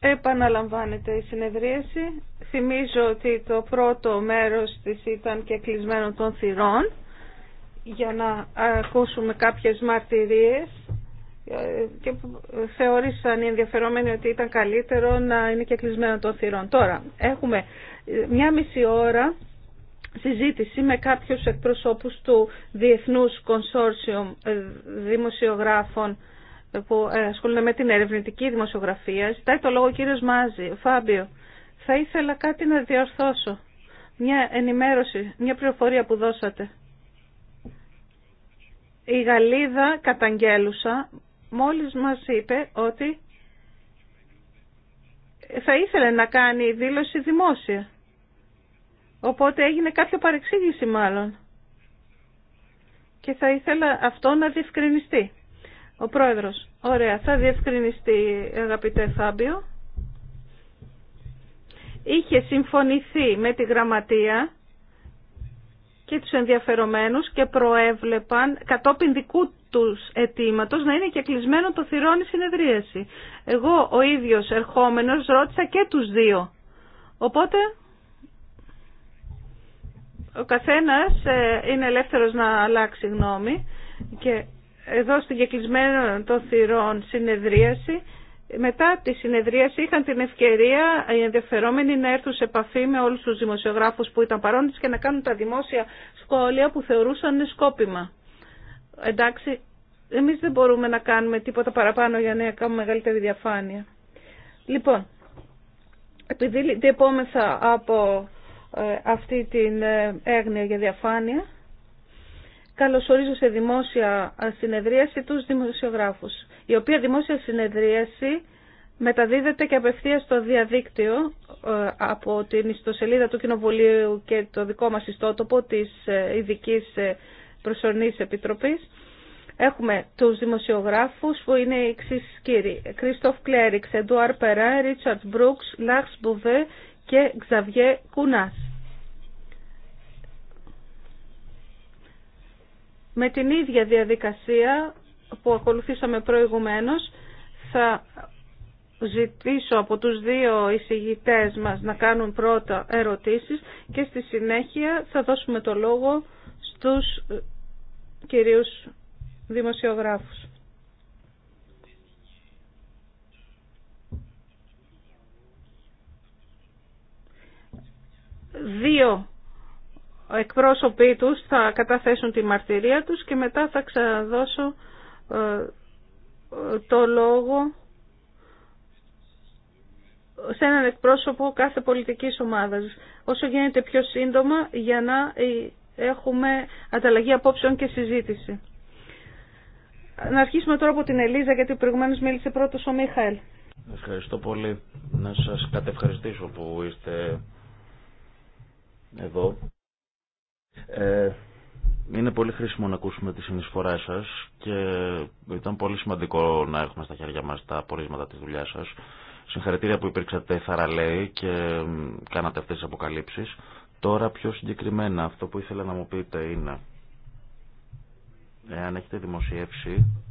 Επαναλαμβάνεται η συνεδρίαση. Θυμίζω ότι το πρώτο μέρος της ήταν και κλεισμένο των θυρών για να ακούσουμε κάποιες μαρτυρίες και θεώρησαν οι ενδιαφερόμενοι ότι ήταν καλύτερο να είναι και κλεισμένο των θυρών. Τώρα έχουμε μια μισή ώρα συζήτηση με κάποιους εκπροσώπους του Διεθνούς Κονσόρσιου Δημοσιογράφων που ε, ασχολούνται με την ερευνητική δημοσιογραφία. Ζητάει το λόγο ο κύριος Μάζη, Φάμπιο. Θα ήθελα κάτι να διορθώσω. Μια ενημέρωση, μια πληροφορία που δώσατε. Η Γαλλίδα καταγγέλουσα μόλις μας είπε ότι θα ήθελε να κάνει δήλωση δημόσια. Οπότε έγινε κάποια παρεξήγηση μάλλον. Και θα ήθελα αυτό να διευκρινιστεί. Ο πρόεδρος. Ωραία. Θα διευκρινιστεί, αγαπητέ Φάμπιο. Είχε συμφωνηθεί με τη γραμματεία και τους ενδιαφερομένους και προέβλεπαν κατόπιν δικού τους αιτήματο να είναι και κλεισμένο το θυρώνη συνεδρίαση. Εγώ ο ίδιος ερχόμενος ρώτησα και τους δύο. Οπότε ο καθένας ε, είναι ελεύθερος να αλλάξει γνώμη και εδώ στην κεκλεισμένη των θυρών συνεδρίαση. Μετά τη συνεδρίαση είχαν την ευκαιρία οι ενδιαφερόμενοι να έρθουν σε επαφή με όλους τους δημοσιογράφους που ήταν παρόντες και να κάνουν τα δημόσια σχόλια που θεωρούσαν σκόπιμα. Εντάξει, εμείς δεν μπορούμε να κάνουμε τίποτα παραπάνω για να κάνουμε μεγαλύτερη διαφάνεια. Λοιπόν, επειδή διεπόμεθα από ε, αυτή την ε, έγνοια για διαφάνεια, καλωσορίζω σε δημόσια συνεδρίαση τους δημοσιογράφους, η οποία δημόσια συνεδρίαση μεταδίδεται και απευθεία στο διαδίκτυο ε, από την ιστοσελίδα του Κοινοβουλίου και το δικό μας ιστότοπο της ε, ειδική ε, Προσωρινής Επιτροπής. Έχουμε τους δημοσιογράφους που είναι οι εξή κύριοι. Κρίστοφ Κλέριξ, Εντουάρ Περά, Ρίτσαρτ Μπρούξ, Λάξ Μπουβέ και Ξαβιέ Κουνάς. με την ίδια διαδικασία που ακολουθήσαμε προηγουμένως θα ζητήσω από τους δύο εισηγητές μας να κάνουν πρώτα ερωτήσεις και στη συνέχεια θα δώσουμε το λόγο στους ε, κυρίους δημοσιογράφους. Δύο εκπρόσωποι τους θα καταθέσουν τη μαρτυρία τους και μετά θα ξαναδώσω ε, το λόγο σε έναν εκπρόσωπο κάθε πολιτικής ομάδας. Όσο γίνεται πιο σύντομα για να ε, έχουμε ανταλλαγή απόψεων και συζήτηση. Να αρχίσουμε τώρα από την Ελίζα γιατί προηγουμένω μίλησε πρώτος ο Μίχαελ. Ευχαριστώ πολύ. Να σας κατευχαριστήσω που είστε εδώ ε, είναι πολύ χρήσιμο να ακούσουμε τις συνεισφορά σας και ήταν πολύ σημαντικό να έχουμε στα χέρια μας τα απορίσματα της δουλειάς σας. Συγχαρητήρια που υπήρξατε θαραλέοι και κάνατε αυτές τις αποκαλύψεις. Τώρα πιο συγκεκριμένα αυτό που ήθελα να μου πείτε είναι εάν έχετε δημοσιεύσει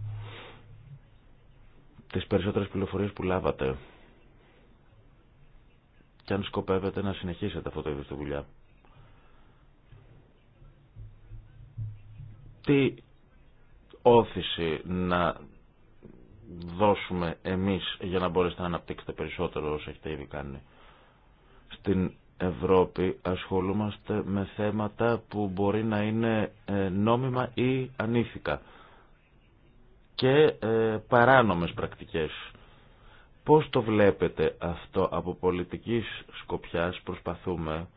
τις περισσότερες πληροφορίες που λάβατε και αν σκοπεύετε να συνεχίσετε αυτό το είδος δουλειά. τι όθηση να δώσουμε εμείς για να μπορέσετε να αναπτύξετε περισσότερο όσο έχετε ήδη κάνει. Στην Ευρώπη ασχολούμαστε με θέματα που μπορεί να είναι ε, νόμιμα ή ανήθικα και ε, παράνομες πρακτικές. Πώς το βλέπετε αυτό από πολιτικής σκοπιάς προσπαθούμε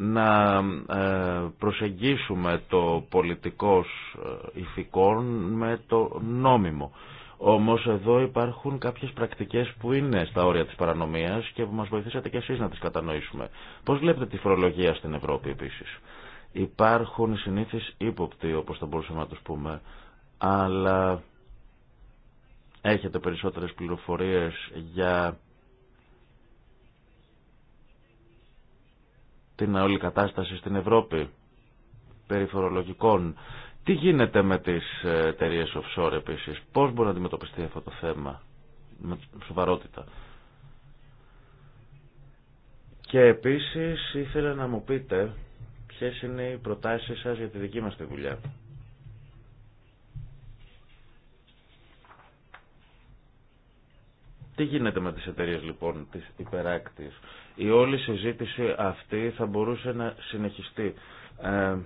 να ε, προσεγγίσουμε το πολιτικό ε, ηθικών με το νόμιμο. Όμως εδώ υπάρχουν κάποιες πρακτικές που είναι στα όρια της παρανομίας και που μας βοηθήσατε κι εσείς να τις κατανοήσουμε. Πώς βλέπετε τη φορολογία στην Ευρώπη επίσης. Υπάρχουν συνήθεις ύποπτοι όπως θα μπορούσαμε να τους πούμε, αλλά έχετε περισσότερες πληροφορίες για την όλη κατάσταση στην Ευρώπη περιφορολογικών. Τι γίνεται με τις ε, εταιρείε offshore επίσης, πώς μπορεί να αντιμετωπιστεί αυτό το θέμα με σοβαρότητα. Και επίσης ήθελα να μου πείτε ποιες είναι οι προτάσεις σας για τη δική μας τη δουλειά. Τι γίνεται με τις εταιρείε λοιπόν της υπεράκτης η όλη συζήτηση αυτή θα μπορούσε να συνεχιστεί. Ε,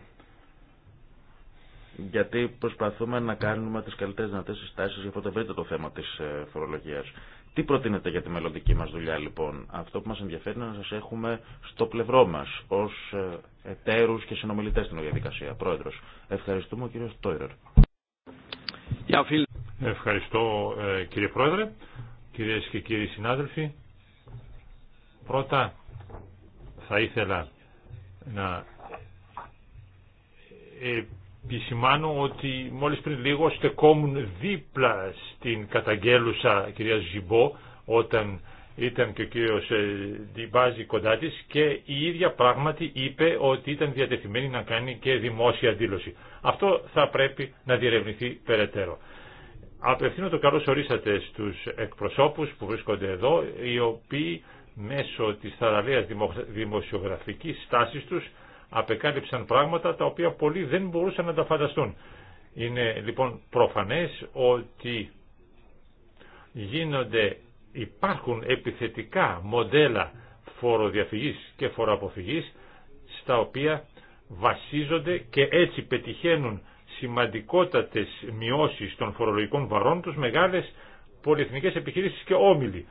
γιατί προσπαθούμε να κάνουμε τις καλύτερες δυνατές συστάσεις για ποτέ βρείτε το θέμα της ε, φορολογίας. Τι προτείνετε για τη μελλοντική μας δουλειά λοιπόν. Αυτό που μας ενδιαφέρει είναι να σας έχουμε στο πλευρό μας ως ε, εταίρους και συνομιλητές στην διαδικασία. Πρόεδρος, ευχαριστούμε ο κύριος Τόιρερ. Ευχαριστώ ε, κύριε Πρόεδρε, κυρίες και κύριοι συνάδελφοι. Πρώτα θα ήθελα να επισημάνω ότι μόλις πριν λίγο στεκόμουν δίπλα στην καταγγέλουσα κυρία Ζιμπό όταν ήταν και ο κύριος Διμπάζη ε, κοντά της και η ίδια πράγματι είπε ότι ήταν διατεθειμένη να κάνει και δημόσια δήλωση. Αυτό θα πρέπει να διερευνηθεί περαιτέρω. Απευθύνω το καλώς ορίσατε στους εκπροσώπους που βρίσκονται εδώ, οι οποίοι μέσω της θαραλέας δημοσιογραφικής στάσης τους απεκάλυψαν πράγματα τα οποία πολλοί δεν μπορούσαν να τα φανταστούν. Είναι λοιπόν προφανές ότι γίνονται, υπάρχουν επιθετικά μοντέλα φοροδιαφυγής και φοροαποφυγής στα οποία βασίζονται και έτσι πετυχαίνουν σημαντικότατες μειώσεις των φορολογικών βαρών τους μεγάλες πολυεθνικές επιχειρήσεις και όμιλοι.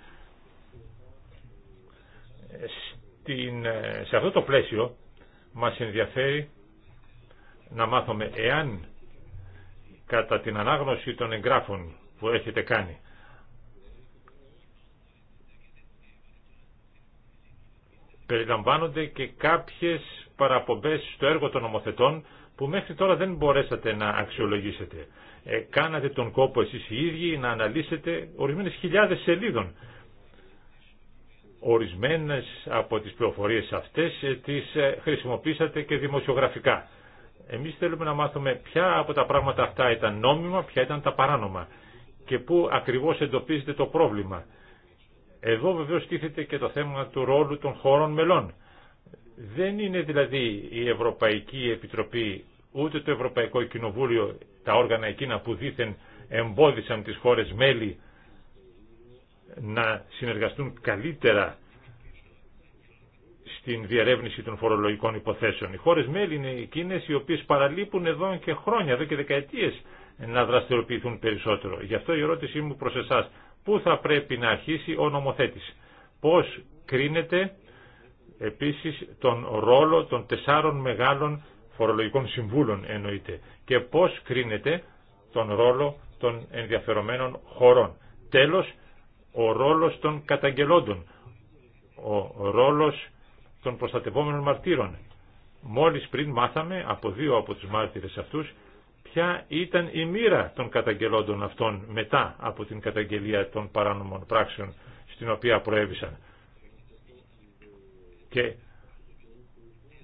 Στην, ε, σε αυτό το πλαίσιο μας ενδιαφέρει να μάθουμε εάν κατά την ανάγνωση των εγγράφων που έχετε κάνει περιλαμβάνονται και κάποιες παραπομπές στο έργο των νομοθετών που μέχρι τώρα δεν μπορέσατε να αξιολογήσετε. Ε, κάνατε τον κόπο εσείς οι ίδιοι να αναλύσετε ορισμένες χιλιάδες σελίδων Ορισμένες από τις πληροφορίες αυτές ε, τις ε, χρησιμοποίησατε και δημοσιογραφικά. Εμείς θέλουμε να μάθουμε ποια από τα πράγματα αυτά ήταν νόμιμα, ποια ήταν τα παράνομα και πού ακριβώς εντοπίζεται το πρόβλημα. Εδώ βεβαίως τίθεται και το θέμα του ρόλου των χωρών μελών. Δεν είναι δηλαδή η Ευρωπαϊκή Επιτροπή ούτε το Ευρωπαϊκό Κοινοβούλιο τα όργανα εκείνα που δήθεν εμπόδισαν τις χώρες μέλη να συνεργαστούν καλύτερα στην διερεύνηση των φορολογικών υποθέσεων. Οι χώρες μέλη είναι εκείνες οι οποίες παραλείπουν εδώ και χρόνια, εδώ και δεκαετίες να δραστηριοποιηθούν περισσότερο. Γι' αυτό η ερώτησή μου προς εσάς, πού θα πρέπει να αρχίσει ο νομοθέτης. Πώς κρίνεται επίσης τον ρόλο των τεσσάρων μεγάλων φορολογικών συμβούλων εννοείται και πώς κρίνεται τον ρόλο των ενδιαφερομένων χωρών. Τέλος, ο ρόλος των καταγγελόντων, ο ρόλος των προστατευόμενων μαρτύρων. Μόλις πριν μάθαμε από δύο από τους μάρτυρες αυτούς ποια ήταν η μοίρα των καταγγελόντων αυτών μετά από την καταγγελία των παράνομων πράξεων στην οποία προέβησαν. Και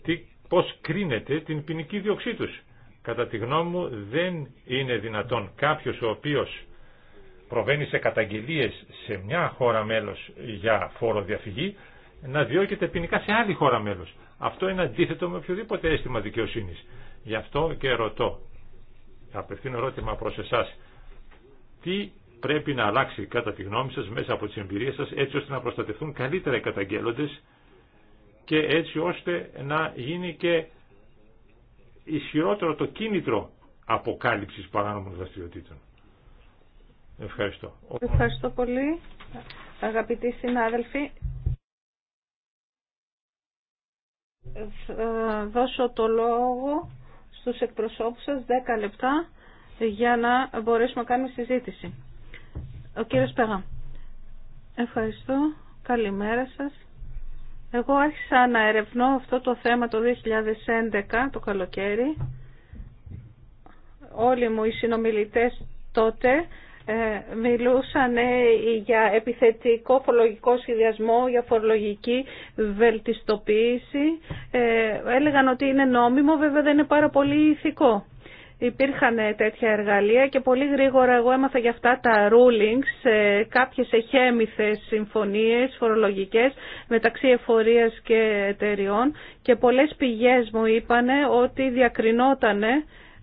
τι, πώς κρίνεται την ποινική διοξή τους. Κατά τη γνώμη μου δεν είναι δυνατόν κάποιος ο οποίος προβαίνει σε καταγγελίες σε μια χώρα μέλος για φόρο διαφυγή, να διώκεται ποινικά σε άλλη χώρα μέλος. Αυτό είναι αντίθετο με οποιοδήποτε αίσθημα δικαιοσύνης. Γι' αυτό και ρωτώ, απευθύνω ερώτημα προς εσάς, τι πρέπει να αλλάξει κατά τη γνώμη σας μέσα από τις εμπειρίες σας έτσι ώστε να προστατευτούν καλύτερα οι καταγγέλλοντες και έτσι ώστε να γίνει και ισχυρότερο το κίνητρο αποκάλυψης παράνομων δραστηριοτήτων. Ευχαριστώ. Ευχαριστώ πολύ, αγαπητοί συνάδελφοι. Θα δώσω το λόγο στους εκπροσώπους σας 10 λεπτά για να μπορέσουμε να κάνουμε συζήτηση. Ο κύριος Πέγα. Ευχαριστώ. Καλημέρα σας. Εγώ άρχισα να ερευνώ αυτό το θέμα το 2011 το καλοκαίρι. Όλοι μου οι συνομιλητές τότε ε, μιλούσαν για επιθετικό φορολογικό σχεδιασμό, για φορολογική βελτιστοποίηση. Ε, έλεγαν ότι είναι νόμιμο, βέβαια δεν είναι πάρα πολύ ηθικό. Υπήρχαν τέτοια εργαλεία και πολύ γρήγορα εγώ έμαθα για αυτά τα rulings, ε, κάποιες εχέμηθες συμφωνίες φορολογικές μεταξύ εφορίας και εταιριών και πολλές πηγές μου είπανε ότι διακρινότανε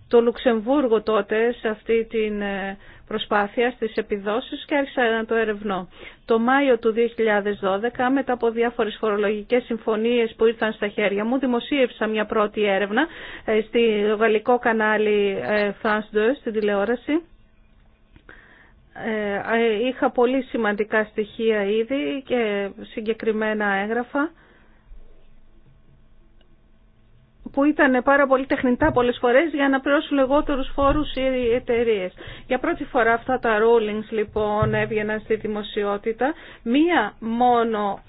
το Λουξεμβούργο τότε σε αυτή την προσπάθεια στις επιδόσεις και άρχισα να το ερευνώ. Το Μάιο του 2012, μετά από διάφορες φορολογικές συμφωνίες που ήρθαν στα χέρια μου, δημοσίευσα μια πρώτη έρευνα ε, στο γαλλικό κανάλι ε, France 2 στην τηλεόραση. Ε, είχα πολύ σημαντικά στοιχεία ήδη και συγκεκριμένα έγγραφα που ήταν πάρα πολύ τεχνητά πολλέ φορέ για να πληρώσουν λιγότερους φόρους οι εταιρείε. Για πρώτη φορά αυτά τα rulings λοιπόν έβγαιναν στη δημοσιότητα. Μία μόνο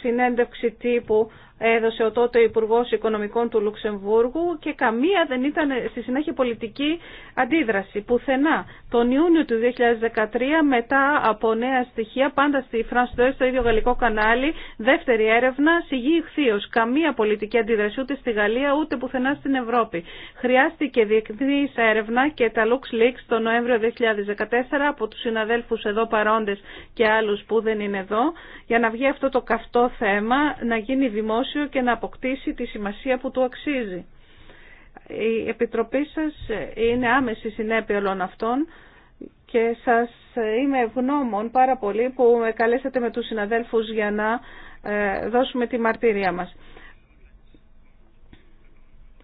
συνέντευξη τύπου έδωσε ο τότε Υπουργό Οικονομικών του Λουξεμβούργου και καμία δεν ήταν στη συνέχεια πολιτική αντίδραση. Πουθενά. Τον Ιούνιο του 2013, μετά από νέα στοιχεία, πάντα στη France 2, στο ίδιο γαλλικό κανάλι, δεύτερη έρευνα, σιγή ηχθείω. Καμία πολιτική αντίδραση ούτε στη Γαλλία ούτε πουθενά στην Ευρώπη. Χρειάστηκε διεκτή έρευνα και τα LuxLeaks το Νοέμβριο 2014 από του συναδέλφου εδώ παρόντε και άλλου που δεν είναι εδώ, για να βγει αυτό το καυτό θέμα, να γίνει δημόσιο και να αποκτήσει τη σημασία που του αξίζει. Η Επιτροπή σας είναι άμεση συνέπεια όλων αυτών και σας είμαι ευγνώμων πάρα πολύ που με καλέσατε με τους συναδέλφους για να ε, δώσουμε τη μαρτυρία μας.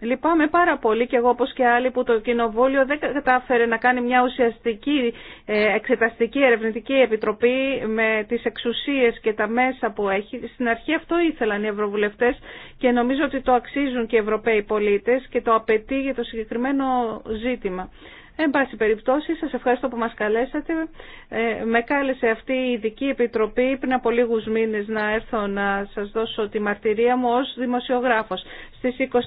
Λυπάμαι πάρα πολύ και εγώ όπως και άλλοι που το Κοινοβούλιο δεν κατάφερε να κάνει μια ουσιαστική ε, εξεταστική ερευνητική επιτροπή με τις εξουσίες και τα μέσα που έχει. Στην αρχή αυτό ήθελαν οι ευρωβουλευτές και νομίζω ότι το αξίζουν και οι Ευρωπαίοι πολίτες και το απαιτεί για το συγκεκριμένο ζήτημα. Εν πάση περιπτώσει, σας ευχαριστώ που μας καλέσατε. Ε, με κάλεσε αυτή η ειδική επιτροπή πριν από λίγους μήνες να έρθω να σας δώσω τη μαρτυρία μου ως δημοσιογράφος. Στις 23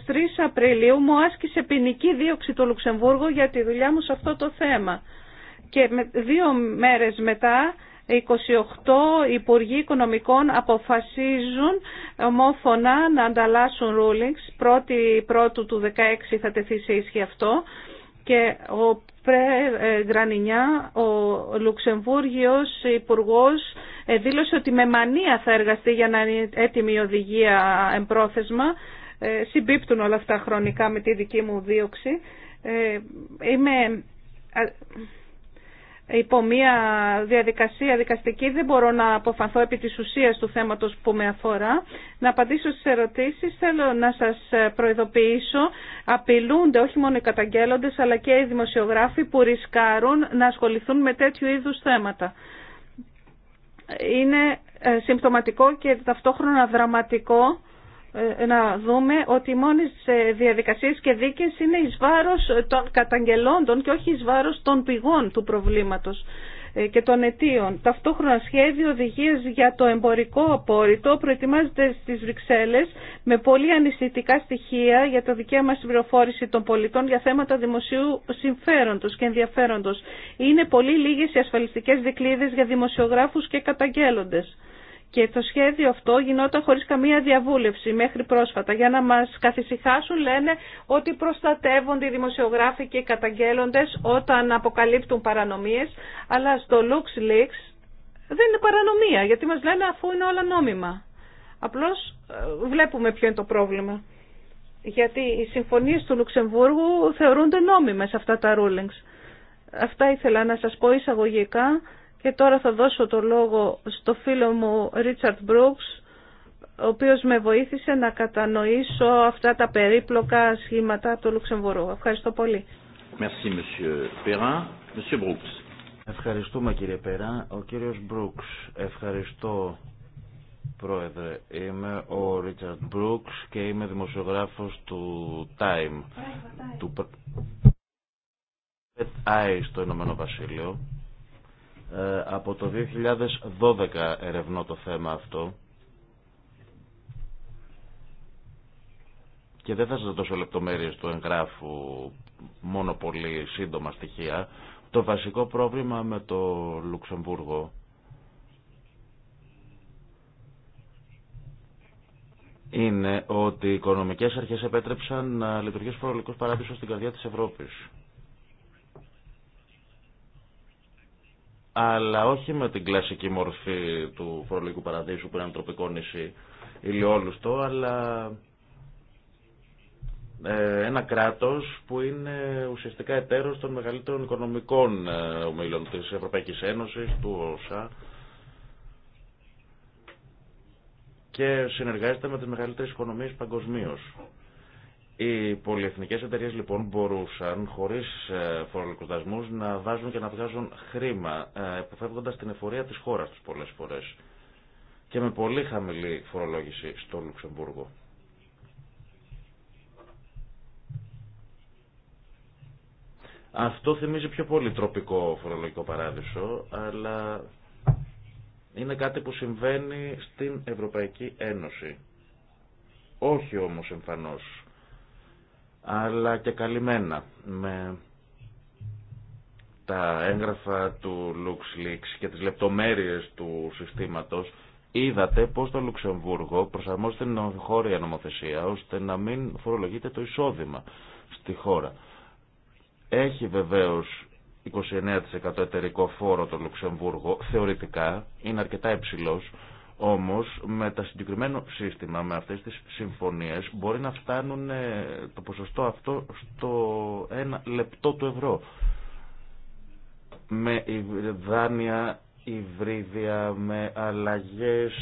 Απριλίου μου άσκησε ποινική δίωξη το Λουξεμβούργο για τη δουλειά μου σε αυτό το θέμα. Και με, δύο μέρες μετά 28 Υπουργοί Οικονομικών αποφασίζουν ομόφωνα να ανταλλάσσουν rulings. Πρώτη πρώτου του 2016 θα τεθεί σε ίσχυ αυτό και ο Πρέ ε, ο Λουξεμβούργιος υπουργό ε, δήλωσε ότι με μανία θα εργαστεί για να είναι έτοιμη η οδηγία εμπρόθεσμα. Ε, συμπίπτουν όλα αυτά χρονικά με τη δική μου δίωξη. Είμαι υπό μια διαδικασία δικαστική δεν μπορώ να αποφανθώ επί της ουσίας του θέματος που με αφορά. Να απαντήσω στις ερωτήσεις, θέλω να σας προειδοποιήσω, απειλούνται όχι μόνο οι καταγγέλλοντες αλλά και οι δημοσιογράφοι που ρισκάρουν να ασχοληθούν με τέτοιου είδους θέματα. Είναι ε, συμπτωματικό και ταυτόχρονα δραματικό ε, να δούμε ότι οι μόνες διαδικασίες και δίκες είναι εις βάρος των καταγγελόντων και όχι εις βάρος των πηγών του προβλήματος ε, και των αιτίων. Ταυτόχρονα σχέδιο οδηγίε για το εμπορικό απόρριτο προετοιμάζεται στι Βρυξέλλε με πολύ ανησυχητικά στοιχεία για το δικαίωμα στην πληροφόρηση των πολιτών για θέματα δημοσίου συμφέροντο και ενδιαφέροντο. Είναι πολύ λίγε οι ασφαλιστικέ δικλείδε για δημοσιογράφου και καταγγέλλοντε. Και το σχέδιο αυτό γινόταν χωρίς καμία διαβούλευση μέχρι πρόσφατα. Για να μας καθησυχάσουν λένε ότι προστατεύονται οι δημοσιογράφοι και οι καταγγέλλοντες όταν αποκαλύπτουν παρανομίες, αλλά στο LuxLeaks δεν είναι παρανομία, γιατί μας λένε αφού είναι όλα νόμιμα. Απλώς ε, βλέπουμε ποιο είναι το πρόβλημα. Γιατί οι συμφωνίες του Λουξεμβούργου θεωρούνται νόμιμες αυτά τα rulings. Αυτά ήθελα να σας πω εισαγωγικά. Και τώρα θα δώσω το λόγο στο φίλο μου Ρίτσαρτ Μπρούξ, ο οποίος με βοήθησε να κατανοήσω αυτά τα περίπλοκα σχήματα του Λουξεμβούργου. Ευχαριστώ πολύ. Merci, Ευχαριστούμε κύριε Πέρα. Ο κύριος Μπρούξ, ευχαριστώ πρόεδρε. Είμαι ο Ρίτσαρτ Μπρούξ και είμαι δημοσιογράφος του Time, του Eye στο Ηνωμένο Βασίλειο. Ε, από το 2012 ερευνώ το θέμα αυτό και δεν θα σας δώσω λεπτομέρειες του εγγράφου μόνο πολύ σύντομα στοιχεία το βασικό πρόβλημα με το Λουξεμβούργο είναι ότι οι οικονομικές αρχές επέτρεψαν να λειτουργήσει φορολογικός παράδεισος στην καρδιά της Ευρώπης αλλά όχι με την κλασική μορφή του φορολογικού παραδείσου που είναι ένα τροπικό νησί ηλιόλουστο, αλλά ε, ένα κράτος που είναι ουσιαστικά εταίρος των μεγαλύτερων οικονομικών ε, ομίλων της Ευρωπαϊκής Ένωσης, του ΩΣΑ και συνεργάζεται με τις μεγαλύτερες οικονομίες παγκοσμίω. Οι πολυεθνικές εταιρείε λοιπόν μπορούσαν χωρίς ε, φορολογικούς να βάζουν και να βγάζουν χρήμα επιφεύγοντα την εφορία της χώρας τους πολλές φορές και με πολύ χαμηλή φορολόγηση στο Λουξεμβούργο. Αυτό θυμίζει πιο πολύ τροπικό φορολογικό παράδεισο, αλλά είναι κάτι που συμβαίνει στην Ευρωπαϊκή Ένωση. Όχι όμως εμφανώς αλλά και καλυμμένα με τα έγγραφα του LuxLeaks και τις λεπτομέρειες του συστήματος είδατε πως το Λουξεμβούργο προσαρμόζει την χώρια νομοθεσία ώστε να μην φορολογείται το εισόδημα στη χώρα. Έχει βεβαίως 29% εταιρικό φόρο το Λουξεμβούργο, θεωρητικά, είναι αρκετά υψηλός, όμως με τα συγκεκριμένο σύστημα, με αυτές τις συμφωνίες μπορεί να φτάνουν ε, το ποσοστό αυτό στο ένα λεπτό του ευρώ. Με δάνεια υβρίδια, με αλλαγές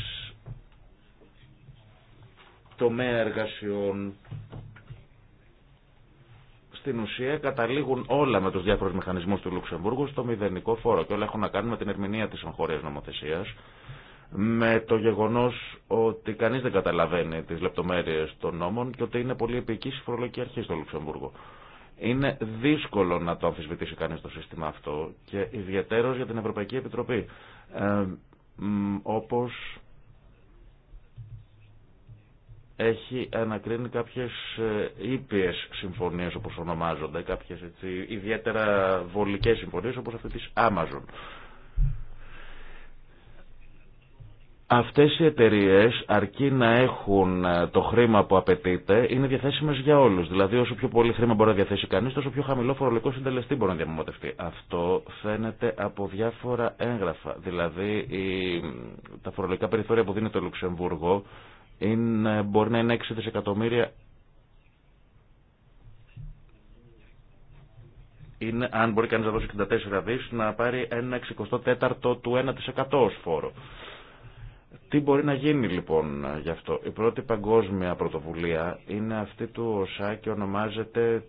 τομέα εργασιών. Στην ουσία καταλήγουν όλα με τους διάφορους μηχανισμούς του Λουξεμβούργου στο μηδενικό φόρο και όλα έχουν να κάνουν με την ερμηνεία της εγχώριας νομοθεσίας με το γεγονός ότι κανείς δεν καταλαβαίνει τις λεπτομέρειες των νόμων και ότι είναι πολύ επικής η φορολογική αρχή στο Λουξεμβούργο. Είναι δύσκολο να το αμφισβητήσει κανείς το σύστημα αυτό και ιδιαίτερος για την Ευρωπαϊκή Επιτροπή. Ε, όπως έχει ανακρίνει κάποιες ε, ήπιες συμφωνίες όπως ονομάζονται, κάποιες ιδιαίτερα βολικές συμφωνίες όπως αυτή της Amazon. Αυτές οι εταιρείες, αρκεί να έχουν ε, το χρήμα που απαιτείται, είναι διαθέσιμες για όλους. Δηλαδή, όσο πιο πολύ χρήμα μπορεί να διαθέσει κανείς, τόσο πιο χαμηλό φορολογικό συντελεστή μπορεί να διαμορφωτευτεί. Αυτό φαίνεται από διάφορα έγγραφα. Δηλαδή, η... τα φορολογικά περιθώρια που δίνει το Λουξεμβούργο είναι... μπορεί να είναι 6 δισεκατομμύρια είναι, αν μπορεί κανείς να δώσει 64 δις, να πάρει ένα 64 του 1% ως φόρο. Τι μπορεί να γίνει λοιπόν γι' αυτό. Η πρώτη παγκόσμια πρωτοβουλία είναι αυτή του ΩΣΑ και ονομάζεται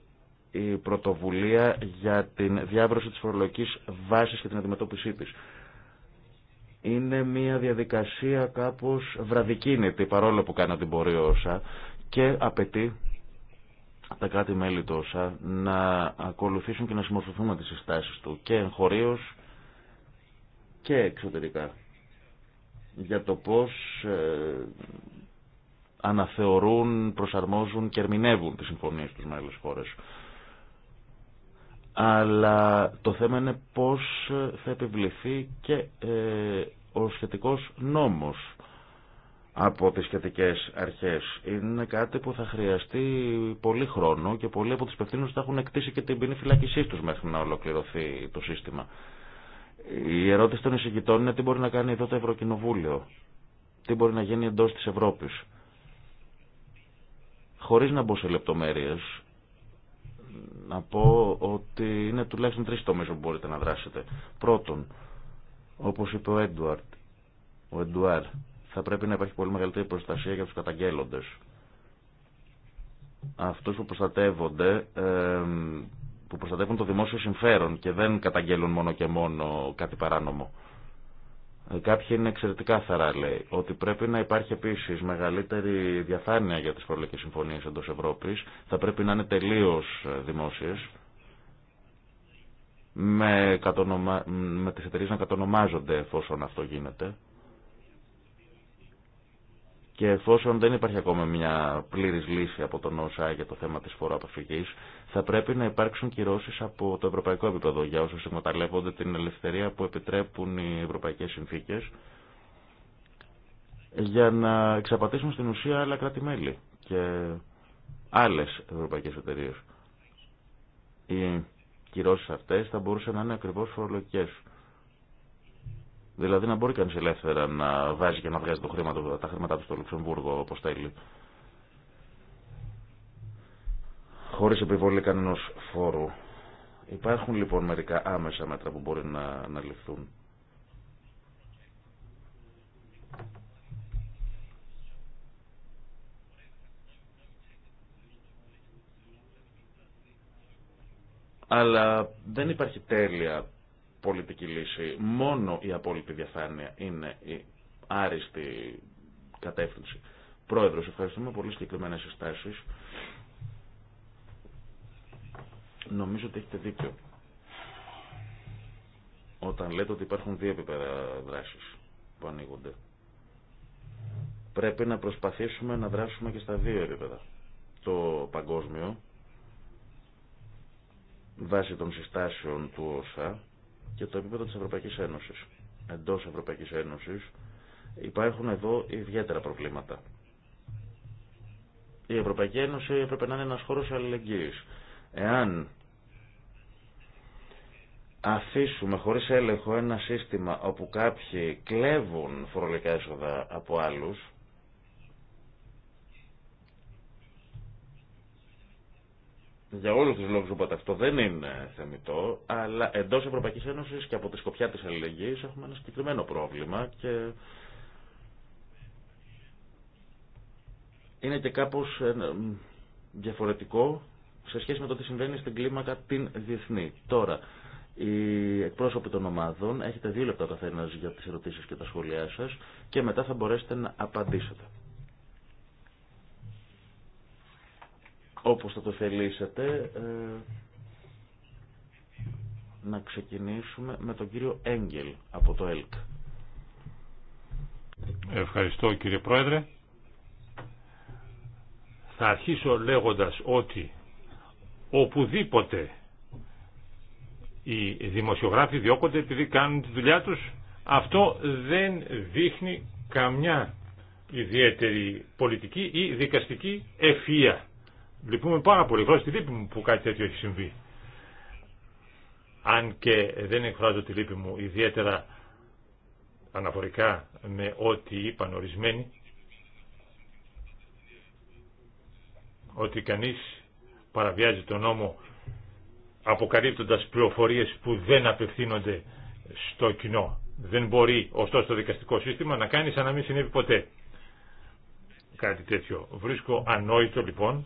η πρωτοβουλία για την διάβρωση της φορολογικής βάσης και την αντιμετώπιση της. Είναι μια διαδικασία κάπως βραδικίνητη παρόλο που κάνει την πορεία ΩΣΑ και απαιτεί τα κράτη-μέλη του ΩΣΑ να ακολουθήσουν και να συμμορφωθούν με τις συστάσεις του και εγχωρίως και εξωτερικά για το πώς ε, αναθεωρούν, προσαρμόζουν και ερμηνεύουν τις συμφωνίες τους με άλλες Αλλά το θέμα είναι πώς θα επιβληθεί και ε, ο σχετικός νόμος από τις σχετικές αρχές. Είναι κάτι που θα χρειαστεί πολύ χρόνο και πολλοί από τις υπευθύνους θα έχουν εκτίσει και την ποινή φυλάκισή τους μέχρι να ολοκληρωθεί το σύστημα. Η ερώτηση των εισηγητών είναι τι μπορεί να κάνει εδώ το Ευρωκοινοβούλιο. Τι μπορεί να γίνει εντός της Ευρώπης. Χωρίς να μπω σε λεπτομέρειες, να πω ότι είναι τουλάχιστον τρεις τομείς που μπορείτε να δράσετε. Πρώτον, όπως είπε ο Έντουαρτ, ο Εντουάρ, θα πρέπει να υπάρχει πολύ μεγαλύτερη προστασία για τους καταγγέλλοντες. Αυτούς που προστατεύονται που προστατεύουν το δημόσιο συμφέρον και δεν καταγγέλουν μόνο και μόνο κάτι παράνομο. Ε, κάποιοι είναι εξαιρετικά θερά, λέει, ότι πρέπει να υπάρχει επίση μεγαλύτερη διαφάνεια για τι φορολογικέ συμφωνίε εντό Ευρώπη. Θα πρέπει να είναι τελείω ε, δημόσιε. Με, κατονομα... με τι εταιρείε να κατονομάζονται εφόσον αυτό γίνεται. Και εφόσον δεν υπάρχει ακόμα μια πλήρη λύση από τον ΩΣΑ για το θέμα της φοροαποφυγής, θα πρέπει να υπάρξουν κυρώσει από το ευρωπαϊκό επίπεδο για όσου εκμεταλλεύονται την ελευθερία που επιτρέπουν οι ευρωπαϊκέ συνθήκε, για να εξαπατήσουν στην ουσία άλλα κράτη-μέλη και άλλε ευρωπαϊκέ εταιρείε. Οι κυρώσει αυτέ θα μπορούσαν να είναι ακριβώ φορολογικέ. Δηλαδή να μπορεί κανεί ελεύθερα να βάζει και να βγάζει το χρήμα, τα χρήματά του στο Λουξεμβούργο όπω θέλει. Χωρίς επιβολή κανένας φόρου. Υπάρχουν λοιπόν μερικά άμεσα μέτρα που μπορεί να, να ληφθούν. Αλλά δεν υπάρχει τέλεια πολιτική λύση. Μόνο η απόλυτη διαφάνεια είναι η άριστη κατεύθυνση. Πρόεδρος, ευχαριστούμε πολύ συγκεκριμένε συστάσεις. Νομίζω ότι έχετε δίκιο όταν λέτε ότι υπάρχουν δύο επίπεδα δράσης που ανοίγονται. Πρέπει να προσπαθήσουμε να δράσουμε και στα δύο επίπεδα. Το παγκόσμιο, βάσει των συστάσεων του ΩΣΑ, και το επίπεδο της Ευρωπαϊκής Ένωσης. Εντός Ευρωπαϊκής Ένωσης υπάρχουν εδώ ιδιαίτερα προβλήματα. Η Ευρωπαϊκή Ένωση έπρεπε να είναι ένας χώρος αλληλεγγύης. Εάν αφήσουμε χωρίς έλεγχο ένα σύστημα όπου κάποιοι κλέβουν φορολογικά έσοδα από άλλους, για όλου του λόγου οπότε αυτό δεν είναι θεμητό, αλλά εντό Ευρωπαϊκή Ένωση και από τη σκοπιά τη αλληλεγγύη έχουμε ένα συγκεκριμένο πρόβλημα και είναι και κάπω ε, διαφορετικό σε σχέση με το τι συμβαίνει στην κλίμακα την διεθνή. Τώρα, οι εκπρόσωποι των ομάδων έχετε δύο λεπτά καθένα για τι ερωτήσει και τα σχόλιά σα και μετά θα μπορέσετε να απαντήσετε. όπως θα το θελήσετε, ε, να ξεκινήσουμε με τον κύριο Έγγελ από το ΕΛΚ. Ευχαριστώ κύριε Πρόεδρε. Θα αρχίσω λέγοντας ότι οπουδήποτε οι δημοσιογράφοι διώκονται επειδή κάνουν τη δουλειά τους, αυτό δεν δείχνει καμιά ιδιαίτερη πολιτική ή δικαστική ευφυΐα. Λυπούμε πάρα πολύ. Βρώ τη λύπη μου που κάτι τέτοιο έχει συμβεί. Αν και δεν εκφράζω τη λύπη μου ιδιαίτερα αναφορικά με ό,τι είπαν ορισμένοι, ότι κανείς παραβιάζει τον νόμο αποκαλύπτοντας πληροφορίες που δεν απευθύνονται στο κοινό. Δεν μπορεί ωστόσο το δικαστικό σύστημα να κάνει σαν να μην συνέβη ποτέ κάτι τέτοιο. Βρίσκω ανόητο λοιπόν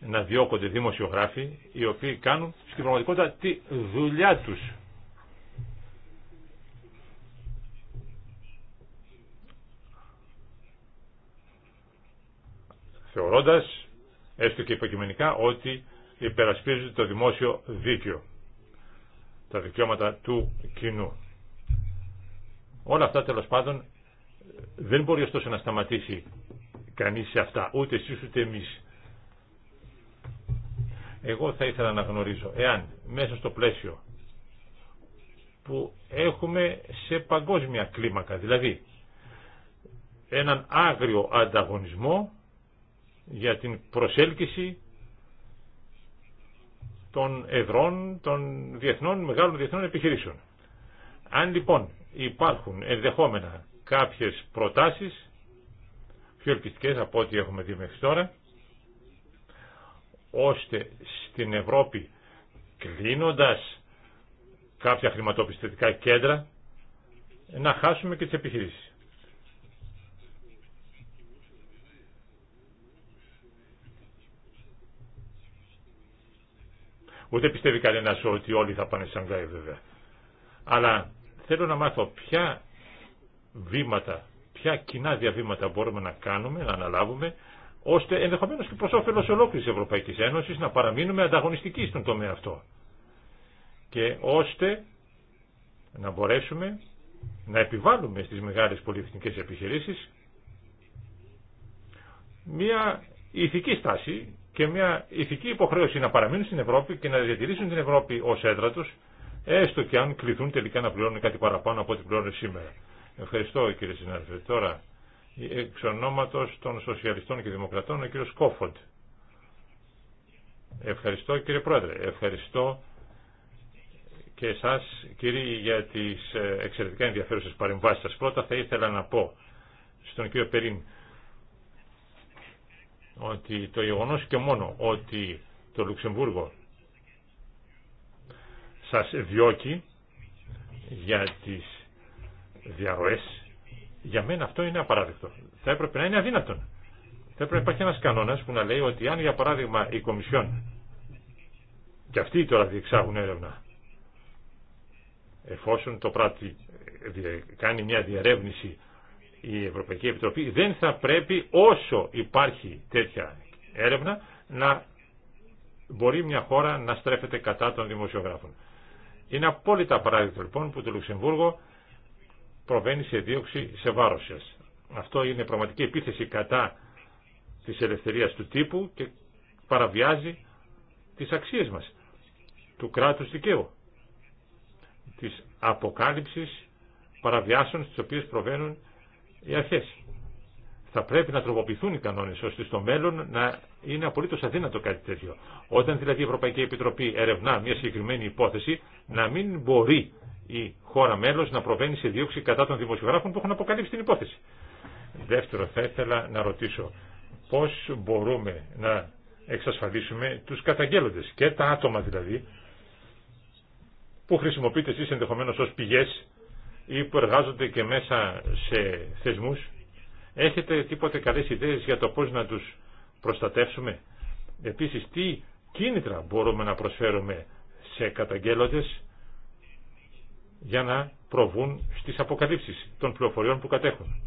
να διώκονται δημοσιογράφοι οι οποίοι κάνουν στην πραγματικότητα τη δουλειά τους. Θεωρώντας, έστω και υποκειμενικά, ότι υπερασπίζεται το δημόσιο δίκαιο, τα δικαιώματα του κοινού. Όλα αυτά τέλος πάντων δεν μπορεί ωστόσο να σταματήσει κανείς σε αυτά, ούτε εσείς ούτε εμείς εγώ θα ήθελα να γνωρίζω εάν μέσα στο πλαίσιο που έχουμε σε παγκόσμια κλίμακα, δηλαδή έναν άγριο ανταγωνισμό για την προσέλκυση των εδρών των διεθνών, μεγάλων διεθνών επιχειρήσεων. Αν λοιπόν υπάρχουν ενδεχόμενα κάποιες προτάσεις πιο ελκυστικές από ό,τι έχουμε δει μέχρι τώρα ώστε στην Ευρώπη κλείνοντας κάποια χρηματοπιστωτικά κέντρα να χάσουμε και τις επιχειρήσεις. Ούτε πιστεύει κανένα ότι όλοι θα πάνε σαν γκάι βέβαια. Αλλά θέλω να μάθω ποια βήματα, ποια κοινά διαβήματα μπορούμε να κάνουμε, να αναλάβουμε ώστε ενδεχομένως και προς όφελος ολόκληρης Ευρωπαϊκής Ένωσης να παραμείνουμε ανταγωνιστικοί στον τομέα αυτό και ώστε να μπορέσουμε να επιβάλλουμε στις μεγάλες πολυεθνικές επιχειρήσεις μια ηθική στάση και μια ηθική υποχρέωση να παραμείνουν στην Ευρώπη και να διατηρήσουν την Ευρώπη ως έδρα τους έστω και αν κληθούν τελικά να πληρώνουν κάτι παραπάνω από ό,τι πληρώνουν σήμερα. Ευχαριστώ κύριε συνάδελφε. Τώρα εξ ονόματος των Σοσιαλιστών και Δημοκρατών, ο κύριος Σκόφοντ. Ευχαριστώ κύριε Πρόεδρε, ευχαριστώ και εσάς κύριοι για τις ε, εξαιρετικά ενδιαφέρουσες παρεμβάσεις σας. Πρώτα θα ήθελα να πω στον κύριο Περίν ότι το γεγονό και μόνο ότι το Λουξεμβούργο σας διώκει για τις διαρροές για μένα αυτό είναι απαράδεκτο. Θα έπρεπε να είναι αδύνατον. Θα έπρεπε να υπάρχει ένα κανόνα που να λέει ότι αν για παράδειγμα η Κομισιόν και αυτοί τώρα διεξάγουν έρευνα εφόσον το πράτη κάνει μια διαρεύνηση η Ευρωπαϊκή Επιτροπή δεν θα πρέπει όσο υπάρχει τέτοια έρευνα να μπορεί μια χώρα να στρέφεται κατά των δημοσιογράφων. Είναι απόλυτα παράδειγμα λοιπόν που το Λουξεμβούργο προβαίνει σε δίωξη σε βάρος Αυτό είναι πραγματική επίθεση κατά της ελευθερίας του τύπου και παραβιάζει τις αξίες μας, του κράτους δικαίου, τη αποκάλυψή παραβιάσεων στι οποίες προβαίνουν οι αρχέ. Θα πρέπει να τροποποιηθούν οι κανόνες ώστε στο μέλλον να είναι απολύτω αδύνατο κάτι τέτοιο. Όταν δηλαδή η Ευρωπαϊκή Επιτροπή ερευνά μια συγκεκριμένη υπόθεση να μην μπορεί η χώρα μέλο να προβαίνει σε δίωξη κατά των δημοσιογράφων που έχουν αποκαλύψει την υπόθεση. Δεύτερο, θα ήθελα να ρωτήσω πώς μπορούμε να εξασφαλίσουμε τους καταγγέλλοντες και τα άτομα δηλαδή που χρησιμοποιείτε εσεί ενδεχομένω ως πηγές ή που εργάζονται και μέσα σε θεσμούς. Έχετε τίποτε καλέ ιδέε για το πώ να του προστατεύσουμε. Επίση, τι κίνητρα μπορούμε να προσφέρουμε σε καταγγέλλοντες για να προβούν στις αποκαλύψεις των πληροφοριών που κατέχουν.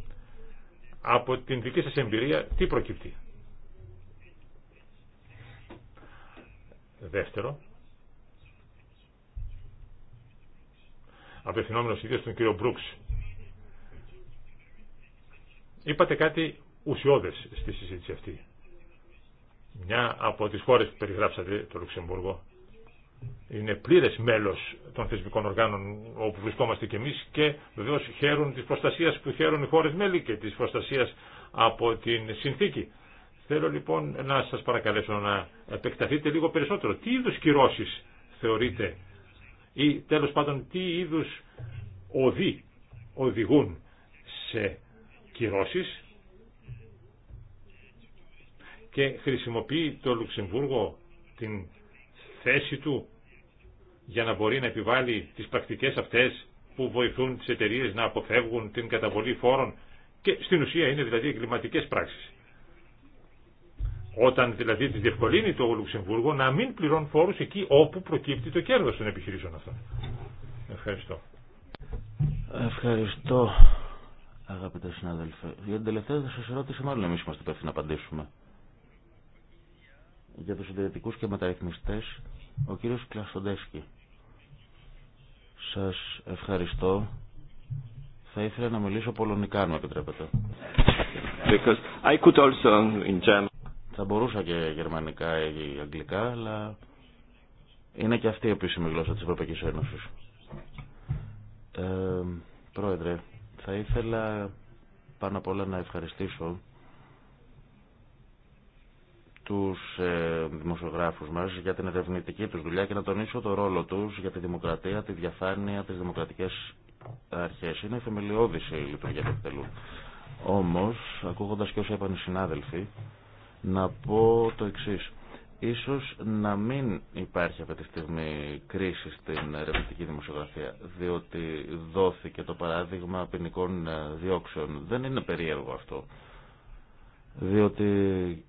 Από την δική σας εμπειρία τι προκύπτει. Δεύτερο, απευθυνόμενος ίδιος τον κύριο Μπρούξ. Είπατε κάτι ουσιώδες στη συζήτηση αυτή. Μια από τις χώρες που περιγράψατε, το Λουξεμβούργο, είναι πλήρε μέλος των θεσμικών οργάνων όπου βρισκόμαστε και εμείς και βεβαίω χαίρουν τη προστασία που χαίρουν οι χώρε μέλη και τη προστασία από την συνθήκη. Θέλω λοιπόν να σας παρακαλέσω να επεκταθείτε λίγο περισσότερο. Τι είδους κυρώσει θεωρείτε ή τέλος πάντων τι είδους οδοί οδηγούν σε κυρώσεις και χρησιμοποιεί το Λουξεμβούργο την θέση του για να μπορεί να επιβάλλει τις πρακτικές αυτές που βοηθούν τις εταιρείε να αποφεύγουν την καταβολή φόρων και στην ουσία είναι δηλαδή εγκληματικέ πράξεις. Όταν δηλαδή τη διευκολύνει το Λουξεμβούργο να μην πληρώνει φόρους εκεί όπου προκύπτει το κέρδος των επιχειρήσεων αυτών. Ευχαριστώ. Ευχαριστώ αγαπητέ συνάδελφε. Για την τελευταία σας ερώτηση μάλλον εμείς είμαστε πρέπει να απαντήσουμε. Για τους συντηρητικούς και μεταρρυθμιστές ο κύριος Κλαστοντέσκη, Σας ευχαριστώ. Θα ήθελα να μιλήσω πολωνικά, αν με επιτρέπετε. Because I could also in Θα μπορούσα και γερμανικά ή αγγλικά, αλλά είναι και αυτή η επίσημη γλώσσα της Ευρωπαϊκής Ένωσης. Ε, πρόεδρε, θα ήθελα πάνω απ' όλα να ευχαριστήσω τους ε, δημοσιογράφους μας για την ερευνητική τους δουλειά και να τονίσω το ρόλο τους για τη δημοκρατία, τη διαφάνεια, τις δημοκρατικές αρχές. Είναι θεμελιώδης η λειτουργία που εκτελούν. Όμως, ακούγοντας και όσα είπαν συνάδελφοι, να πω το εξής. Ίσως να μην υπάρχει αυτή τη στιγμή κρίση στην ερευνητική δημοσιογραφία, διότι δόθηκε το παράδειγμα ποινικών ε, διώξεων. Δεν είναι περίεργο αυτό διότι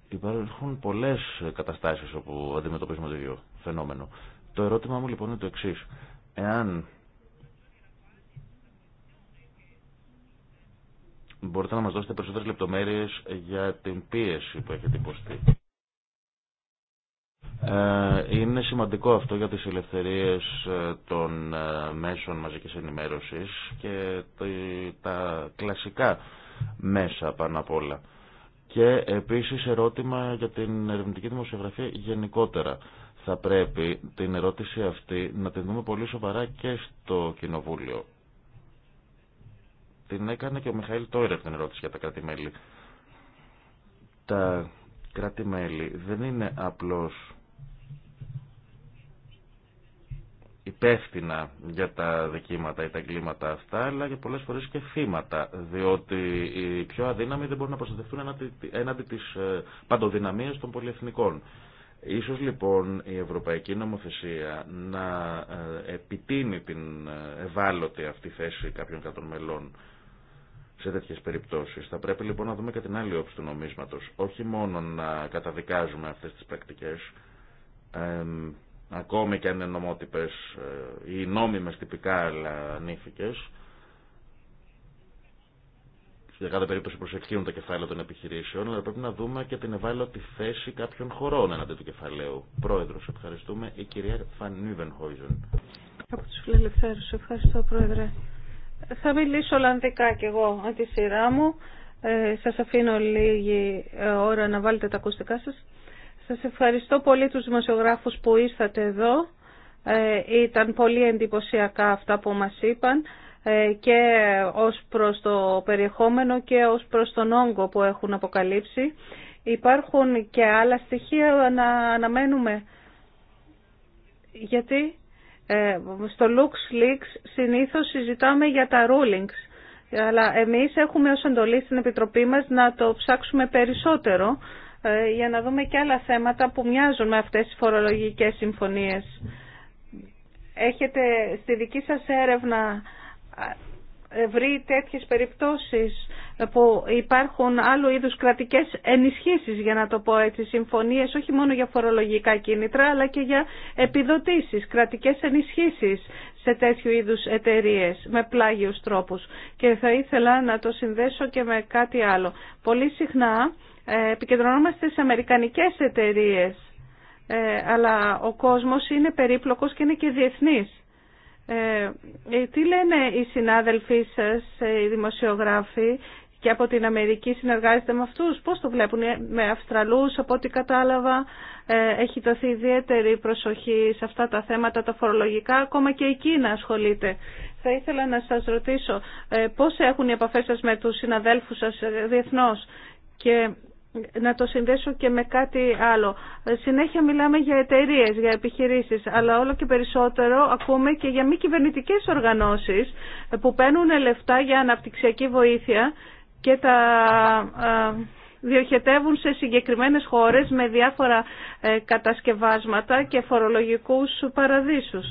υπάρχουν πολλές καταστάσεις όπου αντιμετωπίζουμε το ίδιο φαινόμενο. Το ερώτημα μου λοιπόν είναι το εξής. Εάν μπορείτε να μας δώσετε περισσότερες λεπτομέρειες για την πίεση που έχετε υποστεί. Ε, είναι σημαντικό αυτό για τις ελευθερίες ε, των ε, μέσων μαζικής ενημέρωσης και τα κλασικά μέσα πάνω απ' όλα. Και επίσης ερώτημα για την ερευνητική δημοσιογραφία γενικότερα. Θα πρέπει την ερώτηση αυτή να την δούμε πολύ σοβαρά και στο Κοινοβούλιο. Την έκανε και ο Μιχαήλ Τόιρεφ την ερώτηση για τα κράτη-μέλη. Τα κράτη-μέλη δεν είναι απλώς υπεύθυνα για τα δικήματα ή τα εγκλήματα αυτά, αλλά και πολλές φορές και θύματα, διότι οι πιο αδύναμοι δεν μπορούν να προστατευτούν έναντι της ε, παντοδυναμίας των πολυεθνικών. Ίσως λοιπόν η Ευρωπαϊκή Νομοθεσία να ε, επιτείνει την ε, ευάλωτη αυτή θέση κάποιων κατών μελών σε τέτοιες περιπτώσεις. Θα πρέπει λοιπόν να δούμε και την άλλη όψη του νομίσματος. Όχι μόνο να καταδικάζουμε αυτές τις πρακτικές, ακόμη και αν είναι νομότυπες ε, ή νόμιμες τυπικά αλλά νύφικες. Σε κάθε περίπτωση προσεκτείουν τα κεφάλαια των επιχειρήσεων, αλλά πρέπει να δούμε και την ευάλωτη θέση κάποιων χωρών εναντί του κεφαλαίου. Πρόεδρος, ευχαριστούμε. Η κυρία Φανίβενχόιζεν. Από του φιλελευθέρου, ευχαριστώ, Πρόεδρε. Θα μιλήσω Ολλανδικά κι εγώ τη σειρά μου. Ε, σας αφήνω λίγη ε, ώρα να βάλετε τα ακουστικά σας. Σας ευχαριστώ πολύ τους δημοσιογράφους που ήρθατε εδώ. Ε, ήταν πολύ εντυπωσιακά αυτά που μας είπαν ε, και ως προς το περιεχόμενο και ως προς τον όγκο που έχουν αποκαλύψει. Υπάρχουν και άλλα στοιχεία να αναμένουμε. Γιατί ε, στο LuxLeaks συνήθως συζητάμε για τα rulings. Αλλά εμείς έχουμε ως εντολή στην Επιτροπή μας να το ψάξουμε περισσότερο ε, για να δούμε και άλλα θέματα που μοιάζουν με αυτές τις φορολογικές συμφωνίες. Έχετε στη δική σας έρευνα ε, βρει τέτοιες περιπτώσεις που υπάρχουν άλλου είδους κρατικές ενισχύσεις για να το πω έτσι, συμφωνίες όχι μόνο για φορολογικά κίνητρα αλλά και για επιδοτήσεις, κρατικές ενισχύσεις σε τέτοιου είδους εταιρείε με πλάγιους τρόπους και θα ήθελα να το συνδέσω και με κάτι άλλο. Πολύ συχνά ε, επικεντρωνόμαστε σε αμερικανικές εταιρείες, ε, αλλά ο κόσμος είναι περίπλοκος και είναι και διεθνής. Ε, τι λένε οι συνάδελφοί σας, οι δημοσιογράφοι, και από την Αμερική συνεργάζεται με αυτούς. Πώς το βλέπουν με Αυστραλούς, από ό,τι κατάλαβα, έχει δοθεί ιδιαίτερη προσοχή σε αυτά τα θέματα τα φορολογικά, ακόμα και η Κίνα ασχολείται. Θα ήθελα να σας ρωτήσω πώς έχουν οι επαφές σας με τους συναδέλφους σας διεθνώς και να το συνδέσω και με κάτι άλλο. Συνέχεια μιλάμε για εταιρείε, για επιχειρήσει, αλλά όλο και περισσότερο ακούμε και για μη κυβερνητικέ οργανώσει που παίρνουν λεφτά για αναπτυξιακή βοήθεια και τα διοχετεύουν σε συγκεκριμένες χώρες με διάφορα ε, κατασκευάσματα και φορολογικούς παραδείσους.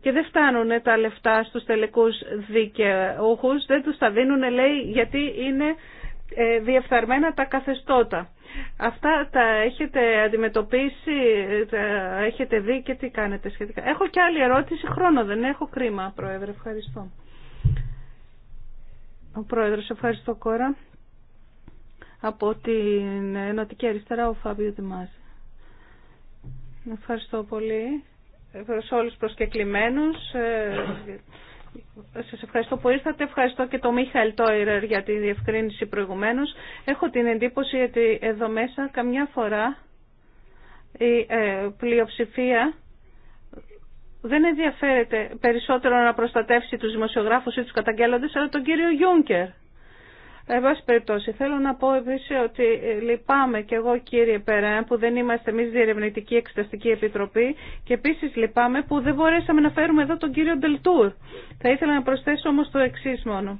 Και δεν φτάνουν τα λεφτά στους τελικούς δικαιούχους, δεν τους τα δίνουν, λέει, γιατί είναι ε, διεφθαρμένα τα καθεστώτα. Αυτά τα έχετε αντιμετωπίσει, τα έχετε δει και τι κάνετε σχετικά. Έχω και άλλη ερώτηση, χρόνο δεν έχω κρίμα, Πρόεδρε, ευχαριστώ. Ο Πρόεδρος, ευχαριστώ κόρα. Από την Ενωτική Αριστερά, ο Φάβιο Δημάζη. Ευχαριστώ πολύ Ευχαριστώ όλους προσκεκλημένους ε, σας ευχαριστώ που ήρθατε. Ευχαριστώ και τον Μίχαελ Τόιρερ για τη διευκρίνηση προηγουμένως. Έχω την εντύπωση ότι εδώ μέσα καμιά φορά η ε, πλειοψηφία δεν ενδιαφέρεται περισσότερο να προστατεύσει τους δημοσιογράφους ή τους καταγγέλλοντες, αλλά τον κύριο Γιούνκερ. Εν πάση περιπτώσει, θέλω να πω επίση ότι λυπάμαι και εγώ κύριε Περέ που δεν είμαστε εμεί διερευνητική εξεταστική επιτροπή και επίση λυπάμαι που δεν μπορέσαμε να φέρουμε εδώ τον κύριο Ντελτούρ. Θα ήθελα να προσθέσω όμω το εξή μόνο.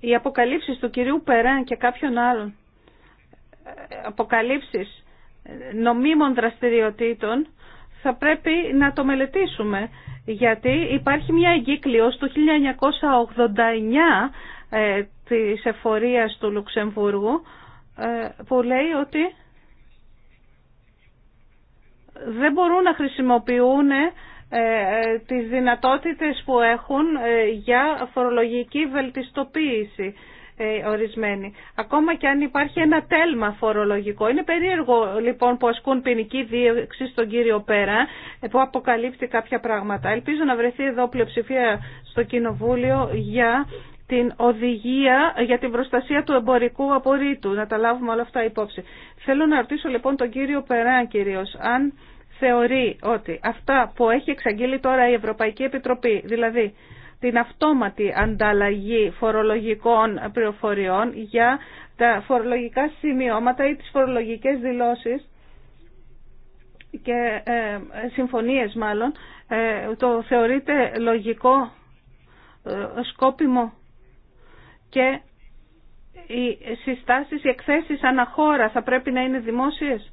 Οι αποκαλύψει του κυρίου Περάν και κάποιων άλλων ε, αποκαλύψει νομίμων δραστηριοτήτων θα πρέπει να το μελετήσουμε γιατί υπάρχει μια εγκύκλειος του 1989 ε, της εφορίας του Λουξεμβούργου ε, που λέει ότι δεν μπορούν να χρησιμοποιούν ε, τις δυνατότητες που έχουν για φορολογική βελτιστοποίηση ορισμένοι. Ακόμα και αν υπάρχει ένα τέλμα φορολογικό. Είναι περίεργο λοιπόν που ασκούν ποινική δίωξη στον κύριο Πέρα που αποκαλύπτει κάποια πράγματα. Ελπίζω να βρεθεί εδώ πλειοψηφία στο Κοινοβούλιο για την οδηγία για την προστασία του εμπορικού απορρίτου. Να τα λάβουμε όλα αυτά υπόψη. Θέλω να ρωτήσω λοιπόν τον κύριο Περάν κυρίως, αν θεωρεί ότι αυτά που έχει εξαγγείλει τώρα η Ευρωπαϊκή Επιτροπή, δηλαδή την αυτόματη ανταλλαγή φορολογικών πληροφοριών για τα φορολογικά σημειώματα ή τις φορολογικές δηλώσεις και ε, συμφωνίες μάλλον, ε, το θεωρείτε λογικό ε, σκόπιμο και οι συστάσεις, οι εκθέσεις αναχώρα θα πρέπει να είναι δημόσιες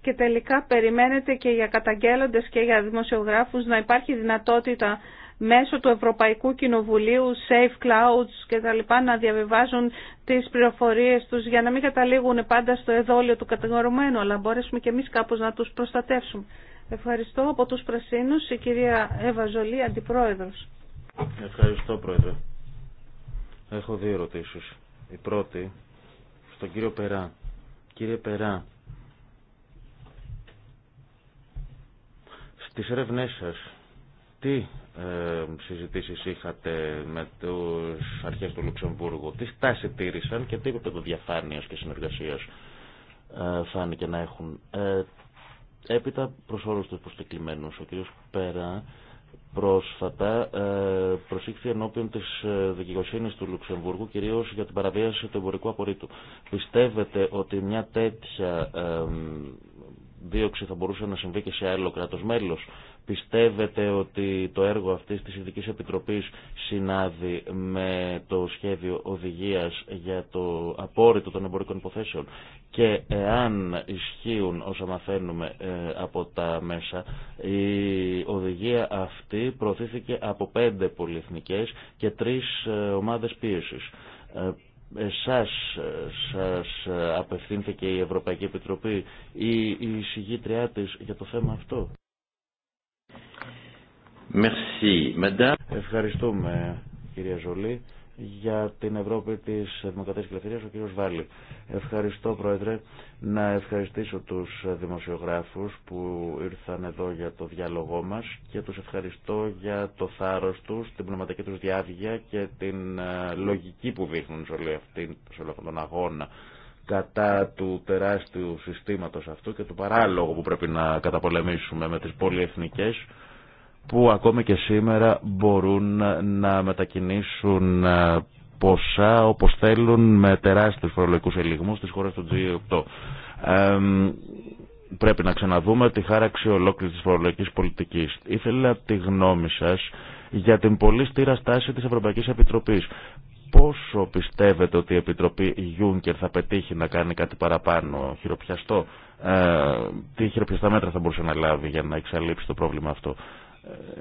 και τελικά περιμένετε και για καταγγέλλοντες και για δημοσιογράφους να υπάρχει δυνατότητα μέσω του Ευρωπαϊκού Κοινοβουλίου, Safe Clouds και τα λοιπά να διαβιβάζουν τις πληροφορίες τους για να μην καταλήγουν πάντα στο εδόλιο του κατηγορουμένου αλλά μπορέσουμε και εμείς κάπως να τους προστατεύσουμε. Ευχαριστώ από τους Πρασίνους η κυρία Εύα Ζολή, Αντιπρόεδρος. Ευχαριστώ Πρόεδρε. Έχω δύο ερωτήσει. Η πρώτη, στον κύριο Περά. Κύριε Περά, στις έρευνέ σα, τι ε, συζητήσεις είχατε με τους αρχέ του Λουξεμβούργου, τι στάση τήρησαν και τι επίπεδο διαφάνειας και συνεργασία ε, φάνηκε να έχουν. Ε, έπειτα προς όλους τους προσκεκλημένου, ο κύριος Πέρα πρόσφατα ε, προσήχθη ενώπιον της ε, δικαιοσύνης του Λουξεμβούργου, κυρίως για την παραβίαση του εμπορικού απορρίτου. Πιστεύετε ότι μια τέτοια ε, δίωξη θα μπορούσε να συμβεί και σε άλλο κράτος Πιστεύετε ότι το έργο αυτής της ειδική Επιτροπής συνάδει με το σχέδιο οδηγίας για το απόρριτο των εμπορικών υποθέσεων και εάν ισχύουν όσα μαθαίνουμε ε, από τα μέσα, η οδηγία αυτή προωθήθηκε από πέντε πολυεθνικές και τρεις ε, ομάδες πίεσης ε, εσάς ε, σας ε, απευθύνθηκε η Ευρωπαϊκή Επιτροπή ή η η συγγητρια της για το θέμα αυτό. Merci, Ευχαριστούμε κυρία Ζολή για την Ευρώπη της Δημοκρατία και ο κύριος Βάλλη. Ευχαριστώ, Πρόεδρε, να ευχαριστήσω τους δημοσιογράφους που ήρθαν εδώ για το διάλογό μας και τους ευχαριστώ για το θάρρος τους, την πνευματική τους διάβγεια και την ε, λογική που δείχνουν σε όλο, αυτή, αυτόν τον αγώνα κατά του τεράστιου συστήματος αυτού και του παράλογου που πρέπει να καταπολεμήσουμε με τις πολυεθνικές που ακόμη και σήμερα μπορούν να μετακινήσουν ε, ποσά όπως θέλουν με τεράστιους φορολογικούς ελιγμούς στις χώρες του G8. πρέπει να ξαναδούμε τη χάραξη ολόκληρης της φορολογικής πολιτικής. Ήθελα τη γνώμη σας για την πολύ στήρα στάση της Ευρωπαϊκής Επιτροπής. Πόσο πιστεύετε ότι η Επιτροπή Juncker θα πετύχει να κάνει κάτι παραπάνω χειροπιαστό, ε, τι χειροπιαστά μέτρα θα μπορούσε να λάβει για να εξαλείψει το πρόβλημα αυτό. Ε,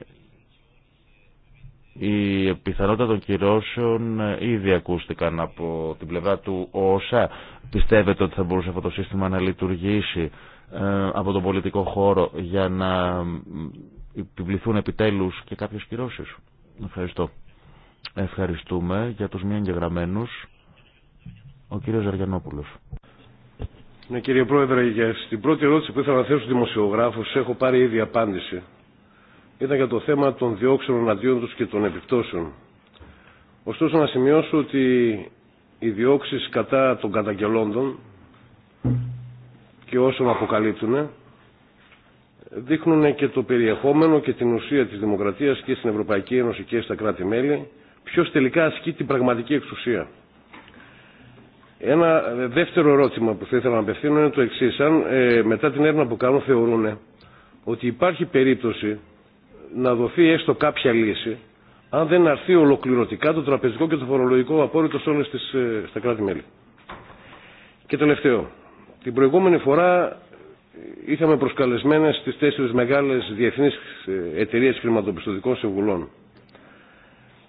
η πιθανότητα των κυρώσεων ε, ήδη ακούστηκαν από την πλευρά του ΟΣΑ. Πιστεύετε ότι θα μπορούσε αυτό το σύστημα να λειτουργήσει ε, από τον πολιτικό χώρο για να επιβληθούν επιτέλους και κάποιες κυρώσεις. Ευχαριστώ. Ευχαριστούμε για τους μη εγγεγραμμένους. Ο κύριος Ζαριανόπουλος. Ναι, κύριε Πρόεδρε, για την πρώτη ερώτηση που ήθελα να θέσω δημοσιογράφους έχω πάρει ήδη απάντηση ήταν για το θέμα των διώξεων εναντίον τους και των επιπτώσεων. Ωστόσο να σημειώσω ότι οι διώξεις κατά των καταγγελόντων και όσων αποκαλύπτουν ε, δείχνουν και το περιεχόμενο και την ουσία της δημοκρατίας και στην Ευρωπαϊκή Ένωση και στα κράτη-μέλη ποιος τελικά ασκεί την πραγματική εξουσία. Ένα ε, δεύτερο ερώτημα που θα ήθελα να απευθύνω είναι το εξή. Αν ε, μετά την έρευνα που κάνουν θεωρούν ότι υπάρχει περίπτωση να δοθεί έστω κάποια λύση αν δεν αρθεί ολοκληρωτικά το τραπεζικό και το φορολογικό απόρριτο σε όλες ε, στα κράτη-μέλη. Και τελευταίο. Την προηγούμενη φορά είχαμε προσκαλεσμένες τις τέσσερις μεγάλες διεθνείς ε, εταιρείες χρηματοπιστωτικών συμβουλών.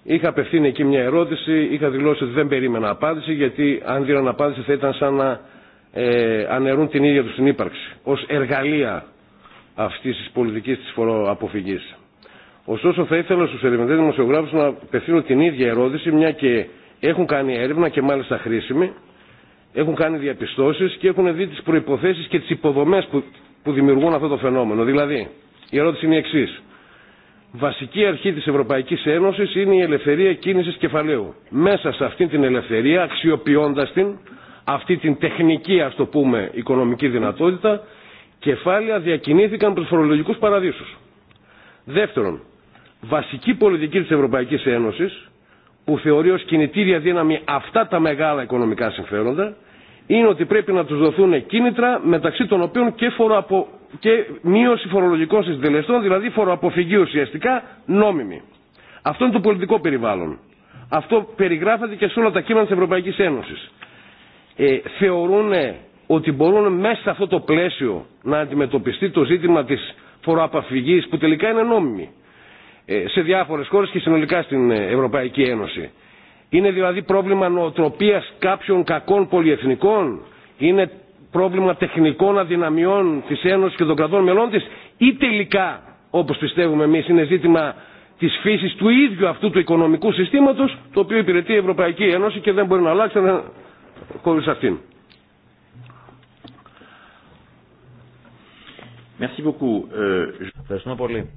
Είχα απευθύνει εκεί μια ερώτηση, είχα δηλώσει ότι δεν περίμενα απάντηση, γιατί αν δίναν απάντηση θα ήταν σαν να ε, αναιρούν την ίδια τους την ύπαρξη, ω εργαλεία αυτής της πολιτικής της φοροαποφυγής. Ωστόσο, θα ήθελα στου ερευνητέ δημοσιογράφου να απευθύνω την ίδια ερώτηση, μια και έχουν κάνει έρευνα και μάλιστα χρήσιμη, έχουν κάνει διαπιστώσει και έχουν δει τι προποθέσει και τι υποδομέ που, που δημιουργούν αυτό το φαινόμενο. Δηλαδή, η ερώτηση είναι η εξή. Βασική αρχή της Ευρωπαϊκής Ένωσης είναι η ελευθερία κίνησης κεφαλαίου. Μέσα σε αυτή την ελευθερία, αξιοποιώντας την, αυτή την τεχνική, ας το πούμε, οικονομική δυνατότητα, κεφάλαια διακινήθηκαν προς φορολογικούς παραδείσους. Δεύτερον, βασική πολιτική της Ευρωπαϊκής Ένωσης που θεωρεί ως κινητήρια δύναμη αυτά τα μεγάλα οικονομικά συμφέροντα είναι ότι πρέπει να τους δοθούν κίνητρα μεταξύ των οποίων και, φοροαπο... και μείωση φορολογικών συντελεστών, δηλαδή φοροαποφυγή ουσιαστικά νόμιμη. Αυτό είναι το πολιτικό περιβάλλον. Αυτό περιγράφεται και σε όλα τα κείμενα της Ευρωπαϊκής Ένωσης. Ε, θεωρούν ότι μπορούν μέσα σε αυτό το πλαίσιο να αντιμετωπιστεί το ζήτημα της φοροαπαφυγής που τελικά είναι νόμιμη. Ε, σε διάφορες χώρες και συνολικά στην ε, Ευρωπαϊκή Ένωση. Είναι δηλαδή πρόβλημα νοοτροπίας κάποιων κακών πολιεθνικών, είναι πρόβλημα τεχνικών αδυναμιών της Ένωσης και των κρατών μελών της ή τελικά, όπως πιστεύουμε εμείς, είναι ζήτημα της φύσης του ίδιου αυτού του οικονομικού συστήματος το οποίο υπηρετεί η Ευρωπαϊκή Ένωση και δεν μπορεί να αλλάξει χωρίς αυτήν. σε πολύ.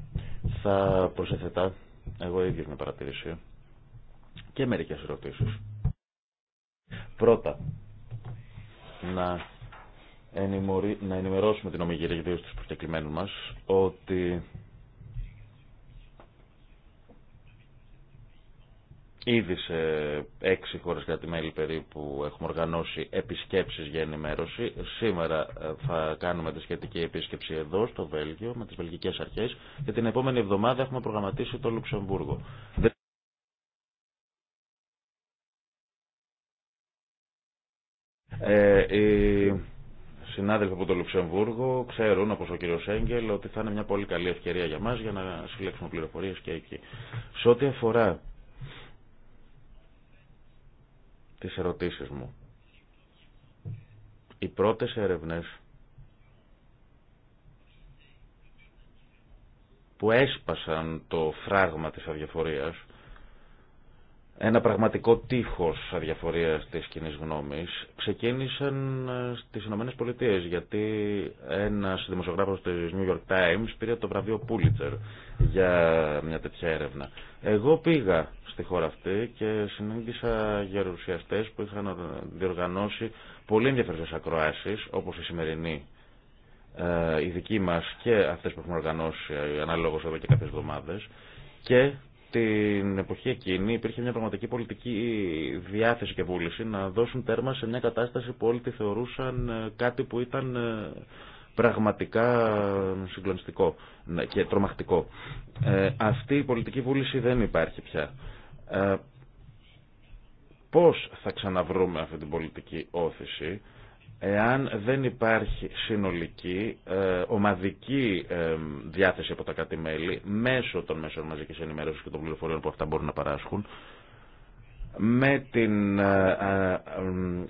Θα προσεθετά εγώ ίδιος με παρατηρήσει και μερικές ερωτήσεις. Πρώτα, να, ενημερώσουμε την ομιγυρία για τους προσκεκλημένους μας ότι Ήδη σε έξι χώρες κατά τη μέλη περίπου έχουμε οργανώσει επισκέψεις για ενημέρωση. Σήμερα ε, θα κάνουμε τη σχετική επίσκεψη εδώ στο Βέλγιο με τις βελγικές αρχές και την επόμενη εβδομάδα έχουμε προγραμματίσει το Λουξεμβούργο. Ε, οι συνάδελφοι από το Λουξεμβούργο ξέρουν, όπω ο κύριο Έγγελ, ότι θα είναι μια πολύ καλή ευκαιρία για μα για να συλλέξουμε πληροφορίε και εκεί. Σε ό,τι αφορά τις ερωτήσεις μου. Οι πρώτες έρευνες που έσπασαν το φράγμα της αδιαφορίας, ένα πραγματικό τείχος αδιαφορίας της κοινή γνώμης, ξεκίνησαν ε, στις Ηνωμένες Πολιτείες, γιατί ένας δημοσιογράφος της New York Times πήρε το βραβείο Pulitzer για μια τέτοια έρευνα. Εγώ πήγα στη χώρα αυτή και συνάντησα γερουσιαστές που είχαν διοργανώσει πολύ ενδιαφέρουσες ακροάσεις όπως η σημερινή ε, η δική μας και αυτές που έχουμε οργανώσει ε, αναλόγως εδώ και κάποιες εβδομάδε, και την εποχή εκείνη υπήρχε μια πραγματική πολιτική διάθεση και βούληση να δώσουν τέρμα σε μια κατάσταση που όλοι τη θεωρούσαν ε, κάτι που ήταν πραγματικά συγκλονιστικό και τρομακτικό. Ε, αυτή η πολιτική βούληση δεν υπάρχει πια. Ε, πώς θα ξαναβρούμε αυτή την πολιτική όθηση εάν δεν υπάρχει συνολική, ε, ομαδική ε, διάθεση από τα μέλη μέσω των μέσων μαζικής ενημέρωσης και των πληροφοριών που αυτά μπορούν να παράσχουν με την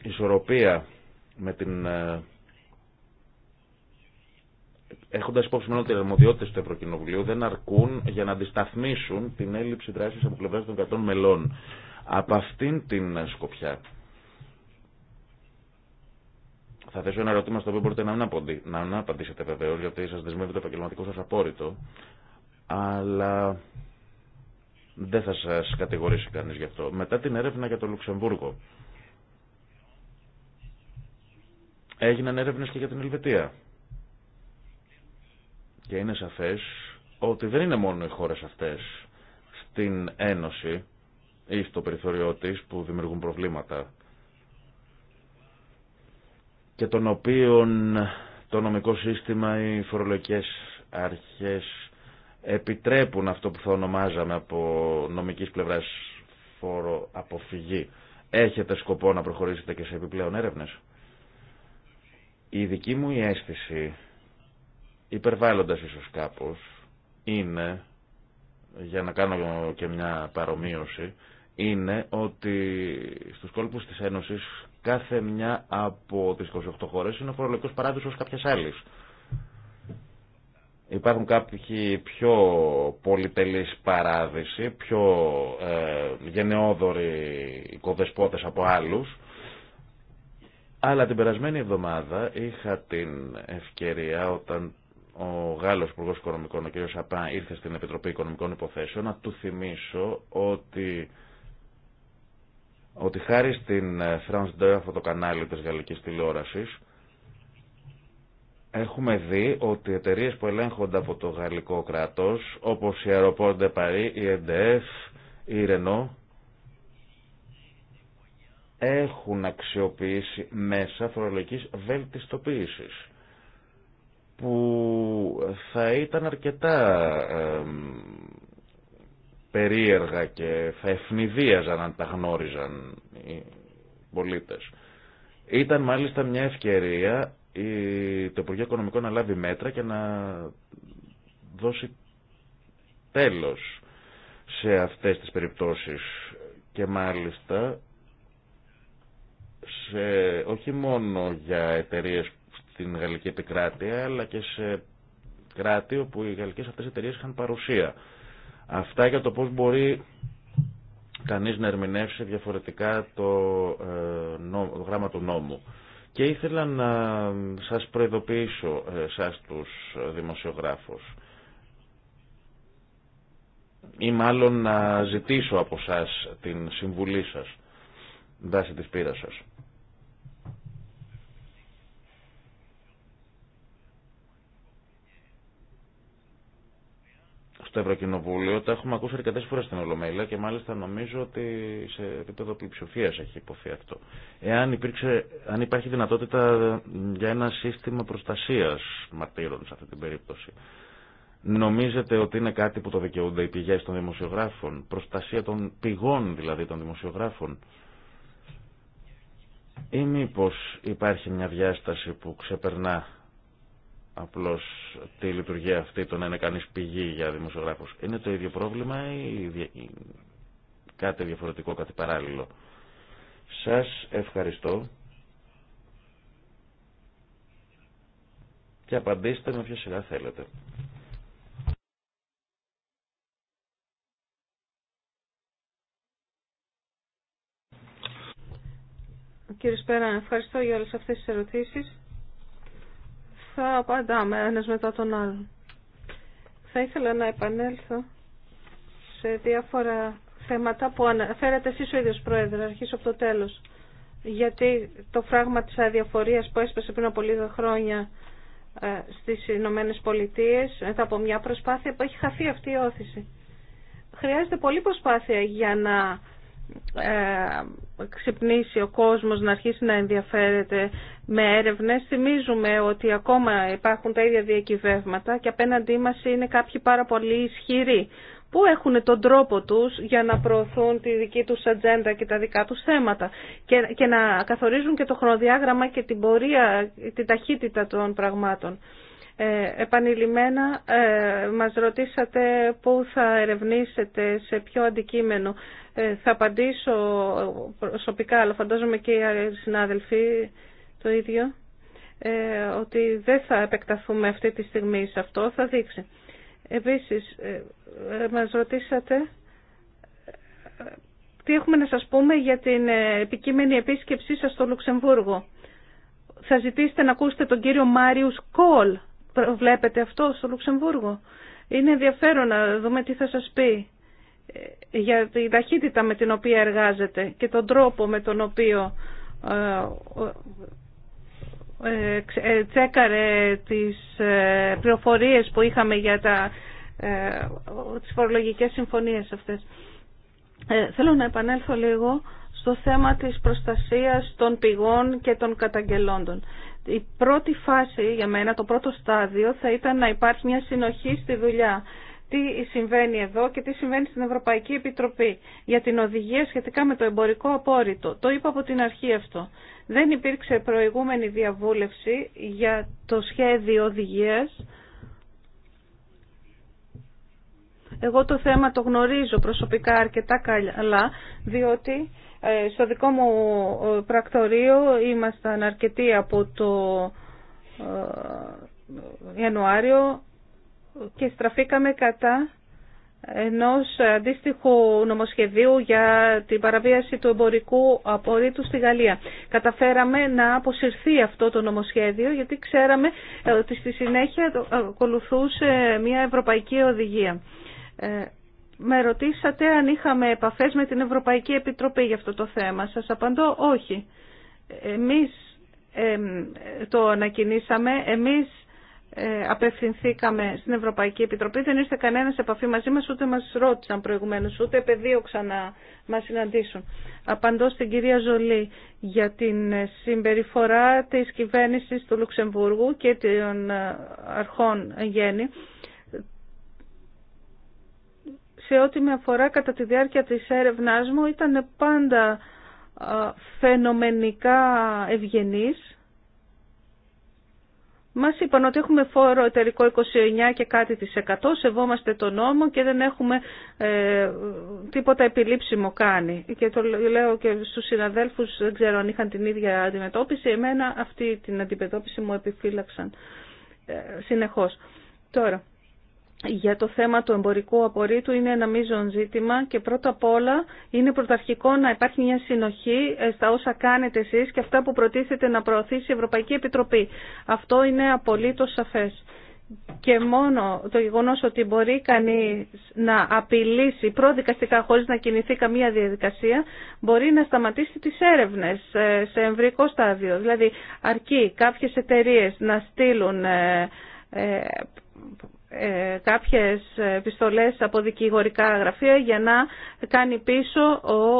ισορροπία, με την έχοντα υπόψη μόνο ότι οι αρμοδιότητε του Ευρωκοινοβουλίου δεν αρκούν για να αντισταθμίσουν την έλλειψη δράση από πλευρά των 100 μελών. Από αυτήν την σκοπιά. Θα θέσω ένα ερώτημα στο οποίο μπορείτε να μην, να μην απαντήσετε βεβαίω, γιατί σα δεσμεύει το επαγγελματικό σα απόρριτο. Αλλά δεν θα σα κατηγορήσει κανεί γι' αυτό. Μετά την έρευνα για το Λουξεμβούργο. Έγιναν έρευνε και για την Ελβετία. Και είναι σαφές ότι δεν είναι μόνο οι χώρες αυτές στην Ένωση ή στο περιθωριό της που δημιουργούν προβλήματα και των οποίων το νομικό σύστημα, οι φορολογικές αρχές επιτρέπουν αυτό που θα ονομάζαμε από νομικής πλευράς φόρο αποφυγή. Έχετε σκοπό να προχωρήσετε και σε επιπλέον έρευνες. Η δική μου η αίσθηση υπερβάλλοντας ίσως κάπως, είναι, για να κάνω και μια παρομοίωση, είναι ότι στους κόλπους της Ένωσης κάθε μια από τις 28 χώρες είναι ο φορολογικός παράδεισος κάποιες άλλες. Υπάρχουν κάποιοι πιο πολυτελείς παράδεισοι, πιο ε, γενναιόδοροι οικοδεσπότες από άλλους, αλλά την περασμένη εβδομάδα είχα την ευκαιρία όταν ο Γάλλος Υπουργός Οικονομικών, ο κ. Σαπά, ήρθε στην Επιτροπή Οικονομικών Υποθέσεων, να του θυμίσω ότι, ότι χάρη στην ε, France 2, αυτό το κανάλι της γαλλικής τηλεόρασης, έχουμε δει ότι εταιρείε που ελέγχονται από το γαλλικό κράτος, όπως η Aeroport de Paris, η EDF, η Renault, έχουν αξιοποιήσει μέσα φορολογικής βελτιστοποίησης που θα ήταν αρκετά περίεργα και θα ευνηδίαζαν αν τα γνώριζαν οι πολίτες. Ήταν μάλιστα μια ευκαιρία το Υπουργείο Οικονομικό να λάβει μέτρα και να δώσει τέλος σε αυτές τις περιπτώσεις και μάλιστα σε, όχι μόνο για εταιρείες στην γαλλική επικράτεια, αλλά και σε κράτη όπου οι γαλλικές αυτές εταιρείες είχαν παρουσία. Αυτά για το πώς μπορεί κανείς να ερμηνεύσει διαφορετικά το, ε, το γράμμα του νόμου. Και ήθελα να σας προειδοποιήσω ε, σας τους δημοσιογράφους ή μάλλον να ζητήσω από σας την συμβουλή σας δάση της πείρας σας. στο Ευρωκοινοβούλιο. Τα έχουμε ακούσει αρκετέ φορέ στην Ολομέλεια και μάλιστα νομίζω ότι σε επίπεδο πλειοψηφία έχει υποθεί αυτό. Εάν υπήρξε, αν υπάρχει δυνατότητα για ένα σύστημα προστασία μαρτύρων σε αυτή την περίπτωση. Νομίζετε ότι είναι κάτι που το δικαιούνται οι πηγέ των δημοσιογράφων, προστασία των πηγών δηλαδή των δημοσιογράφων. Ή μήπω υπάρχει μια διάσταση που ξεπερνά απλώς τη λειτουργία αυτή το να είναι κανείς πηγή για δημοσιογράφους. Είναι το ίδιο πρόβλημα ή κάτι διαφορετικό, κάτι παράλληλο. Σας ευχαριστώ και απαντήστε με όποια σειρά θέλετε. Κύριε Σπέρα, ευχαριστώ για όλες αυτές τις ερωτήσεις θα απαντάμε ένας μετά τον άλλον. Θα ήθελα να επανέλθω σε διάφορα θέματα που αναφέρατε εσείς ο ίδιος Πρόεδρε, αρχίσω από το τέλος. Γιατί το φράγμα της αδιαφορίας που έσπασε πριν από λίγα χρόνια ε, στις Ηνωμένε Πολιτείε μετά από μια προσπάθεια που έχει χαθεί αυτή η όθηση. Χρειάζεται πολλή προσπάθεια για να ε, ξυπνήσει ο κόσμος να αρχίσει να ενδιαφέρεται με έρευνες. Θυμίζουμε ότι ακόμα υπάρχουν τα ίδια διακυβεύματα και απέναντί μας είναι κάποιοι πάρα πολύ ισχυροί που έχουν τον τρόπο τους για να προωθούν τη δική τους ατζέντα και τα δικά τους θέματα και, να καθορίζουν και το χρονοδιάγραμμα και την πορεία, την ταχύτητα των πραγμάτων. Ε, επανειλημμένα ε, μας ρωτήσατε πού θα ερευνήσετε, σε ποιο αντικείμενο. Ε, θα απαντήσω προσωπικά, αλλά φαντάζομαι και οι συνάδελφοι το ίδιο, ε, ότι δεν θα επεκταθούμε αυτή τη στιγμή σε αυτό, θα δείξει. Επίσης, ε, μας ρωτήσατε τι έχουμε να σας πούμε για την επικείμενη επίσκεψή σας στο Λουξεμβούργο. Θα ζητήσετε να ακούσετε τον κύριο Μάριους Κόλ. Βλέπετε αυτό στο Λουξεμβούργο. Είναι ενδιαφέρον να δούμε τι θα σας πει για την ταχύτητα με την οποία εργάζεται και τον τρόπο με τον οποίο ε, ε, ε, τσέκαρε τις πληροφορίες που είχαμε για τα, τις φορολογικές συμφωνίες αυτές. Θέλω να επανέλθω λίγο στο θέμα της προστασίας των πηγών και των καταγγελόντων. Η πρώτη φάση για μένα, το πρώτο στάδιο θα ήταν να υπάρχει μια συνοχή στη δουλειά τι συμβαίνει εδώ και τι συμβαίνει στην Ευρωπαϊκή Επιτροπή για την οδηγία σχετικά με το εμπορικό απόρριτο. Το είπα από την αρχή αυτό. Δεν υπήρξε προηγούμενη διαβούλευση για το σχέδιο οδηγίας. Εγώ το θέμα το γνωρίζω προσωπικά αρκετά καλά, διότι ε, στο δικό μου ε, πρακτορείο ήμασταν αρκετοί από το ε, Ιανουάριο και στραφήκαμε κατά ενός αντίστοιχου νομοσχεδίου για την παραβίαση του εμπορικού απορρίτου στη Γαλλία. Καταφέραμε να αποσυρθεί αυτό το νομοσχέδιο γιατί ξέραμε ότι στη συνέχεια ακολουθούσε μια ευρωπαϊκή οδηγία. Ε, με ρωτήσατε αν είχαμε επαφές με την Ευρωπαϊκή Επιτροπή για αυτό το θέμα. Σας απαντώ όχι. Εμείς το ανακοινήσαμε. Εμείς ε, απευθυνθήκαμε στην Ευρωπαϊκή Επιτροπή. Δεν ήρθε κανένα σε επαφή μαζί μας, ούτε μας ρώτησαν προηγουμένως, ούτε επεδίωξαν να μα συναντήσουν. Απαντώ στην κυρία Ζολή για την συμπεριφορά της κυβέρνηση του Λουξεμβούργου και των αρχών γέννη σε ό,τι με αφορά κατά τη διάρκεια της έρευνάς μου ήταν πάντα φαινομενικά ευγενής μας είπαν ότι έχουμε φόρο εταιρικό 29 και κάτι της 100, σεβόμαστε τον νόμο και δεν έχουμε ε, τίποτα επιλήψιμο κάνει. Και το λέω και στους συναδέλφους, δεν ξέρω αν είχαν την ίδια αντιμετώπιση, εμένα αυτή την αντιμετώπιση μου επιφύλαξαν ε, συνεχώς. Τώρα, για το θέμα του εμπορικού απορρίτου είναι ένα μείζον ζήτημα και πρώτα απ' όλα είναι πρωταρχικό να υπάρχει μια συνοχή ε, στα όσα κάνετε εσείς και αυτά που προτίθεται να προωθήσει η Ευρωπαϊκή Επιτροπή. Αυτό είναι απολύτως σαφές. Και μόνο το γεγονό ότι μπορεί κανεί να απειλήσει προδικαστικά χωρί να κινηθεί καμία διαδικασία μπορεί να σταματήσει τι έρευνε ε, σε εμβρικό στάδιο. Δηλαδή αρκεί κάποιε εταιρείε να στείλουν ε, ε, κάποιες επιστολές από δικηγορικά γραφεία για να κάνει πίσω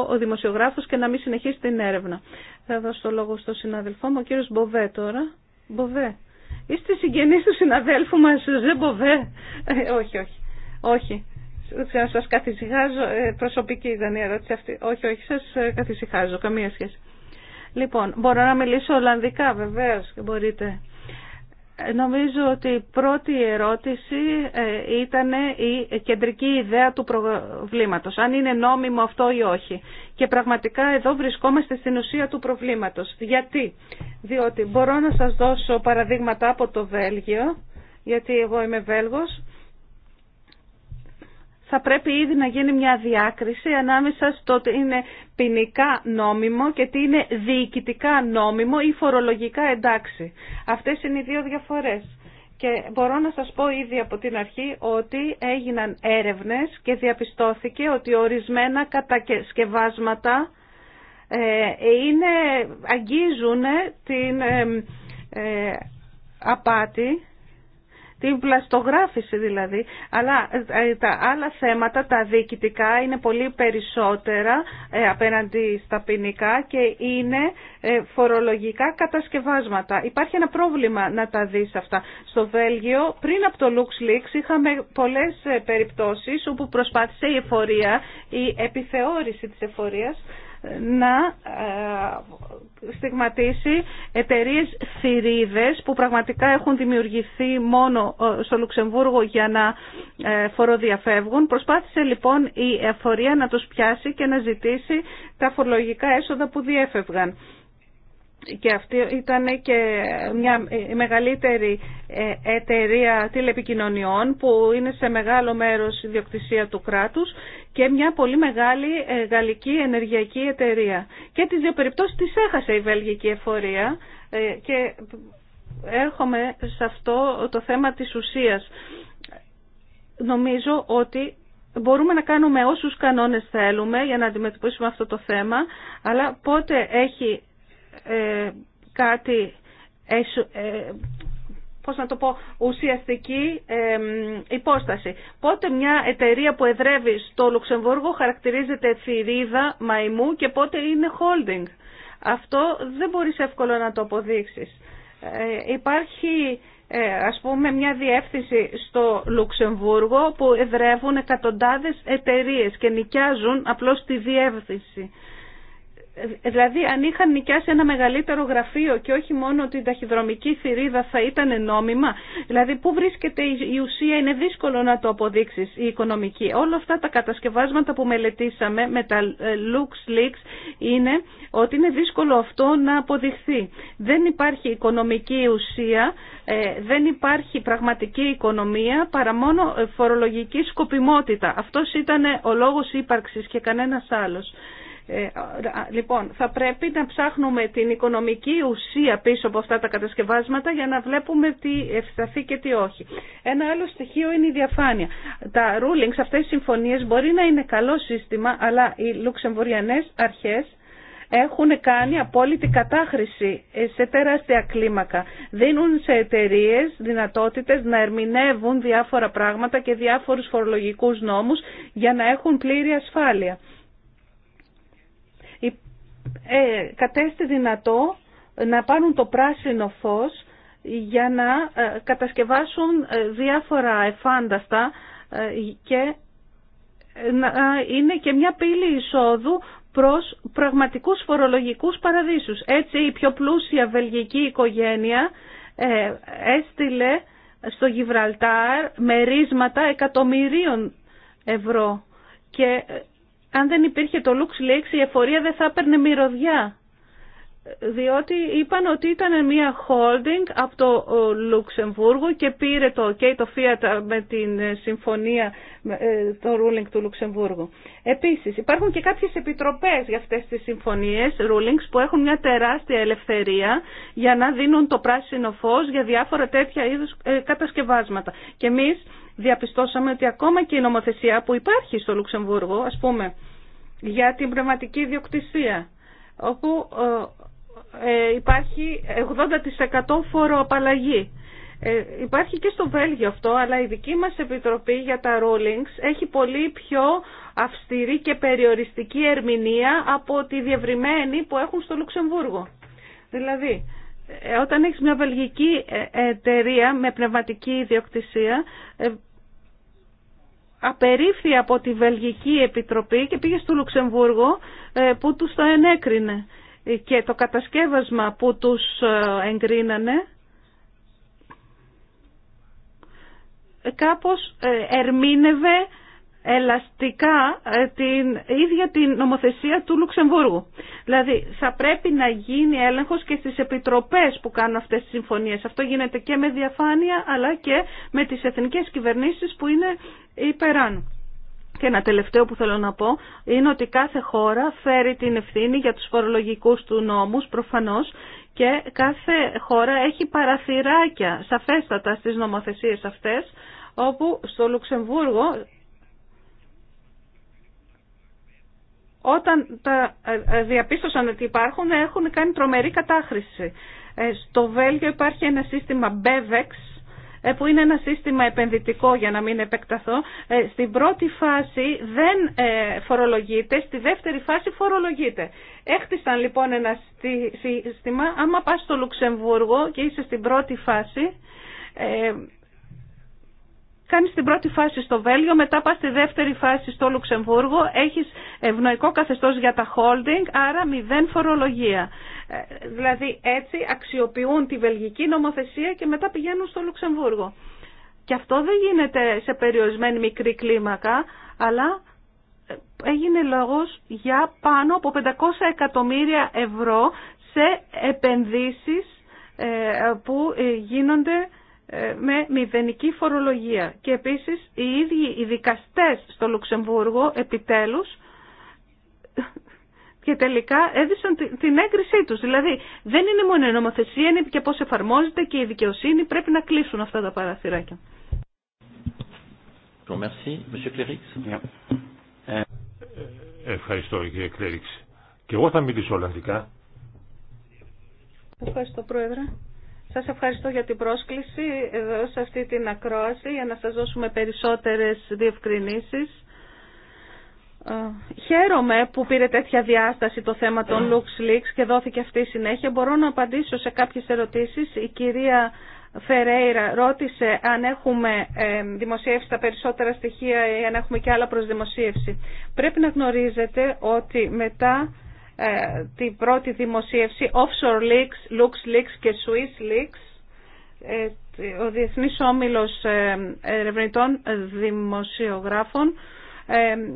ο δημοσιογράφος και να μην συνεχίσει την έρευνα. Θα δώσω το λόγο στον συναδελφό μου, ο κύριος Μποβέ τώρα. Μποβέ. Είστε συγγενείς του συναδέλφου μας, Ζε Μποβέ. Ε, όχι, όχι. Όχι. Ξέρω, σας καθησυχάζω. Ε, προσωπική ήταν η ερώτηση αυτή. Όχι, όχι, σας ε, καθησυχάζω. Καμία σχέση. Λοιπόν, μπορώ να μιλήσω Ολλανδικά βεβαίως μπορείτε. Νομίζω ότι η πρώτη ερώτηση ε, ήταν η κεντρική ιδέα του προβλήματος, αν είναι νόμιμο αυτό ή όχι. Και πραγματικά εδώ βρισκόμαστε στην ουσία του προβλήματος. Γιατί, διότι μπορώ να σας δώσω παραδείγματα από το Βέλγιο, γιατί εγώ είμαι Βέλγος, θα πρέπει ήδη να γίνει μια διάκριση ανάμεσα στο ότι είναι ποινικά νόμιμο και τι είναι διοικητικά νόμιμο ή φορολογικά εντάξει. Αυτές είναι οι δύο διαφορές. Και μπορώ να σας πω ήδη από την αρχή ότι έγιναν έρευνες και διαπιστώθηκε ότι ορισμένα κατασκευάσματα ε, είναι, αγγίζουν την ε, ε, απάτη την πλαστογράφηση δηλαδή, αλλά ε, ε, τα άλλα θέματα, τα διοικητικά, είναι πολύ περισσότερα ε, απέναντι στα ποινικά και είναι φορολογικά κατασκευάσματα. Υπάρχει ένα πρόβλημα να τα δεις αυτά. Στο Βέλγιο, πριν από το LuxLeaks, είχαμε πολλές περιπτώσεις όπου προσπάθησε η εφορία, η επιθεώρηση της εφορίας, να ε, στιγματίσει εταιρείες θηρίδες που πραγματικά έχουν δημιουργηθεί μόνο ε, στο Λουξεμβούργο για να ε, φοροδιαφεύγουν. Προσπάθησε λοιπόν η εφορία να τους πιάσει και να ζητήσει τα φορολογικά έσοδα που διέφευγαν και αυτή ήταν και μια ε, μεγαλύτερη ε, εταιρεία τηλεπικοινωνιών που είναι σε μεγάλο μέρος ιδιοκτησία του κράτους και μια πολύ μεγάλη ε, γαλλική ενεργειακή εταιρεία. Και τις δύο περιπτώσεις τις έχασε η βελγική εφορία και έρχομαι σε αυτό το θέμα της ουσίας. Νομίζω ότι μπορούμε να κάνουμε όσους κανόνες θέλουμε για να αντιμετωπίσουμε αυτό το θέμα, αλλά πότε έχει ε, κάτι ε, πώς να το πω, ουσιαστική ε, υπόσταση. Πότε μια εταιρεία που εδρεύει στο Λουξεμβούργο χαρακτηρίζεται θηρίδα μαϊμού και πότε είναι holding. Αυτό δεν μπορείς εύκολα να το αποδείξεις. Ε, υπάρχει ας πούμε μια διεύθυνση στο Λουξεμβούργο που εδρεύουν εκατοντάδες εταιρείες και νοικιάζουν απλώς τη διεύθυνση. Ε, δηλαδή αν είχαν νοικιάσει ένα μεγαλύτερο γραφείο και όχι μόνο την ταχυδρομική θηρίδα θα ήταν νόμιμα. Δηλαδή πού βρίσκεται η ουσία είναι δύσκολο να το αποδείξεις η οικονομική. Όλα αυτά τα κατασκευάσματα που μελετήσαμε με τα ε, Lux Leaks είναι ότι είναι δύσκολο αυτό να αποδειχθεί. Δεν υπάρχει οικονομική ουσία, ε, δεν υπάρχει πραγματική οικονομία παρά μόνο φορολογική σκοπιμότητα. Αυτός ήταν ο λόγος ύπαρξης και κανένα άλλος. Ε, λοιπόν, θα πρέπει να ψάχνουμε την οικονομική ουσία πίσω από αυτά τα κατασκευάσματα για να βλέπουμε τι ευσταθεί και τι όχι. Ένα άλλο στοιχείο είναι η διαφάνεια. Τα rulings, αυτές οι συμφωνίες μπορεί να είναι καλό σύστημα, αλλά οι λουξεμβουριανές αρχές έχουν κάνει απόλυτη κατάχρηση σε τεράστια κλίμακα. Δίνουν σε εταιρείε δυνατότητες να ερμηνεύουν διάφορα πράγματα και διάφορους φορολογικούς νόμους για να έχουν πλήρη ασφάλεια ε, κατέστη δυνατό να πάρουν το πράσινο φως για να ε, κατασκευάσουν ε, διάφορα εφάνταστα ε, και να είναι και μια πύλη εισόδου προς πραγματικούς φορολογικούς παραδείσους. Έτσι η πιο πλούσια βελγική οικογένεια έστειλε στο Γιβραλτάρ μερίσματα εκατομμυρίων ευρώ και αν δεν υπήρχε το LuxLeaks η εφορία δεν θα έπαιρνε μυρωδιά. Διότι είπαν ότι ήταν μια holding από το ε, Λουξεμβούργο και πήρε το OK, το Fiat με την ε, συμφωνία, ε, το ruling του Λουξεμβούργου. Επίσης υπάρχουν και κάποιες επιτροπές για αυτές τις συμφωνίες, rulings, που έχουν μια τεράστια ελευθερία για να δίνουν το πράσινο φως για διάφορα τέτοια είδους κατασκευάσματα. Και εμείς διαπιστώσαμε ότι ακόμα και η νομοθεσία που υπάρχει στο Λουξεμβούργο, ας πούμε, για την πνευματική ιδιοκτησία, όπου ε, ε, υπάρχει 80% φοροαπαλλαγή. Ε, υπάρχει και στο Βέλγιο αυτό, αλλά η δική μας Επιτροπή για τα rulings έχει πολύ πιο αυστηρή και περιοριστική ερμηνεία από τη διευρυμένη που έχουν στο Λουξεμβούργο. Δηλαδή, ε, όταν έχεις μια βελγική ε, εταιρεία με πνευματική ιδιοκτησία, ε, απερίφθη από τη Βελγική Επιτροπή και πήγε στο Λουξεμβούργο που τους το ενέκρινε. Και το κατασκεύασμα που τους εγκρίνανε κάπως ερμήνευε ελαστικά την ίδια την νομοθεσία του Λουξεμβούργου. Δηλαδή θα πρέπει να γίνει έλεγχος και στις επιτροπές που κάνουν αυτές τις συμφωνίες. Αυτό γίνεται και με διαφάνεια αλλά και με τις εθνικές κυβερνήσεις που είναι υπεράνω. Και ένα τελευταίο που θέλω να πω είναι ότι κάθε χώρα φέρει την ευθύνη για τους φορολογικούς του νόμους προφανώς και κάθε χώρα έχει παραθυράκια σαφέστατα στις νομοθεσίες αυτές όπου στο Λουξεμβούργο όταν τα ε, ε, διαπίστωσαν ότι υπάρχουν έχουν κάνει τρομερή κατάχρηση. Ε, στο Βέλγιο υπάρχει ένα σύστημα BEVEX που είναι ένα σύστημα επενδυτικό για να μην επεκταθώ. Στην πρώτη φάση δεν φορολογείται, στη δεύτερη φάση φορολογείται. Έχτισαν λοιπόν ένα σύστημα, άμα πας στο Λουξεμβούργο και είσαι στην πρώτη φάση Κάνεις την πρώτη φάση στο Βέλγιο, μετά πας στη δεύτερη φάση στο Λουξεμβούργο, έχεις ευνοϊκό καθεστώς για τα holding, άρα μηδέν φορολογία. Ε, δηλαδή έτσι αξιοποιούν τη βελγική νομοθεσία και μετά πηγαίνουν στο Λουξεμβούργο. Και αυτό δεν γίνεται σε περιορισμένη μικρή κλίμακα, αλλά ε, έγινε λόγος για πάνω από 500 εκατομμύρια ευρώ σε επενδύσεις ε, που γίνονται ε, με μηδενική φορολογία. Και επίσης οι ίδιοι οι δικαστές στο Λουξεμβούργο επιτέλους και τελικά έδεισαν την έγκρισή τους. Δηλαδή δεν είναι μόνο η νομοθεσία, είναι και πώς εφαρμόζεται και η δικαιοσύνη πρέπει να κλείσουν αυτά τα παραθυράκια. Ναι. Ε, Ευχαριστώ κύριε Κλέριξ. Και εγώ θα μιλήσω Ολλανδικά. Ευχαριστώ Πρόεδρε. Σας ευχαριστώ για την πρόσκληση εδώ σε αυτή την ακρόαση για να σας δώσουμε περισσότερες διευκρινήσεις. Ε, χαίρομαι που πήρε τέτοια διάσταση το θέμα των LuxLeaks και δόθηκε αυτή η συνέχεια. Μπορώ να απαντήσω σε κάποιες ερωτήσεις. Η κυρία Φερέιρα ρώτησε αν έχουμε ε, δημοσιεύσει τα περισσότερα στοιχεία ή αν έχουμε και άλλα προς δημοσίευση. Πρέπει να γνωρίζετε ότι μετά ε, την πρώτη δημοσίευση Offshore Leaks, Lux Leaks και Swiss Leaks. Ε, ο Διεθνής Όμιλος ε, Ερευνητών Δημοσιογράφων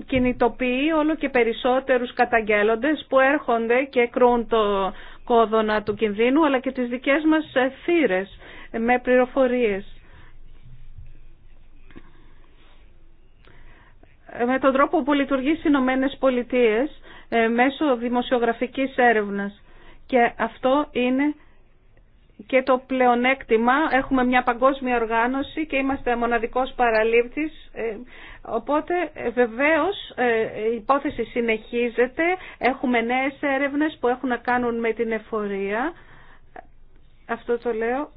κινητοποιεί όλο και περισσότερους καταγγέλλοντες που έρχονται και κρούν το κόδωνα του κινδύνου αλλά και τις δικές μας θύρες με πληροφορίες. Με τον τρόπο που λειτουργεί στις Ηνωμένε Πολιτείες ε, μέσω δημοσιογραφικής έρευνας. Και αυτό είναι και το πλεονέκτημα. Έχουμε μια παγκόσμια οργάνωση και είμαστε μοναδικός παραλήπτης. Ε, οπότε ε, βεβαίως η υπόθεση συνεχίζεται. Έχουμε νέες έρευνες που έχουν να κάνουν με την εφορία. Αυτό το λέω.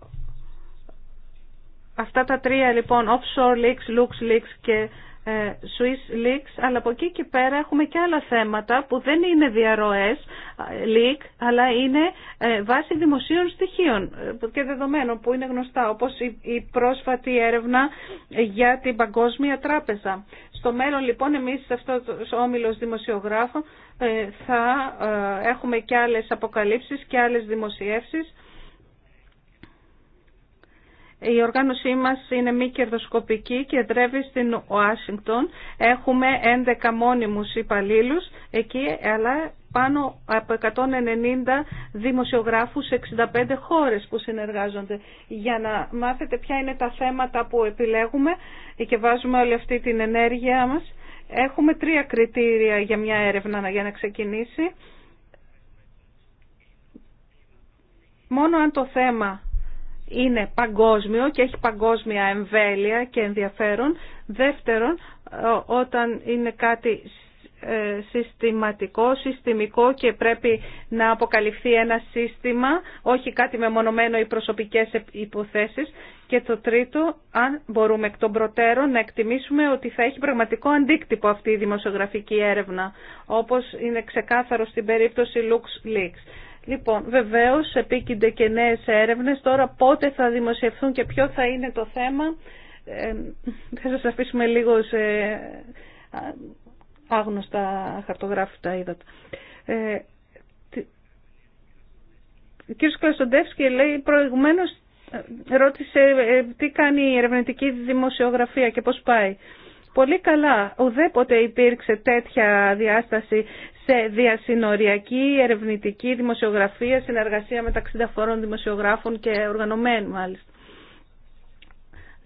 Αυτά τα τρία λοιπόν, offshore leaks, looks leaks και ε, Swiss Leaks, αλλά από εκεί και πέρα έχουμε και άλλα θέματα που δεν είναι διαρροές ε, leak, αλλά είναι ε, βάση δημοσίων στοιχείων και δεδομένων που είναι γνωστά, όπως η πρόσφατη έρευνα για την Παγκόσμια Τράπεζα. Στο μέλλον λοιπόν εμείς σε αυτό το όμιλος δημοσιογράφων θα έχουμε και άλλες αποκαλύψεις και άλλες δημοσιεύσεις η οργάνωσή μας είναι μη κερδοσκοπική και δρεύει στην Ουάσιγκτον. Έχουμε 11 μόνιμους υπαλλήλους εκεί, αλλά πάνω από 190 δημοσιογράφους σε 65 χώρες που συνεργάζονται. Για να μάθετε ποια είναι τα θέματα που επιλέγουμε και βάζουμε όλη αυτή την ενέργειά μας. Έχουμε τρία κριτήρια για μια έρευνα για να ξεκινήσει. Μόνο αν το θέμα είναι παγκόσμιο και έχει παγκόσμια εμβέλεια και ενδιαφέρον. Δεύτερον, όταν είναι κάτι ε, συστηματικό, συστημικό και πρέπει να αποκαλυφθεί ένα σύστημα, όχι κάτι μεμονωμένο ή προσωπικές υποθέσεις. Και το τρίτο, αν μπορούμε εκ των προτέρων να εκτιμήσουμε ότι θα έχει πραγματικό αντίκτυπο αυτή η δημοσιογραφική έρευνα, όπως είναι ξεκάθαρο στην περίπτωση LuxLeaks. Λοιπόν, βεβαίως επίκυνται και νέες έρευνες. Τώρα πότε θα δημοσιευθούν και ποιο θα είναι το θέμα. Ε, θα σας αφήσουμε λίγο σε άγνωστα χαρτογράφητα είδατε. Ε, ο κ. Κλαστοντεύσκη λέει προηγουμένως ε, ρώτησε ε, τι κάνει η ερευνητική δημοσιογραφία και πώς πάει. Πολύ καλά. Ουδέποτε υπήρξε τέτοια διάσταση σε διασυνοριακή ερευνητική δημοσιογραφία, συνεργασία μεταξύ διαφορών δημοσιογράφων και οργανωμένων μάλιστα.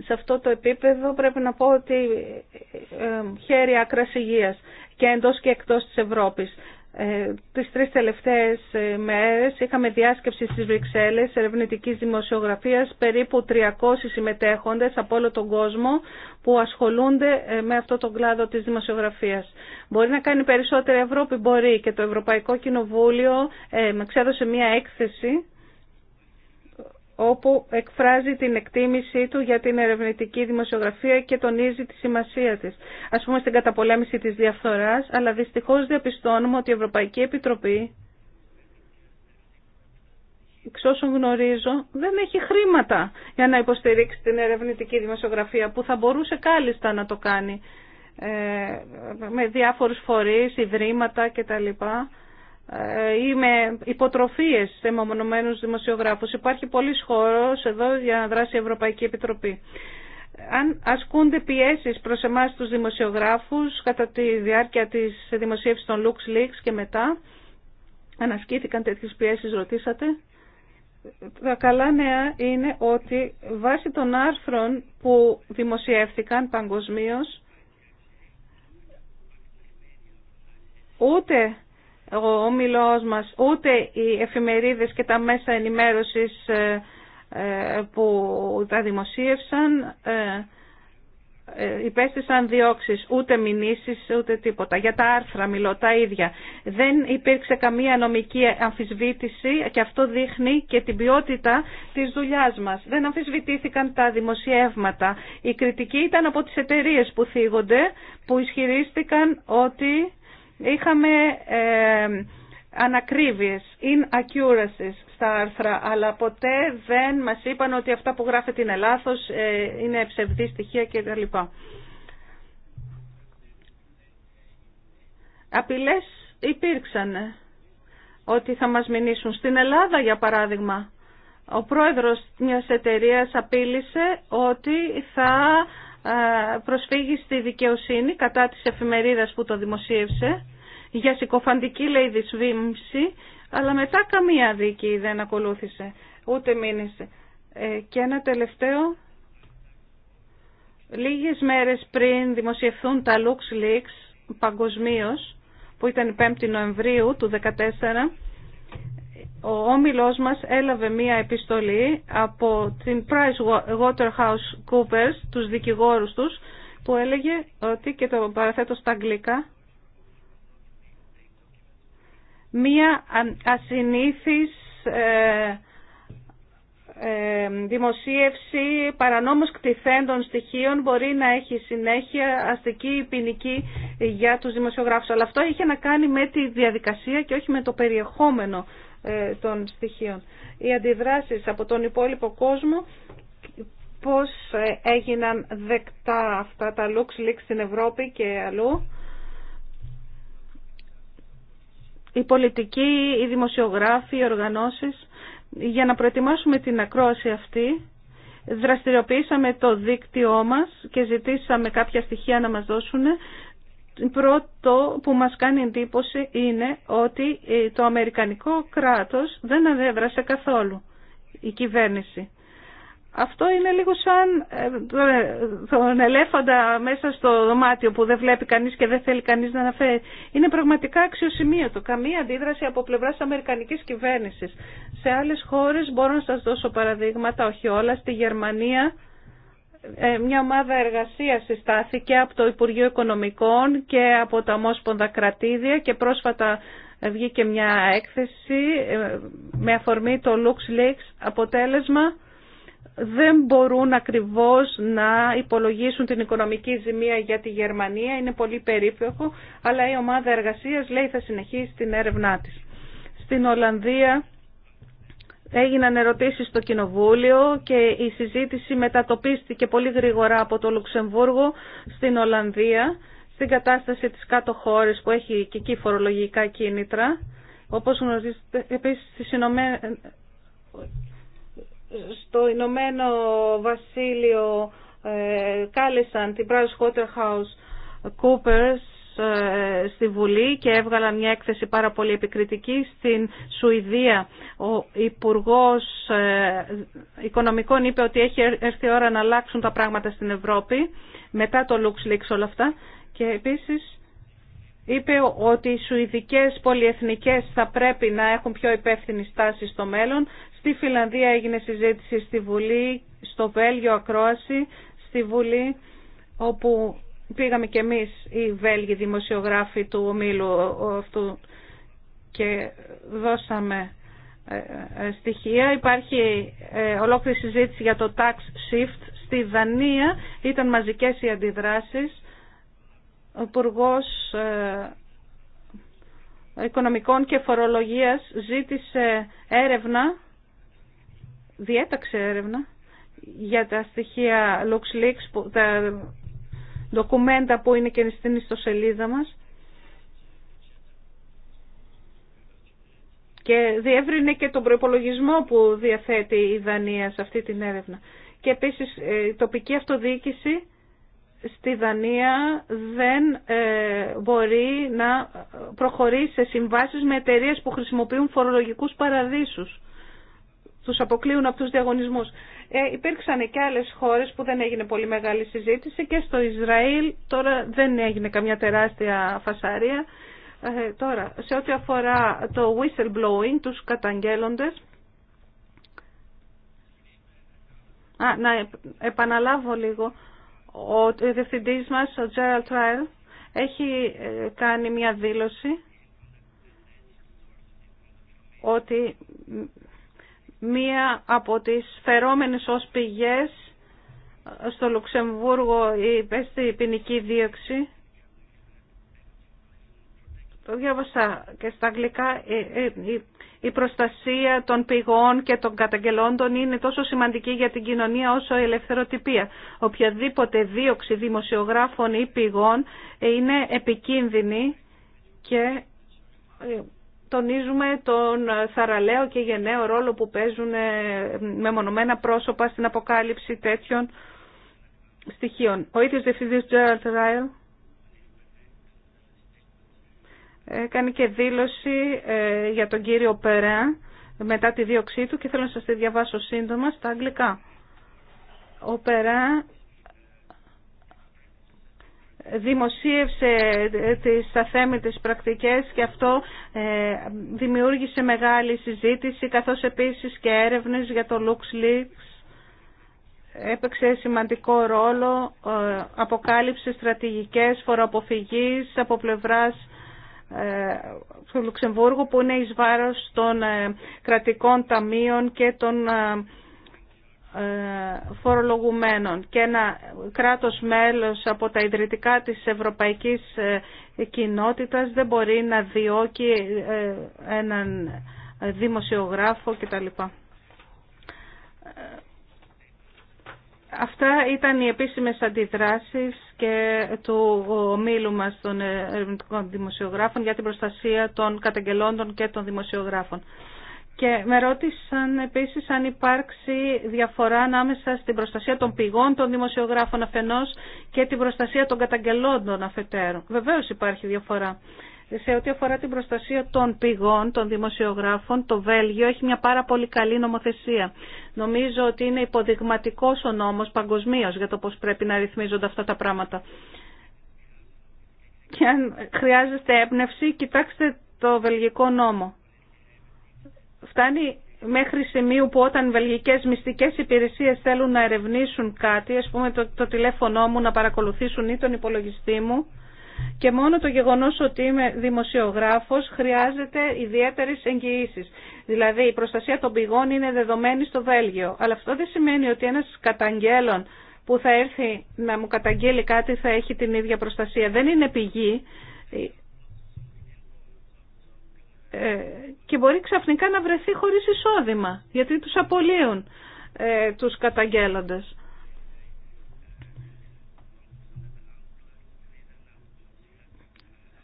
Σε αυτό το επίπεδο πρέπει να πω ότι ε, ε, ε, χαίρει άκρας υγείας και εντός και εκτός της Ευρώπης. Ε, τις τρεις τελευταίες ε, μέρες είχαμε διάσκεψη στις Βρυξέλλες ερευνητικής δημοσιογραφίας περίπου 300 συμμετέχοντες από όλο τον κόσμο που ασχολούνται ε, με αυτό τον κλάδο της δημοσιογραφίας. Μπορεί να κάνει περισσότερη Ευρώπη, μπορεί και το Ευρωπαϊκό Κοινοβούλιο ε, ξέδωσε μια έκθεση όπου εκφράζει την εκτίμησή του για την ερευνητική δημοσιογραφία και τονίζει τη σημασία της. Ας πούμε στην καταπολέμηση της διαφθοράς, αλλά δυστυχώς διαπιστώνουμε ότι η Ευρωπαϊκή Επιτροπή, εξ όσων γνωρίζω, δεν έχει χρήματα για να υποστηρίξει την ερευνητική δημοσιογραφία που θα μπορούσε κάλλιστα να το κάνει ε, με διάφορους φορείς, ιδρύματα κτλ ή με υποτροφίες σε μεμονωμένους δημοσιογράφους. Υπάρχει πολύς χώρος εδώ για να δράσει η Ευρωπαϊκή Επιτροπή. Αν ασκούνται πιέσεις προς εμάς τους δημοσιογράφους κατά τη διάρκεια της δημοσίευσης των Λουξ Leaks και μετά, αν ασκήθηκαν τέτοιες πιέσεις ρωτήσατε, τα καλά νέα είναι ότι βάσει των άρθρων που δημοσιεύθηκαν παγκοσμίω, ούτε ο όμιλός μας, ούτε οι εφημερίδες και τα μέσα ενημέρωσης ε, ε, που τα δημοσίευσαν ε, υπέστησαν διώξεις, ούτε μηνύσεις, ούτε τίποτα. Για τα άρθρα μιλώ τα ίδια. Δεν υπήρξε καμία νομική αμφισβήτηση και αυτό δείχνει και την ποιότητα της δουλειάς μας. Δεν αμφισβητήθηκαν τα δημοσιεύματα. Η κριτική ήταν από τις εταιρείες που θίγονται, που ισχυρίστηκαν ότι Είχαμε ε, ανακρίβειες, inaccuracies στα άρθρα, αλλά ποτέ δεν μας είπαν ότι αυτά που γράφεται είναι λάθος, ε, είναι ψευδή στοιχεία κτλ. Απειλές υπήρξαν ε, ότι θα μας μηνύσουν. Στην Ελλάδα, για παράδειγμα, ο πρόεδρος μιας εταιρείας απείλησε ότι θα προσφύγει στη δικαιοσύνη κατά της εφημερίδας που το δημοσίευσε για συκοφαντική λέει δυσβήμιση, αλλά μετά καμία δίκη δεν ακολούθησε, ούτε μήνυσε. και ένα τελευταίο, λίγες μέρες πριν δημοσιευθούν τα Lux Leaks παγκοσμίω, που ήταν η 5η Νοεμβρίου του 2014, ο όμιλός μας έλαβε μία επιστολή από την Price Coopers τους δικηγόρους τους, που έλεγε ότι, και το παραθέτω στα αγγλικά, μία ασυνήθις ε, ε, δημοσίευση παρανόμως κτηθέντων στοιχείων μπορεί να έχει συνέχεια αστική ή ποινική για τους δημοσιογράφους. Αλλά αυτό είχε να κάνει με τη διαδικασία και όχι με το περιεχόμενο ε, των στοιχείων. Οι αντιδράσεις από τον υπόλοιπο κόσμο, πώς ε, έγιναν δεκτά αυτά τα LuxLeaks στην Ευρώπη και αλλού. Οι πολιτικοί, οι δημοσιογράφοι, οι οργανώσεις. Για να προετοιμάσουμε την ακρόαση αυτή, δραστηριοποιήσαμε το δίκτυό μας και ζητήσαμε κάποια στοιχεία να μας δώσουν πρώτο που μας κάνει εντύπωση είναι ότι ε, το Αμερικανικό κράτος δεν ανέβρασε καθόλου η κυβέρνηση. Αυτό είναι λίγο σαν ε, τον ελέφαντα μέσα στο δωμάτιο που δεν βλέπει κανείς και δεν θέλει κανείς να αναφέρει. Είναι πραγματικά αξιοσημείωτο. Καμία αντίδραση από πλευράς αμερικανικής κυβέρνησης. Σε άλλες χώρες μπορώ να σας δώσω παραδείγματα, όχι όλα, στη Γερμανία ε, μια ομάδα εργασίας συστάθηκε από το Υπουργείο Οικονομικών και από τα Ομόσπονδα Κρατήδια και πρόσφατα βγήκε μια έκθεση ε, με αφορμή το LuxLeaks. Αποτέλεσμα δεν μπορούν ακριβώς να υπολογίσουν την οικονομική ζημία για τη Γερμανία. Είναι πολύ περίπλοκο, αλλά η ομάδα εργασίας λέει θα συνεχίσει την έρευνά της. Στην Ολλανδία Έγιναν ερωτήσεις στο Κοινοβούλιο και η συζήτηση μετατοπίστηκε πολύ γρήγορα από το Λουξεμβούργο στην Ολλανδία, στην κατάσταση της κάτω χώρες που έχει και εκεί φορολογικά κίνητρα. Όπως γνωρίζετε, επίσης στο Ηνωμένο Βασίλειο ε, κάλεσαν την Price Waterhouse Coopers ε, στη Βουλή και έβγαλα μια έκθεση πάρα πολύ επικριτική στην Σουηδία. Ο Υπουργός ε, Οικονομικών είπε ότι έχει έρθει η ώρα να αλλάξουν τα πράγματα στην Ευρώπη μετά το LuxLeaks όλα αυτά και επίσης είπε ότι οι σουηδικές πολυεθνικές θα πρέπει να έχουν πιο υπεύθυνη στάση στο μέλλον. Στη Φιλανδία έγινε συζήτηση στη Βουλή, στο Βέλγιο ακρόαση στη Βουλή όπου πήγαμε κι εμείς οι Βέλγοι δημοσιογράφοι του ομίλου αυτού και δώσαμε ε, ε, στοιχεία. Υπάρχει ε, ολόκληρη συζήτηση για το tax shift στη Δανία. Ήταν μαζικές οι αντιδράσεις. Ο υπουργό Οικονομικών και Φορολογίας ζήτησε έρευνα, διέταξε έρευνα για τα στοιχεία LuxLeaks, τα ντοκουμέντα που είναι και στην ιστοσελίδα μας. Και διεύρυνε και τον προπολογισμό που διαθέτει η Δανία σε αυτή την έρευνα. Και επίσης ε, η τοπική αυτοδιοίκηση στη Δανία δεν ε, μπορεί να προχωρήσει σε συμβάσεις με εταιρείες που χρησιμοποιούν φορολογικούς παραδείσους τους αποκλείουν από τους διαγωνισμούς. Ε, υπήρξαν και άλλες χώρες που δεν έγινε πολύ μεγάλη συζήτηση και στο Ισραήλ τώρα δεν έγινε καμιά τεράστια φασαρία. Ε, τώρα, σε ό,τι αφορά το whistleblowing, τους καταγγέλλοντες, Α, να επαναλάβω λίγο. Ο διευθυντής μας, ο Gerald Trial, έχει ε, κάνει μια δήλωση ότι μία από τις φερόμενες ως πηγές ε, στο Λουξεμβούργο η στη ποινική δίωξη. Το διάβασα και στα αγγλικά ε, ε, η προστασία των πηγών και των καταγγελόντων είναι τόσο σημαντική για την κοινωνία όσο η ελευθεροτυπία. Οποιαδήποτε δίωξη δημοσιογράφων ή πηγών είναι επικίνδυνη και τονίζουμε τον θαραλέο και γενναίο ρόλο που παίζουν ε, μεμονωμένα πρόσωπα στην αποκάλυψη τέτοιων στοιχείων. Ο ίδιος διευθυντής Gerald Ryle έκανε ε, και δήλωση ε, για τον κύριο Περά μετά τη δίωξή του και θέλω να σας τη διαβάσω σύντομα στα αγγλικά. Ο δημοσίευσε ε, τις της πρακτικές και αυτό ε, δημιούργησε μεγάλη συζήτηση καθώς επίσης και έρευνες για το LuxLeaks έπαιξε σημαντικό ρόλο, ε, αποκάλυψε στρατηγικές φοροαποφυγής από πλευράς του Λουξεμβούργου που είναι εις βάρος των κρατικών ταμείων και των ε, φορολογουμένων και ένα κράτος μέλος από τα ιδρυτικά της Ευρωπαϊκής ε, Κοινότητας δεν μπορεί να διώκει ε, έναν δημοσιογράφο κτλ. Αυτά ήταν οι επίσημες αντιδράσεις και του ομίλου μας των ερευνητικών δημοσιογράφων για την προστασία των καταγγελόντων και των δημοσιογράφων. Και με ρώτησαν επίσης αν υπάρξει διαφορά ανάμεσα στην προστασία των πηγών των δημοσιογράφων αφενός και την προστασία των καταγγελόντων αφετέρου. Βεβαίως υπάρχει διαφορά. Σε ό,τι αφορά την προστασία των πηγών, των δημοσιογράφων, το Βέλγιο έχει μια πάρα πολύ καλή νομοθεσία. Νομίζω ότι είναι υποδειγματικός ο νόμος παγκοσμίω για το πώς πρέπει να ρυθμίζονται αυτά τα πράγματα. Και αν χρειάζεστε έμπνευση, κοιτάξτε το βελγικό νόμο φτάνει μέχρι σημείου που όταν βελγικές μυστικές υπηρεσίες θέλουν να ερευνήσουν κάτι, ας πούμε το, τηλέφωνό μου να παρακολουθήσουν ή τον υπολογιστή μου, και μόνο το γεγονός ότι είμαι δημοσιογράφος χρειάζεται ιδιαίτερες εγγυήσεις. Δηλαδή η προστασία των πηγών είναι δεδομένη στο Βέλγιο. Αλλά αυτό δεν σημαίνει ότι ένας καταγγέλων που θα έρθει να μου καταγγείλει κάτι θα έχει την ίδια προστασία. Δεν είναι πηγή. Ε, και μπορεί ξαφνικά να βρεθεί χωρίς εισόδημα γιατί τους απολύουν ε, τους καταγγέλλοντες.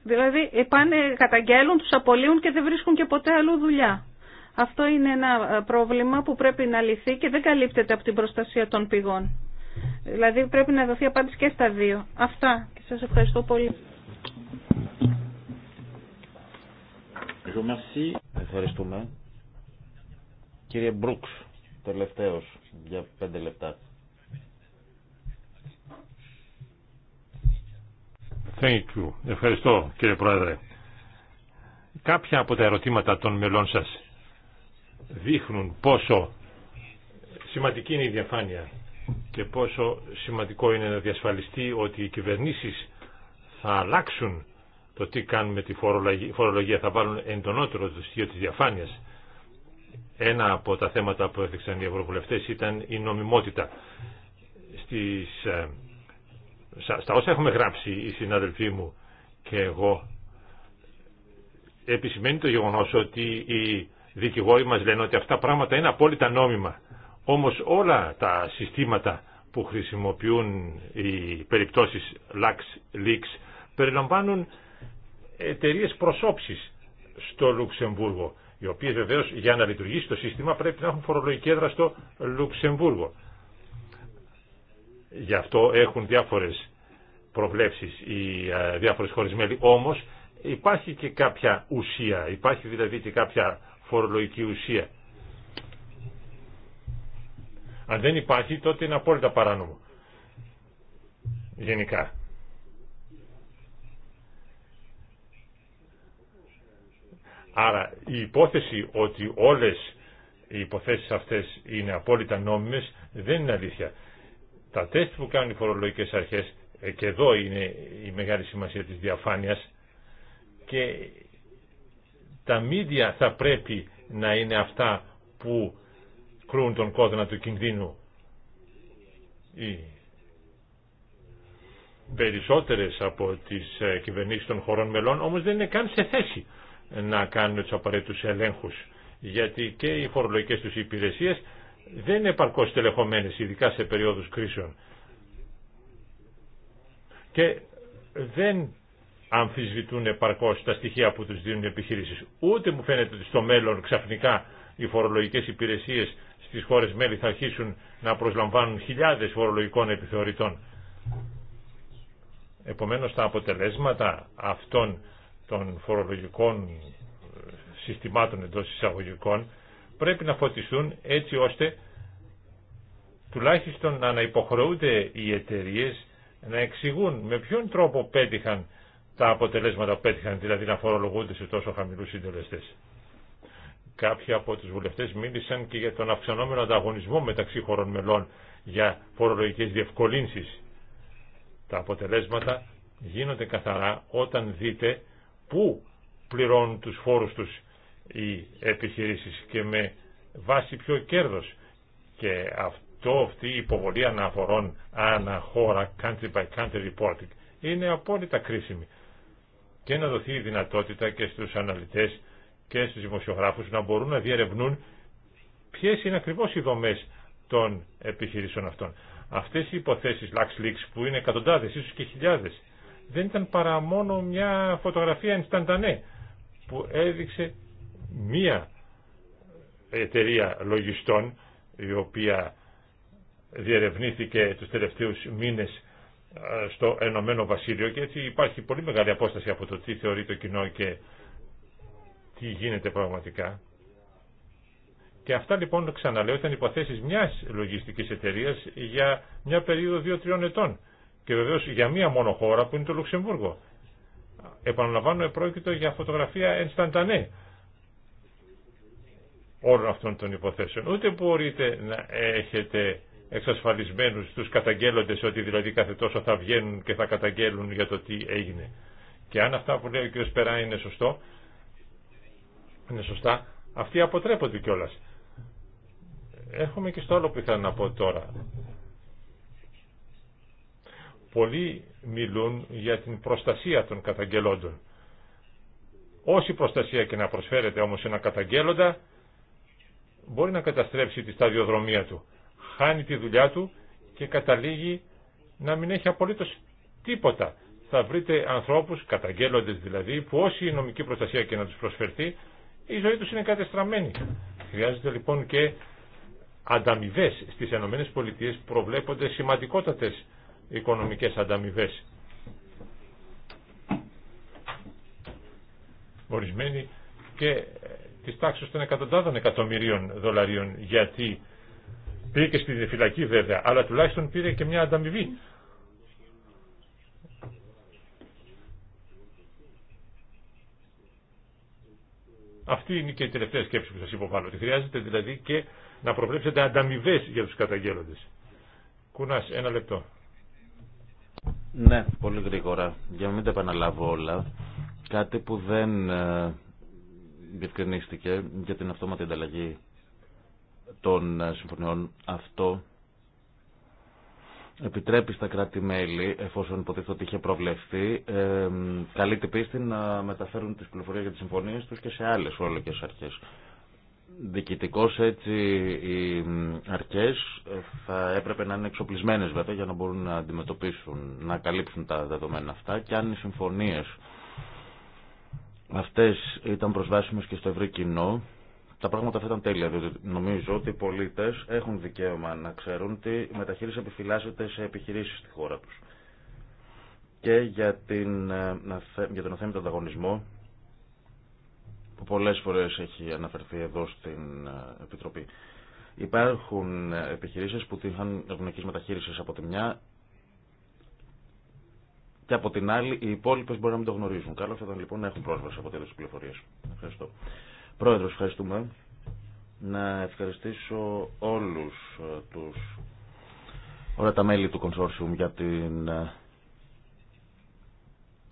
Δηλαδή ε, πάνε, καταγγέλουν, τους απολύουν και δεν βρίσκουν και ποτέ αλλού δουλειά. Αυτό είναι ένα ε, πρόβλημα που πρέπει να λυθεί και δεν καλύπτεται από την προστασία των πηγών. Δηλαδή πρέπει να δοθεί απάντηση και στα δύο. Αυτά και σας ευχαριστώ πολύ. Ευχαριστούμε. Κύριε Μπρούξ, τελευταίος για πέντε λεπτά. Thank you. Ευχαριστώ κύριε Πρόεδρε. Κάποια από τα ερωτήματα των μελών σας δείχνουν πόσο σημαντική είναι η διαφάνεια και πόσο σημαντικό είναι να διασφαλιστεί ότι οι κυβερνήσεις θα αλλάξουν το τι κάνουν με τη φορολογία θα βάλουν εντονότερο το στοιχείο της διαφάνειας. Ένα από τα θέματα που έδειξαν οι ευρωβουλευτές ήταν η νομιμότητα. Στις, ε, στα όσα έχουμε γράψει οι συνάδελφοί μου και εγώ επισημαίνει το γεγονός ότι οι δικηγόροι μας λένε ότι αυτά πράγματα είναι απόλυτα νόμιμα. Όμως όλα τα συστήματα που χρησιμοποιούν οι περιπτώσεις lax, LEAX, περιλαμβάνουν εταιρείε προσώψη στο Λουξεμβούργο, οι οποίες βεβαίως για να λειτουργήσει το σύστημα πρέπει να έχουν φορολογική έδρα στο Λουξεμβούργο. Γι' αυτό έχουν διάφορες προβλέψεις οι ε, διάφορες χώρε μέλη. Όμως υπάρχει και κάποια ουσία, υπάρχει δηλαδή και κάποια φορολογική ουσία. Αν δεν υπάρχει τότε είναι απόλυτα παράνομο. Γενικά. Άρα η υπόθεση ότι όλες οι υποθέσεις αυτές είναι απόλυτα νόμιμες δεν είναι αλήθεια. Τα τεστ που κάνουν οι φορολογικές αρχές ε, και εδώ είναι η μεγάλη σημασία της διαφάνειας και τα μίδια θα πρέπει να είναι αυτά που κρούν τον κόδωνα του κινδύνου. Οι περισσότερες από τις ε, κυβερνήσεις των χωρών μελών όμως δεν είναι καν σε θέση να κάνουν τους απαραίτητους ελέγχους. Γιατί και οι φορολογικές τους υπηρεσίες δεν είναι επαρκώς τελεχωμένες, ειδικά σε περίοδους κρίσεων. Και δεν αμφισβητούν επαρκώς τα στοιχεία που τους δίνουν οι επιχειρήσεις. Ούτε μου φαίνεται ότι στο μέλλον ξαφνικά οι φορολογικές υπηρεσίες στις χώρες μέλη θα αρχίσουν να προσλαμβάνουν χιλιάδες φορολογικών επιθεωρητών. Επομένως τα αποτελέσματα αυτών των φορολογικών ε, συστημάτων εντός εισαγωγικών πρέπει να φωτιστούν έτσι ώστε τουλάχιστον να αναυποχρεούνται οι εταιρείε να εξηγούν με ποιον τρόπο πέτυχαν τα αποτελέσματα που πέτυχαν, δηλαδή να φορολογούνται σε τόσο χαμηλούς συντελεστές. Κάποιοι από τους βουλευτές μίλησαν και για τον αυξανόμενο ανταγωνισμό μεταξύ χωρών μελών για φορολογικές διευκολύνσεις. Τα αποτελέσματα γίνονται καθαρά όταν δείτε πού πληρώνουν τους φόρους τους οι επιχειρήσεις και με βάση ποιο κέρδος. Και αυτό, αυτή η υποβολή αναφορών ανά χώρα country by country reporting, είναι απόλυτα κρίσιμη. Και να δοθεί η δυνατότητα και στους αναλυτές και στους δημοσιογράφους να μπορούν να διερευνούν ποιες είναι ακριβώς οι δομές των επιχειρήσεων αυτών. Αυτές οι υποθέσεις Leaks που είναι εκατοντάδες, ίσως και χιλιάδες, δεν ήταν παρά μόνο μια φωτογραφία ενσταντανέ που έδειξε μία εταιρεία λογιστών η οποία διερευνήθηκε τους τελευταίους μήνες ε, στο Ενωμένο Βασίλειο και έτσι υπάρχει πολύ μεγάλη απόσταση από το τι θεωρεί το κοινό και τι γίνεται πραγματικά. Και αυτά λοιπόν ξαναλέω ήταν υποθέσεις μιας λογιστικής εταιρείας για μια περίοδο 2-3 ετών και βεβαίω για μία μόνο χώρα που είναι το Λουξεμβούργο. Επαναλαμβάνω, επρόκειτο για φωτογραφία ενσταντανέ όλων αυτών των υποθέσεων. Ούτε μπορείτε να έχετε εξασφαλισμένου τους καταγγέλλοντε ότι δηλαδή κάθε τόσο θα βγαίνουν και θα καταγγέλουν για το τι έγινε. Και αν αυτά που λέει ο κ. Σπερά είναι σωστό, είναι σωστά, αυτοί αποτρέπονται κιόλα. Έχουμε και στο άλλο που ήθελα να πω τώρα πολλοί μιλούν για την προστασία των καταγγελόντων. Όση προστασία και να προσφέρεται όμως ένα καταγγέλλοντα, μπορεί να καταστρέψει τη σταδιοδρομία του. Χάνει τη δουλειά του και καταλήγει να μην έχει απολύτως τίποτα. Θα βρείτε ανθρώπους, καταγγέλλοντες δηλαδή, που όση η νομική προστασία και να τους προσφερθεί, η ζωή τους είναι κατεστραμμένη. Χρειάζεται λοιπόν και ανταμοιβέ στις ΗΠΑ προβλέπονται σημαντικότατες οικονομικές ανταμοιβέ. Ορισμένοι και ε, τη τάξη των εκατοντάδων εκατομμυρίων δολαρίων γιατί πήγε και στη φυλακή βέβαια αλλά τουλάχιστον πήρε και μια ανταμοιβή. Αυτή είναι και η τελευταία σκέψη που σας υποβάλλω. Ότι χρειάζεται δηλαδή και να προβλέψετε ανταμοιβέ για τους καταγγέλλοντες. Κουνάς, ένα λεπτό. Ναι, πολύ γρήγορα. Για να μην τα επαναλάβω όλα. Κάτι που δεν ε, διευκρινίστηκε για την αυτόματη ανταλλαγή των ε, συμφωνιών. Αυτό επιτρέπει στα κράτη-μέλη, εφόσον υποτίθεται ότι είχε προβλεφθεί, ε, καλή την πίστη να μεταφέρουν τις πληροφορίες για τις συμφωνίες τους και σε άλλες όλες αρχές. Διοικητικώς έτσι οι αρχές ε, θα έπρεπε να είναι εξοπλισμένες βέβαια για να μπορούν να αντιμετωπίσουν, να καλύψουν τα δεδομένα αυτά και αν οι συμφωνίες αυτές ήταν προσβάσιμες και στο ευρύ κοινό, τα πράγματα αυτά ήταν τέλεια, διότι νομίζω ότι οι πολίτες έχουν δικαίωμα να ξέρουν τι μεταχείριση επιφυλάσσεται σε επιχειρήσεις στη χώρα τους. Και για, την, ε, για τον αθέμητο ανταγωνισμό που πολλές φορές έχει αναφερθεί εδώ στην ε, Επιτροπή. Υπάρχουν ε, επιχειρήσεις που είχαν ευνοϊκής μεταχείρισης από τη μια και από την άλλη οι υπόλοιπε μπορεί να μην το γνωρίζουν. Καλό θα ήταν λοιπόν να έχουν πρόσβαση από τέτοιες πληροφορίες. Ευχαριστώ. Πρόεδρος, ευχαριστούμε. Να ευχαριστήσω όλους ε, τους όλα τα μέλη του Consortium για την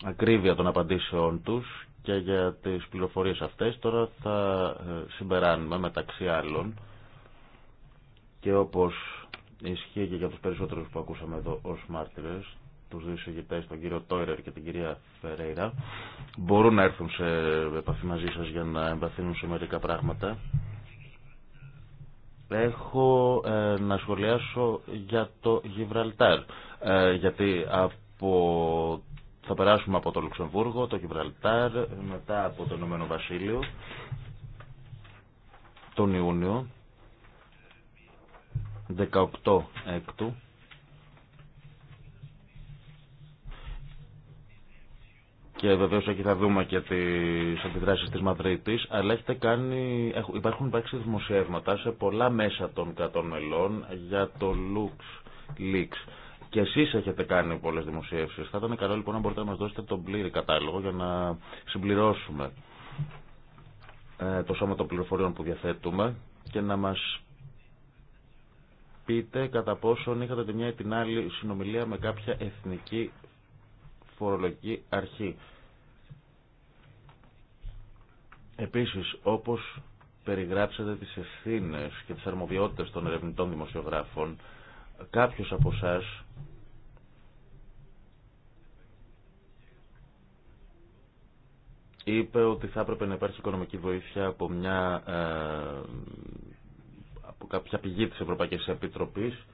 ακρίβεια των απαντήσεών τους και για τις πληροφορίες αυτές. Τώρα θα ε, συμπεράνουμε μεταξύ άλλων και όπως ισχύει και για τους περισσότερους που ακούσαμε εδώ ως μάρτυρες, τους δύο τον κύριο Τόιρερ και την κυρία Φερέιρα, μπορούν να έρθουν σε επαφή μαζί σας για να εμπαθύνουν σε μερικά πράγματα. Έχω ε, να σχολιάσω για το Γιβραλτάρ, ε, γιατί από θα περάσουμε από το Λουξεμβούργο, το Γιβραλτάρ, μετά από το Ηνωμένο Βασίλειο, τον Ιούνιο, 18 έκτου, Και βεβαίω εκεί θα δούμε και τι αντιδράσει τη Μαδρίτη. Αλλά έχετε κάνει, υπάρχουν υπάρξει δημοσιεύματα σε πολλά μέσα των κρατών μελών για το Λουξ Leaks. Και εσεί έχετε κάνει πολλέ δημοσίευσει. Θα ήταν καλό λοιπόν να μπορείτε να μα δώσετε τον πλήρη κατάλογο για να συμπληρώσουμε ε, το σώμα των πληροφοριών που διαθέτουμε και να μα πείτε κατά πόσον είχατε τη μια ή την άλλη συνομιλία με κάποια εθνική φορολογική αρχή. Επίσης, όπως περιγράψατε τις ευθύνε και τις αρμοδιότητες των ερευνητών δημοσιογράφων, Κάποιος από εσά είπε ότι θα έπρεπε να υπάρχει οικονομική βοήθεια από, μια, ε, από κάποια πηγή της Ευρωπαϊκής Επιτροπής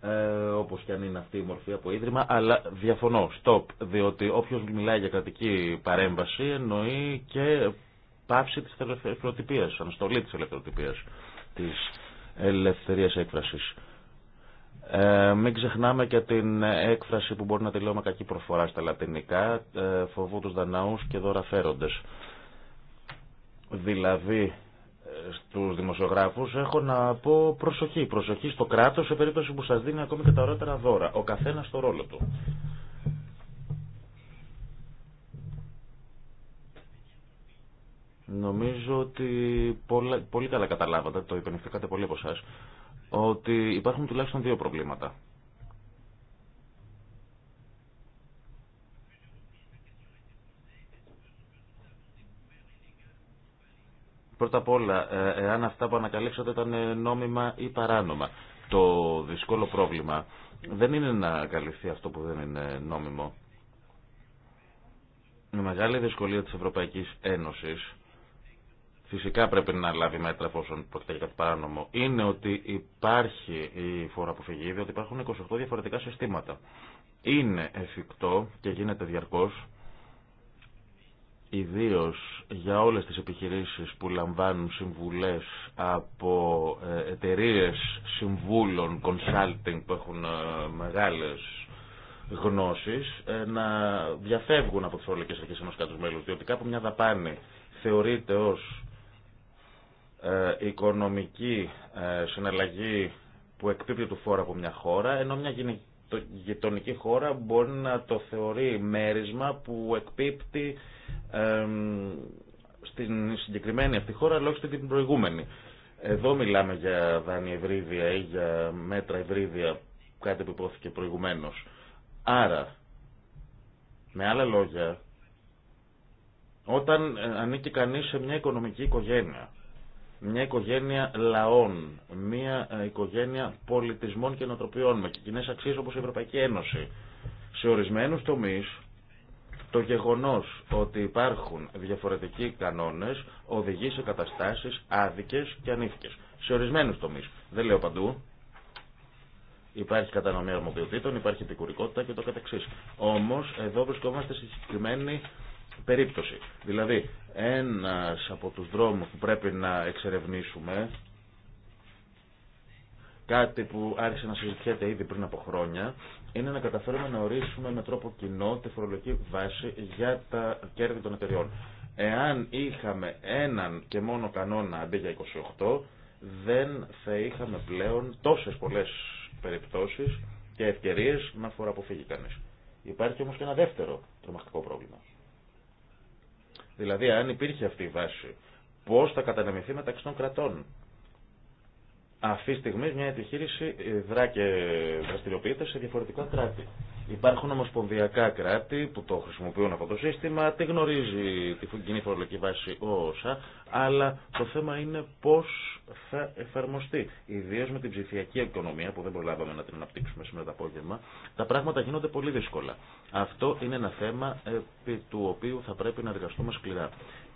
ε, όπω και αν είναι αυτή η μορφή από ίδρυμα, αλλά διαφωνώ. Stop. Διότι όποιο μιλάει για κρατική παρέμβαση εννοεί και πάυση τη ελευθερωτυπίας αναστολή τη ελευθερωτυπίας της ελευθερίας έκφρασης ε, μην ξεχνάμε και την έκφραση που μπορεί να τη λέω με κακή προφορά στα λατινικά, ε, φοβού τους δαναούς και δώρα φέροντες. Δηλαδή, ε, στους δημοσιογράφους έχω να πω προσοχή, προσοχή στο κράτος σε περίπτωση που σας δίνει ακόμη και τα ωραίτερα δώρα, ο καθένας στο ρόλο του. Νομίζω ότι πολύ καλά καταλάβατε, το υπενηθήκατε πολύ από εσάς ότι υπάρχουν τουλάχιστον δύο προβλήματα. Πρώτα απ' όλα, ε, εάν αυτά που ανακαλύψατε ήταν ε, νόμιμα ή παράνομα. Το δύσκολο πρόβλημα δεν είναι να καλυφθεί αυτό που δεν είναι νόμιμο. Η μεγάλη δυσκολία της Ευρωπαϊκής Ένωσης φυσικά πρέπει να λάβει μέτρα εφόσον πρόκειται για κάτι παράνομο, είναι ότι υπάρχει η φόρα που φυγεί, διότι υπάρχουν 28 διαφορετικά συστήματα. Είναι εφικτό και γίνεται διαρκώς, ιδίως για όλες τις επιχειρήσεις που λαμβάνουν συμβουλές από ε, εταιρείε συμβούλων, consulting που έχουν ε, μεγάλες γνώσεις, ε, να διαφεύγουν από τι φορολογικές αρχές ενό κράτου μέλου. διότι κάπου μια δαπάνη θεωρείται ως ε, οικονομική ε, συναλλαγή που εκπίπτει του φόρου από μια χώρα, ενώ μια γειτονική χώρα μπορεί να το θεωρεί μέρισμα που εκπίπτει στην συγκεκριμένη αυτή χώρα, αλλά όχι στην προηγούμενη. Εδώ μιλάμε για δάνεια ευρύδια ή για μέτρα ευρύδια, κάτι που υπόθηκε προηγουμένως. Άρα, με άλλα λόγια, όταν ε, ανήκει κανείς σε μια οικονομική οικογένεια, μια οικογένεια λαών, μια ε, οικογένεια πολιτισμών και νοοτροπιών με κοινέ αξίε όπω η Ευρωπαϊκή Ένωση. Σε ορισμένου τομεί, το γεγονό ότι υπάρχουν διαφορετικοί κανόνε οδηγεί σε καταστάσει άδικε και ανήθικε. Σε ορισμένου τομεί. Δεν λέω παντού. Υπάρχει κατανομή αρμοδιοτήτων, υπάρχει επικουρικότητα και το καταξής. Όμως εδώ βρισκόμαστε σε συγκεκριμένη περίπτωση. Δηλαδή, ένας από τους δρόμους που πρέπει να εξερευνήσουμε, κάτι που άρχισε να συζητιέται ήδη πριν από χρόνια, είναι να καταφέρουμε να ορίσουμε με τρόπο κοινό τη φορολογική βάση για τα κέρδη των εταιριών. Εάν είχαμε έναν και μόνο κανόνα αντί για 28, δεν θα είχαμε πλέον τόσες πολλές περιπτώσεις και ευκαιρίες να φοροαποφύγει κανείς. Υπάρχει όμως και ένα δεύτερο τρομακτικό πρόβλημα. Δηλαδή, αν υπήρχε αυτή η βάση, πώ θα καταναμηθεί μεταξύ των κρατών. Αυτή τη στιγμή μια επιχείρηση ε, δρά και δραστηριοποιείται σε διαφορετικό κράτη. Υπάρχουν ομοσπονδιακά κράτη που το χρησιμοποιούν αυτό το σύστημα, τη γνωρίζει τη κοινή φορολογική βάση όσα. αλλά το θέμα είναι πώ θα εφαρμοστεί. Ιδίω με την ψηφιακή οικονομία που δεν προλάβαμε να την αναπτύξουμε σήμερα το απόγευμα, τα πράγματα γίνονται πολύ δύσκολα. Αυτό είναι ένα θέμα επί του οποίου θα πρέπει να εργαστούμε σκληρά.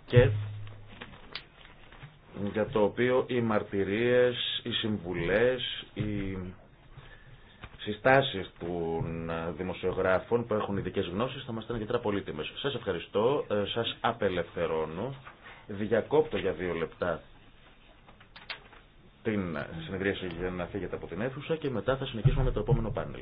Και για το οποίο οι μαρτυρίες, οι συμβουλές, οι συστάσεις των ε, δημοσιογράφων που έχουν ειδικέ γνώσει θα μας ήταν ιδιαίτερα πολύτιμες. Σας ευχαριστώ, ε, σας απελευθερώνω. Διακόπτω για δύο λεπτά την συνεδρίαση για να φύγετε από την αίθουσα και μετά θα συνεχίσουμε με το επόμενο πάνελ.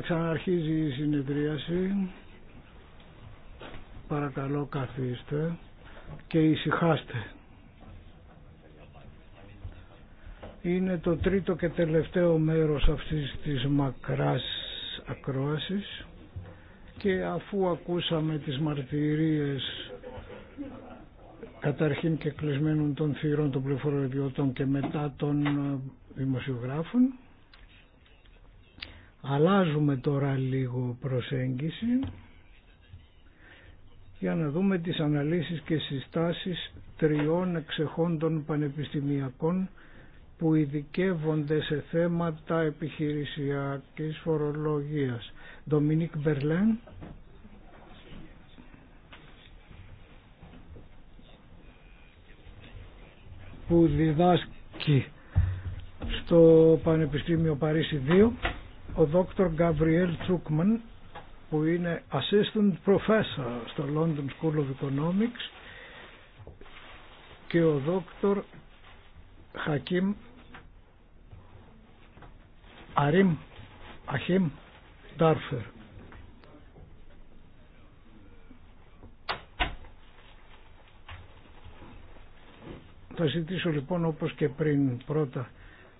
ξαναρχίζει η συνεδρίαση. Παρακαλώ καθίστε και ησυχάστε. Είναι το τρίτο και τελευταίο μέρος αυτής της μακράς ακρόασης και αφού ακούσαμε τις μαρτυρίες καταρχήν και κλεισμένων των θύρων των πληροφοριοδιώτων και μετά των δημοσιογράφων Αλλάζουμε τώρα λίγο προσέγγιση για να δούμε τις αναλύσεις και συστάσεις τριών εξεχόντων πανεπιστημιακών που ειδικεύονται σε θέματα επιχειρησιακής φορολογίας. Δομινίκ Μπερλέν. που διδάσκει στο Πανεπιστήμιο Παρίσι 2 ο Δόκτωρ Γκαβριέλ Τσούκμαν που είναι Assistant Professor στο London School of Economics και ο Δόκτωρ Χακίμ Αρίμ Αχίμ Ντάρφερ. Θα ζητήσω λοιπόν όπως και πριν πρώτα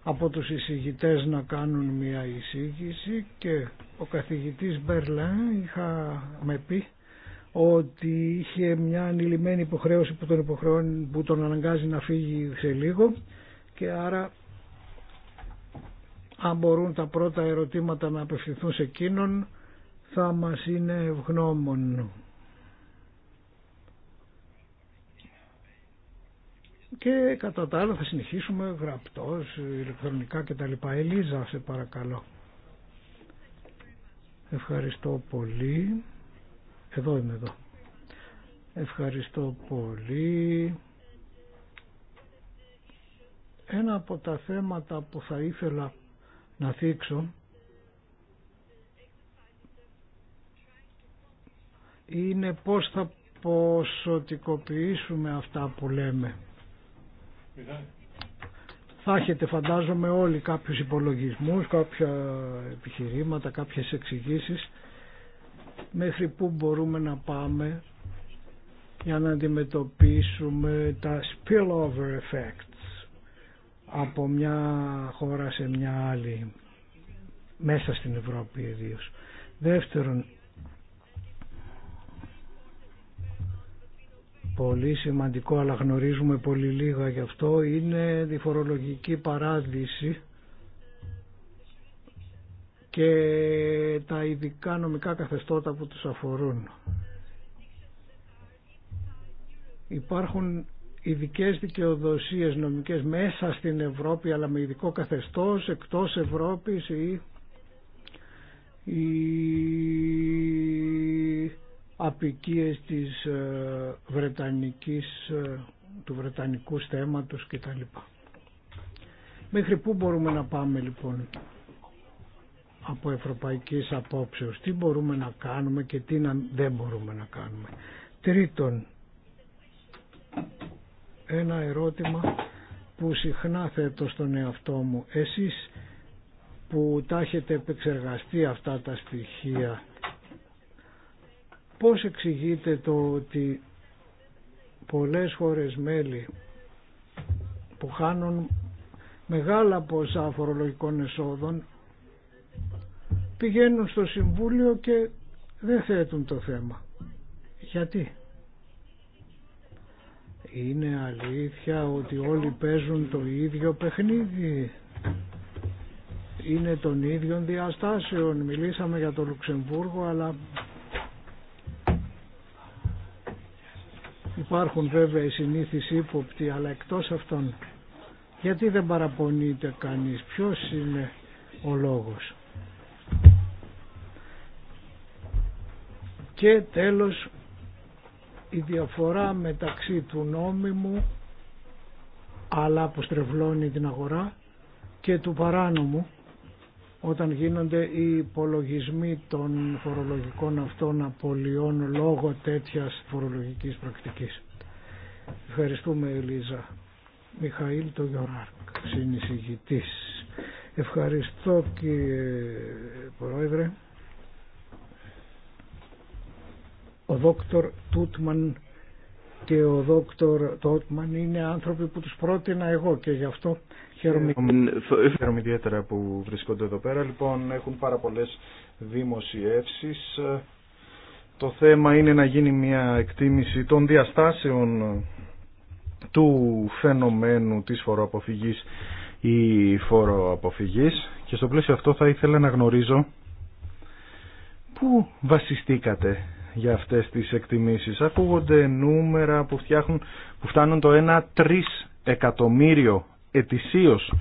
από τους εισηγητές να κάνουν μια εισήγηση και ο καθηγητής Μπερλέν είχα με πει ότι είχε μια ανηλυμένη υποχρέωση που τον, υποχρεώνει, που τον αναγκάζει να φύγει σε λίγο και άρα αν μπορούν τα πρώτα ερωτήματα να απευθυνθούν σε εκείνον θα μας είναι ευγνώμων. και κατά τα άλλα θα συνεχίσουμε γραπτός, ηλεκτρονικά κτλ. Ελίζα, σε παρακαλώ. Ευχαριστώ πολύ. Εδώ είμαι εδώ. Ευχαριστώ πολύ. Ένα από τα θέματα που θα ήθελα να θίξω είναι πώς θα ποσοτικοποιήσουμε αυτά που λέμε. Θα έχετε φαντάζομαι όλοι κάποιους υπολογισμούς, κάποια επιχειρήματα, κάποιες εξηγήσει μέχρι που μπορούμε να πάμε για να αντιμετωπίσουμε τα spillover effects από μια χώρα σε μια άλλη, μέσα στην Ευρώπη ιδίω. Δεύτερον, πολύ σημαντικό αλλά γνωρίζουμε πολύ λίγα γι' αυτό είναι η φορολογική παράδειση και τα ειδικά νομικά καθεστώτα που τους αφορούν. Υπάρχουν ειδικέ δικαιοδοσίες νομικές μέσα στην Ευρώπη αλλά με ειδικό καθεστώς εκτός Ευρώπης ή, ή απικίες της ε, Βρετανικής, ε, του Βρετανικού στέματος κτλ. Μέχρι πού μπορούμε να πάμε λοιπόν από ευρωπαϊκής απόψεως, τι μπορούμε να κάνουμε και τι να, δεν μπορούμε να κάνουμε. Τρίτον, ένα ερώτημα που συχνά θέτω στον εαυτό μου. Εσείς που τα έχετε επεξεργαστεί αυτά τα στοιχεία Πώς εξηγείτε το ότι πολλές χώρες μέλη που χάνουν μεγάλα ποσά φορολογικών εσόδων πηγαίνουν στο Συμβούλιο και δεν θέτουν το θέμα. Γιατί. Είναι αλήθεια ότι όλοι παίζουν το ίδιο παιχνίδι. Είναι των ίδιων διαστάσεων. Μιλήσαμε για το Λουξεμβούργο αλλά Υπάρχουν βέβαια οι συνήθεις ύποπτοι, αλλά εκτός αυτών, γιατί δεν παραπονείται κανείς, ποιος είναι ο λόγος. Και τέλος, η διαφορά μεταξύ του νόμιμου, αλλά που στρεβλώνει την αγορά, και του παράνομου, όταν γίνονται οι υπολογισμοί των φορολογικών αυτών απολειών λόγω τέτοιας φορολογικής πρακτικής. Ευχαριστούμε Ελίζα. Μιχαήλ το Γιωράρκ, Ευχαριστώ κύριε Πρόεδρε. Ο δόκτωρ Τούτμαν και ο δόκτωρ Τότμαν είναι άνθρωποι που τους πρότεινα εγώ και γι' αυτό Χαίρομαι, Χαίρομαι ιδιαίτερα που βρίσκονται εδώ πέρα. Λοιπόν, έχουν πάρα πολλές δημοσιεύσεις. Το θέμα είναι να γίνει μια εκτίμηση των διαστάσεων του φαινομένου της φοροαποφυγής ή φοροαποφυγής και στο πλαίσιο αυτό θα ήθελα να γνωρίζω πού βασιστήκατε για αυτές τις εκτιμήσεις. Ακούγονται νούμερα που, φτιάχνουν, που που φτανουν το 1-3 εκατομμύριο ετησίως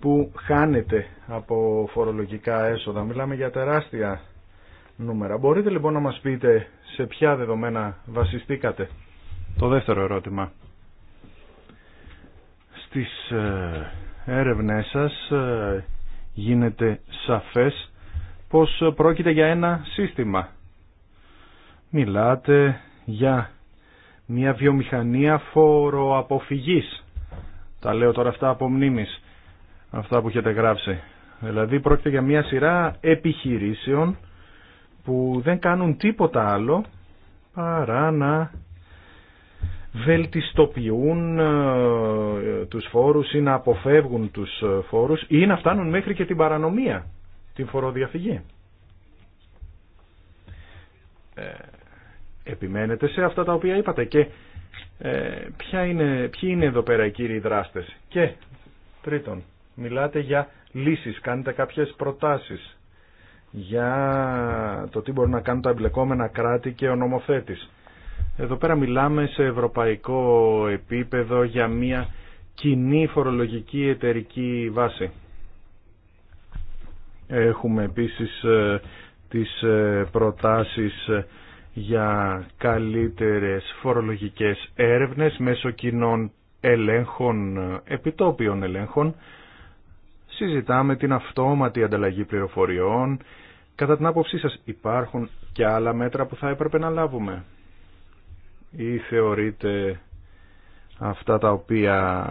που χάνεται από φορολογικά έσοδα. Μιλάμε για τεράστια νούμερα. Μπορείτε λοιπόν να μας πείτε σε ποια δεδομένα βασιστήκατε. Το δεύτερο ερώτημα. Στις ε, έρευνές σας ε, γίνεται σαφές πως πρόκειται για ένα σύστημα. Μιλάτε για μια βιομηχανία φοροαποφυγής τα λέω τώρα αυτά από μνήμης, αυτά που έχετε γράψει. Δηλαδή πρόκειται για μια σειρά επιχειρήσεων που δεν κάνουν τίποτα άλλο παρά να βελτιστοποιούν ε, τους φόρους ή να αποφεύγουν τους ε, φόρους ή να φτάνουν μέχρι και την παρανομία, την φοροδιαφυγή. Ε, επιμένετε σε αυτά τα οποία είπατε και ε, ποια είναι, ποιοι είναι εδώ πέρα οι κύριοι δράστες. Και τρίτον, μιλάτε για λύσεις, κάνετε κάποιες προτάσεις για το τι μπορούν να κάνουν τα εμπλεκόμενα κράτη και ο Εδώ πέρα μιλάμε σε ευρωπαϊκό επίπεδο για μια κοινή φορολογική εταιρική βάση. Έχουμε επίσης ε, τις ε, προτάσεις ε, για καλύτερες φορολογικές έρευνες μέσω κοινών ελέγχων, επιτόπιων ελέγχων. Συζητάμε την αυτόματη ανταλλαγή πληροφοριών. Κατά την άποψή σας υπάρχουν και άλλα μέτρα που θα έπρεπε να λάβουμε. Ή θεωρείτε αυτά τα οποία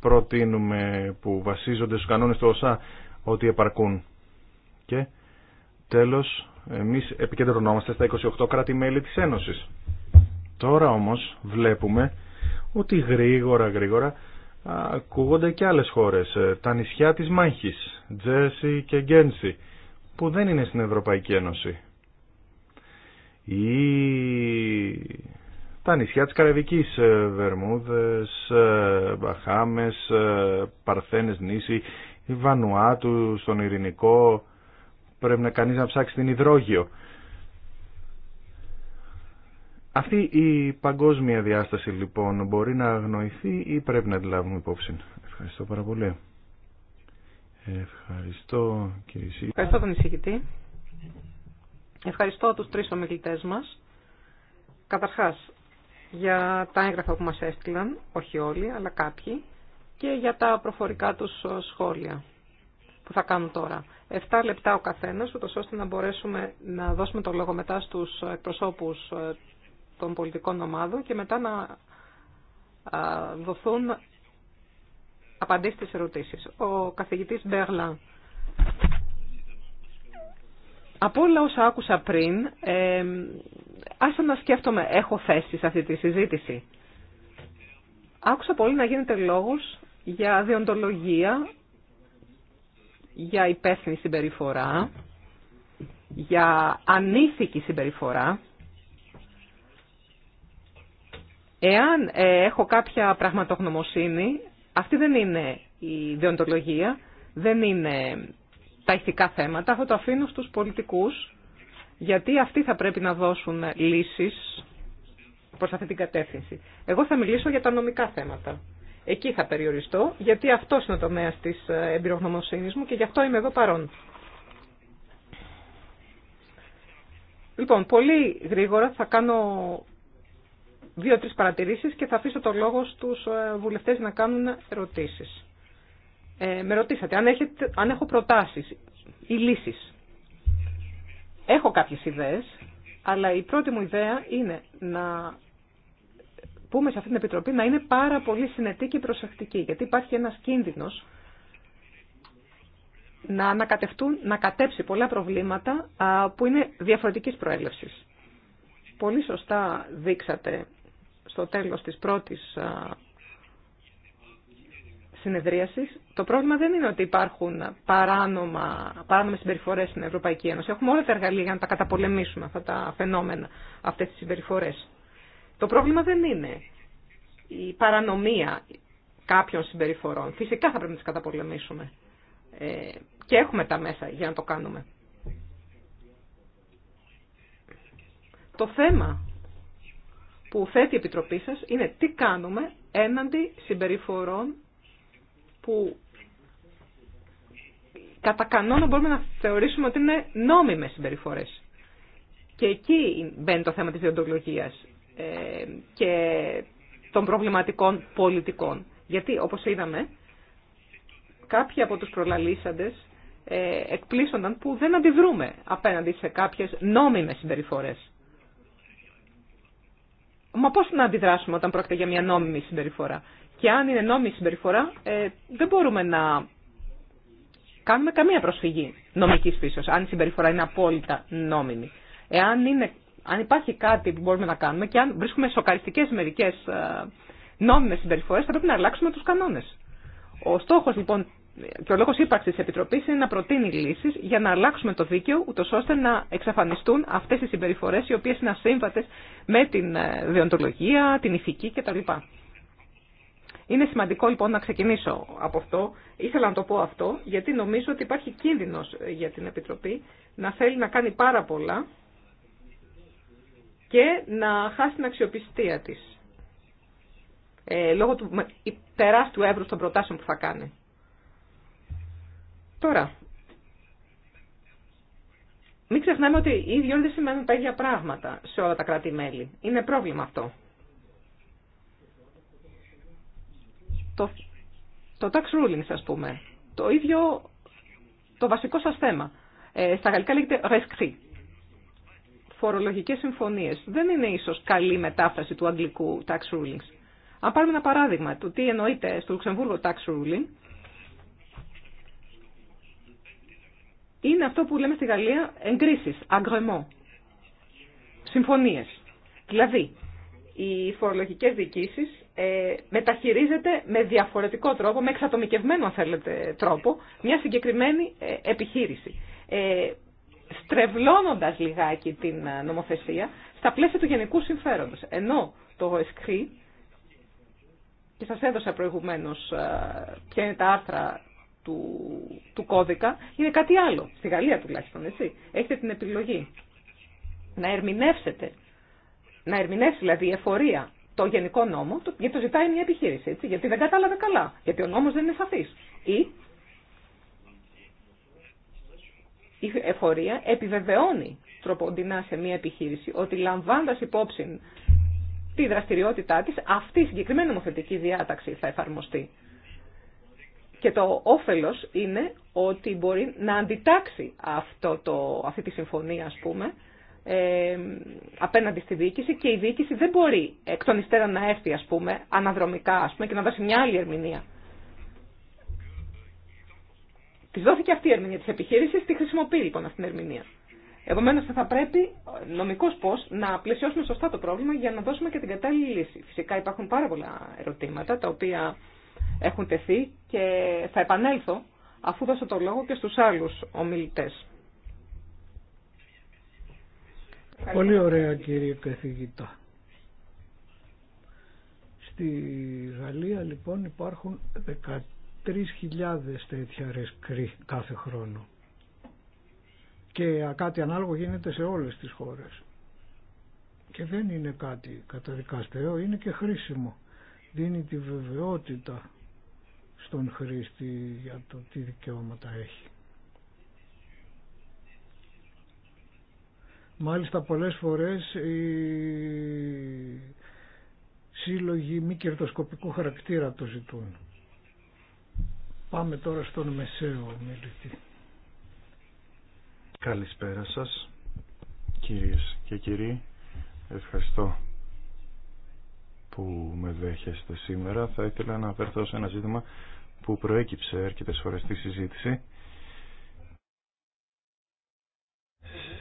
προτείνουμε που βασίζονται στους κανόνες του ΩΣΑ ότι επαρκούν. Και τέλος Εμεί επικεντρωνόμαστε στα 28 κράτη-μέλη της Ένωσης. Τώρα όμως βλέπουμε ότι γρήγορα γρήγορα ακούγονται και άλλες χώρες. Ε, τα νησιά της Μάχης, Τζέρσι και Γκένσι, που δεν είναι στην Ευρωπαϊκή Ένωση. Ή τα νησιά της Καραβικής, ε, Βερμούδες, ε, Μπαχάμες, Παρθένες νήσι, Βανουάτου, στον Ειρηνικό, Πρέπει να κανείς να ψάξει την υδρόγειο. Αυτή η παγκόσμια διάσταση λοιπόν μπορεί να αγνοηθεί ή πρέπει να τη λάβουμε υπόψη. Ευχαριστώ πάρα πολύ. Ευχαριστώ κύριε Ευχαριστώ τον εισηγητή. Ευχαριστώ τους τρεις ομιλητές μας. Καταρχάς, για τα έγγραφα που μας έστειλαν, όχι όλοι, αλλά κάποιοι, και για τα προφορικά τους ε, σχόλια που θα κάνουν τώρα. 7 λεπτά ο καθένας, ούτως ώστε να μπορέσουμε να δώσουμε το λόγο μετά στους εκπροσώπους ε, των πολιτικών ομάδων και μετά να δοθούν απαντήσεις στις ερωτήσεις. Ο καθηγητής Μπερλάν. Από όλα όσα άκουσα πριν, ε, άσε να σκέφτομαι, έχω θέση σε αυτή τη συζήτηση. Άκουσα πολύ να γίνεται λόγος για διοντολογία για υπεύθυνη συμπεριφορά, για ανήθικη συμπεριφορά. Εάν ε, έχω κάποια πραγματογνωμοσύνη, αυτή δεν είναι η διοντολογία, δεν είναι τα ηθικά θέματα, αυτό το αφήνω στους πολιτικούς, γιατί αυτοί θα πρέπει να δώσουν λύσεις προς αυτή την κατεύθυνση. Εγώ θα μιλήσω για τα νομικά θέματα. Εκεί θα περιοριστώ, γιατί αυτό είναι ο τομέα τη ε, εμπειρογνωμοσύνη μου και γι' αυτό είμαι εδώ παρόν. Λοιπόν, πολύ γρήγορα θα κάνω δύο-τρεις παρατηρήσεις και θα αφήσω το λόγο στους ε, βουλευτές να κάνουν ερωτήσεις. Ε, με ρωτήσατε αν, έχετε, αν έχω προτάσεις ή λύσεις. Έχω κάποιες ιδέες, αλλά η πρώτη μου ιδέα είναι να πούμε σε αυτήν την Επιτροπή να είναι πάρα πολύ συνετή και προσεκτική, γιατί υπάρχει ένας κίνδυνος να ανακατευτούν, να κατέψει πολλά προβλήματα που είναι διαφορετικής προέλευσης. Πολύ σωστά δείξατε στο τέλος της πρώτης συνεδρίασης. Το πρόβλημα δεν είναι ότι υπάρχουν παράνομα, παράνομες συμπεριφορές στην Ευρωπαϊκή Ένωση. Έχουμε όλα τα εργαλεία για να τα καταπολεμήσουμε αυτά τα φαινόμενα, αυτές τις συμπεριφορές. Το πρόβλημα δεν είναι η παρανομία κάποιων συμπεριφορών. Φυσικά θα πρέπει να τις καταπολεμήσουμε. Ε, και έχουμε τα μέσα για να το κάνουμε. Το θέμα που θέτει η Επιτροπή σας είναι τι κάνουμε έναντι συμπεριφορών που κατά κανόνα μπορούμε να θεωρήσουμε ότι είναι νόμιμες συμπεριφορές. Και εκεί μπαίνει το θέμα της διοντολογίας. Ε, και των προβληματικών πολιτικών. Γιατί, όπως είδαμε, κάποιοι από τους προλαλήσαντες ε, εκπλήσονταν που δεν αντιδρούμε απέναντι σε κάποιες νόμιμες συμπεριφορές. Μα πώς να αντιδράσουμε όταν πρόκειται για μια νόμιμη συμπεριφορά. Και αν είναι νόμιμη συμπεριφορά, ε, δεν μπορούμε να κάνουμε καμία προσφυγή νομικής φύσεως, αν η συμπεριφορά είναι απόλυτα νόμιμη. Εάν είναι αν υπάρχει κάτι που μπορούμε να κάνουμε και αν βρίσκουμε σοκαριστικές μερικέ ε, νόμιμε συμπεριφορέ, θα πρέπει να αλλάξουμε του κανόνε. Ο στόχο, λοιπόν και ο λόγο ύπαρξη τη Επιτροπή είναι να προτείνει λύσει για να αλλάξουμε το δίκαιο, ούτω ώστε να εξαφανιστούν αυτέ οι συμπεριφορέ, οι οποίε είναι ασύμβατε με την ε, δεοντολογία, την ηθική κτλ. Είναι σημαντικό λοιπόν να ξεκινήσω από αυτό. Ήθελα να το πω αυτό γιατί νομίζω ότι υπάρχει κίνδυνο για την Επιτροπή να θέλει να κάνει πάρα πολλά και να χάσει την αξιοπιστία της ε, λόγω του τεράστιου εύρου των προτάσεων που θα κάνει. Τώρα, μην ξεχνάμε ότι οι ίδιοι δεν σημαίνουν τα ίδια πράγματα σε όλα τα κράτη-μέλη. Είναι πρόβλημα αυτό. Το, το tax ruling, ας πούμε. Το ίδιο, το βασικό σας θέμα. Ε, στα γαλλικά λέγεται rescrit φορολογικές συμφωνίες. Δεν είναι ίσως καλή μετάφραση του αγγλικού tax rulings. Αν πάρουμε ένα παράδειγμα του τι εννοείται στο Λουξεμβούργο tax ruling, είναι αυτό που λέμε στη Γαλλία εγκρίσει, agrément, Συμφωνίε. Δηλαδή, οι φορολογικέ διοικησει ε, μεταχειρίζεται με διαφορετικό τρόπο, με εξατομικευμένο αν θέλετε τρόπο, μια συγκεκριμένη ε, επιχείρηση. Ε, στρεβλώνοντας λιγάκι την ε, νομοθεσία στα πλαίσια του γενικού συμφέροντος. Ενώ το ΕΣΚΡΙ, και σας έδωσα προηγουμένως ε, ποια είναι τα άρθρα του, του κώδικα, είναι κάτι άλλο, στη Γαλλία τουλάχιστον, έτσι. Έχετε την επιλογή να ερμηνεύσετε, να ερμηνεύσει δηλαδή η εφορία το γενικό νόμο, γιατί το ζητάει μια επιχείρηση, έτσι, γιατί δεν κατάλαβε καλά, γιατί ο νόμος δεν είναι σαφής. Ή η εφορία επιβεβαιώνει τροποντινά σε μια επιχείρηση ότι λαμβάνοντα υπόψη τη δραστηριότητά τη, αυτή η συγκεκριμένη νομοθετική διάταξη θα εφαρμοστεί. Και το όφελος είναι ότι μπορεί να αντιτάξει αυτό το, αυτή τη συμφωνία, ας πούμε, ε, απέναντι στη διοίκηση και η διοίκηση δεν μπορεί εκ των υστέρων να έρθει, ας πούμε, αναδρομικά, ας πούμε, και να δώσει μια άλλη ερμηνεία Τη δόθηκε αυτή η ερμηνεία τη επιχείρηση, τη χρησιμοποιεί λοιπόν αυτή την ερμηνεία. Επομένω, θα πρέπει νομικώ πώ να πλαισιώσουμε σωστά το πρόβλημα για να δώσουμε και την κατάλληλη λύση. Φυσικά υπάρχουν πάρα πολλά ερωτήματα τα οποία έχουν τεθεί και θα επανέλθω αφού δώσω το λόγο και στου άλλου ομιλητέ. Πολύ ωραία κύριε καθηγητά. Στη Γαλλία λοιπόν υπάρχουν 3.000 τέτοια ρεσκρή κάθε χρόνο. Και κάτι ανάλογο γίνεται σε όλες τις χώρες. Και δεν είναι κάτι καταδικαστέο, είναι και χρήσιμο. Δίνει τη βεβαιότητα στον χρήστη για το τι δικαιώματα έχει. Μάλιστα πολλές φορές οι σύλλογοι μη κερδοσκοπικού χαρακτήρα το ζητούν. Πάμε τώρα στον μεσαίο μιλητή. Καλησπέρα σας, κυρίες και κύριοι. Ευχαριστώ που με δέχεστε σήμερα. Θα ήθελα να αφαιρθώ σε ένα ζήτημα που προέκυψε αρκετές φορές στη συζήτηση.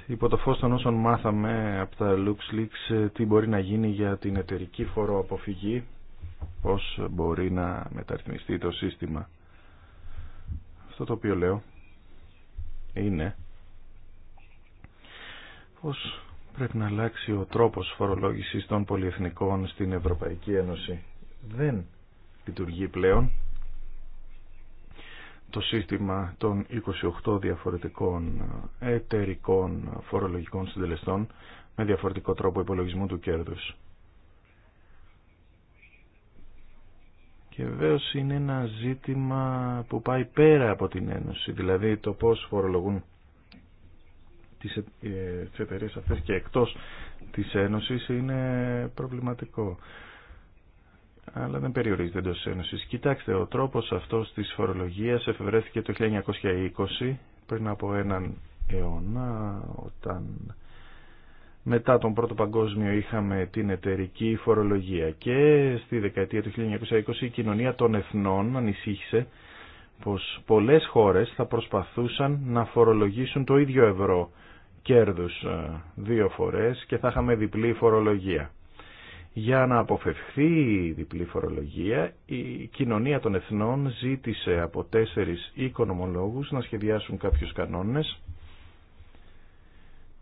Υπό το φως των όσων μάθαμε από τα LuxLeaks τι μπορεί να γίνει για την εταιρική φοροαποφυγή, πώς μπορεί να μεταρρυθμιστεί το σύστημα αυτό το οποίο λέω είναι πως πρέπει να αλλάξει ο τρόπος φορολόγησης των πολυεθνικών στην Ευρωπαϊκή Ένωση. Δεν λειτουργεί πλέον το σύστημα των 28 διαφορετικών εταιρικών φορολογικών συντελεστών με διαφορετικό τρόπο υπολογισμού του κέρδους. Και βεβαίω είναι ένα ζήτημα που πάει πέρα από την Ένωση, δηλαδή το πώς φορολογούν τις ε, εταιρείε αυτές και εκτός της Ένωσης είναι προβληματικό. Αλλά δεν περιορίζεται εντό τη Ένωση. Κοιτάξτε, ο τρόπο αυτό τη φορολογία εφευρέθηκε το 1920, πριν από έναν αιώνα, όταν μετά τον Πρώτο Παγκόσμιο είχαμε την εταιρική φορολογία και στη δεκαετία του 1920 η κοινωνία των εθνών ανησύχησε πως πολλές χώρες θα προσπαθούσαν να φορολογήσουν το ίδιο ευρώ κέρδους ε, δύο φορές και θα είχαμε διπλή φορολογία. Για να αποφευχθεί η διπλή φορολογία, η κοινωνία των εθνών ζήτησε από τέσσερις οικονομολόγους να σχεδιάσουν κάποιους κανόνες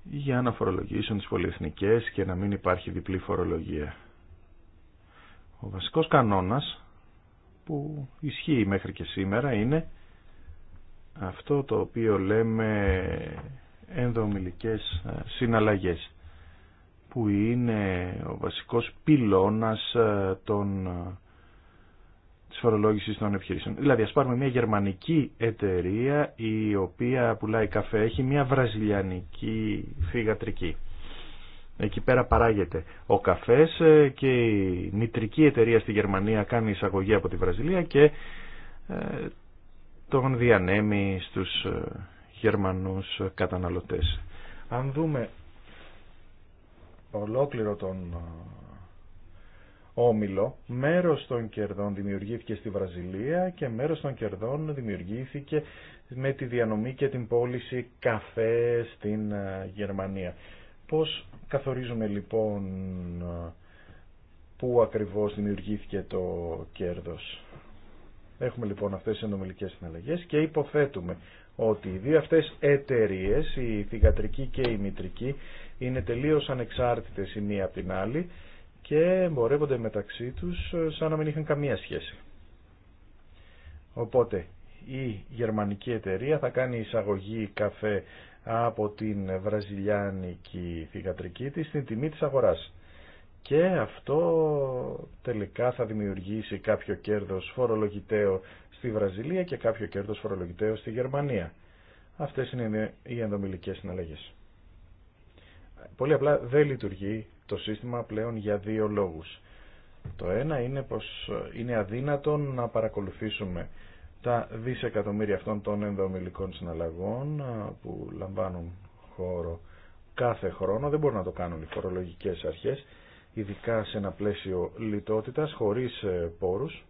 για να φορολογήσουν τις πολυεθνικές και να μην υπάρχει διπλή φορολογία. Ο βασικός κανόνας που ισχύει μέχρι και σήμερα είναι αυτό το οποίο λέμε ενδομιλικές ε, συναλλαγές που είναι ο βασικός πυλώνας ε, των ε, φορολόγησης των επιχειρήσεων. Δηλαδή, ας πάρουμε μια γερμανική εταιρεία η οποία πουλάει καφέ, έχει μια βραζιλιανική φυγατρική. Εκεί πέρα παράγεται ο καφές ε, και η νητρική εταιρεία στη Γερμανία κάνει εισαγωγή από τη Βραζιλία και ε, τον διανέμει στους ε, Γερμανούς καταναλωτές. Αν δούμε ολόκληρο τον όμιλο, μέρος των κερδών δημιουργήθηκε στη Βραζιλία και μέρος των κερδών δημιουργήθηκε με τη διανομή και την πώληση καφέ στην ε, Γερμανία. Πώς καθορίζουμε λοιπόν πού ακριβώς δημιουργήθηκε το κέρδος. Έχουμε λοιπόν αυτές τις ενομιλικές συναλλαγές και υποθέτουμε ότι οι δύο αυτές εταιρείε, η θηγατρική και η μητρική, είναι τελείως ανεξάρτητες η μία από την άλλη και εμπορεύονται μεταξύ τους ε, σαν να μην είχαν καμία σχέση. Οπότε η γερμανική εταιρεία θα κάνει εισαγωγή καφέ από την βραζιλιάνικη θηγατρική της στην τιμή της αγοράς. Και αυτό τελικά θα δημιουργήσει κάποιο κέρδος φορολογητέο στη Βραζιλία και κάποιο κέρδος φορολογητέο στη Γερμανία. Αυτές είναι οι ενδομιλικές συναλλαγές πολύ απλά δεν λειτουργεί το σύστημα πλέον για δύο λόγους. Το ένα είναι πως ε, είναι αδύνατο να παρακολουθήσουμε τα δισεκατομμύρια αυτών των ενδομηλικών συναλλαγών ε, που λαμβάνουν χώρο κάθε χρόνο. Δεν μπορούν να το κάνουν οι φορολογικές αρχές, ειδικά σε ένα πλαίσιο λιτότητας, χωρίς ε, πόρους.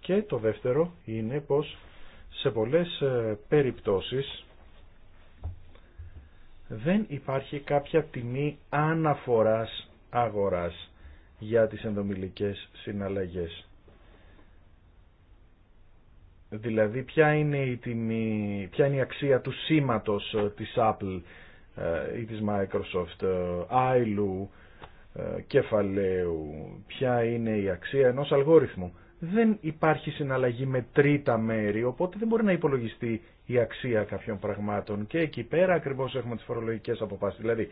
Και το δεύτερο είναι πως σε πολλές περιπτώσεις δεν υπάρχει κάποια τιμή αναφοράς αγοράς για τις ενδομιλικές συναλλαγές. Δηλαδή ποια είναι η τιμή, ποια είναι η αξία του σήματος ε, της Apple ε, ή της Microsoft, ε, άιλου, κεφαλαίου, ποια είναι η αξία ενός αλγόριθμου. Δεν υπάρχει συναλλαγή με τρίτα μέρη, οπότε δεν μπορεί να υπολογιστεί η αξία κάποιων πραγμάτων. Και εκεί πέρα ακριβώς έχουμε τις φορολογικές αποφάσει. Δηλαδή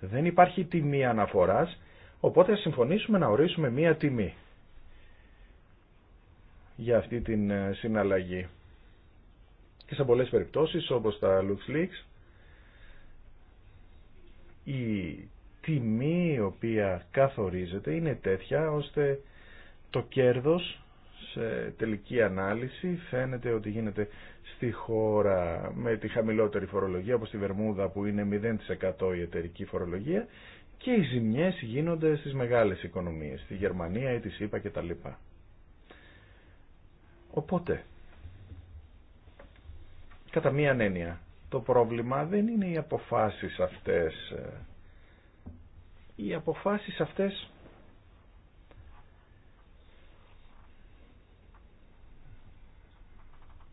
δεν υπάρχει τιμή αναφοράς, οπότε συμφωνήσουμε να ορίσουμε μία τιμή για αυτή την ε, συναλλαγή. Και σε πολλές περιπτώσεις όπως τα LuxLeaks η τιμή η οποία καθορίζεται είναι τέτοια ώστε το κέρδος σε τελική ανάλυση φαίνεται ότι γίνεται στη χώρα με τη χαμηλότερη φορολογία όπως τη Βερμούδα που είναι 0% η εταιρική φορολογία και οι ζημιές γίνονται στις μεγάλες οικονομίες, στη Γερμανία ή τη ΣΥΠΑ κτλ. Οπότε, κατά μία έννοια, το πρόβλημα δεν είναι οι αποφάσεις αυτές. Ε, οι αποφάσεις αυτές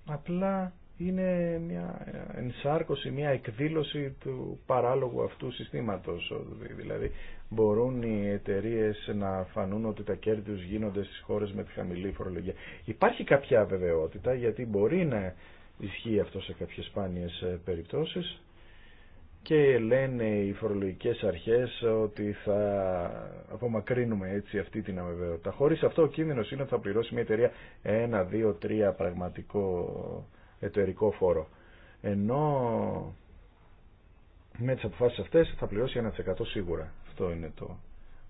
Απλά είναι μια ενσάρκωση, μια εκδήλωση του παράλογου αυτού συστήματος. Δηλαδή μπορούν οι εταιρείε να φανούν ότι τα κέρδη τους γίνονται στις χώρες με τη χαμηλή φορολογία. Υπάρχει κάποια βεβαιότητα; γιατί μπορεί να ισχύει αυτό σε κάποιες σπάνιες περιπτώσεις και λένε οι φορολογικές αρχές ότι θα απομακρύνουμε έτσι αυτή την αμεβαιότητα. Χωρίς αυτό ο κίνδυνος είναι ότι θα πληρώσει μια εταιρεία 1, 2, 3 πραγματικό εταιρικό φόρο. Ενώ με τις αποφάσεις αυτές θα πληρώσει 1% σίγουρα. Αυτό είναι το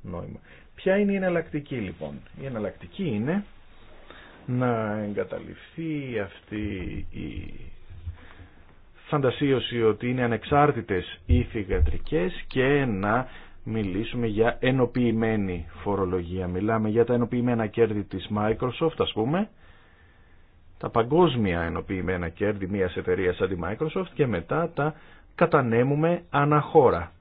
νόημα. Ποια είναι η εναλλακτική λοιπόν. Η εναλλακτική είναι να εγκαταλειφθεί αυτή η φαντασίωση ότι είναι ανεξάρτητες οι θηγατρικές και να μιλήσουμε για ενοποιημένη φορολογία. Μιλάμε για τα ενοποιημένα κέρδη της Microsoft, ας πούμε, τα παγκόσμια ενοποιημένα κέρδη μιας εταιρείας σαν τη Microsoft και μετά τα κατανέμουμε αναχώρα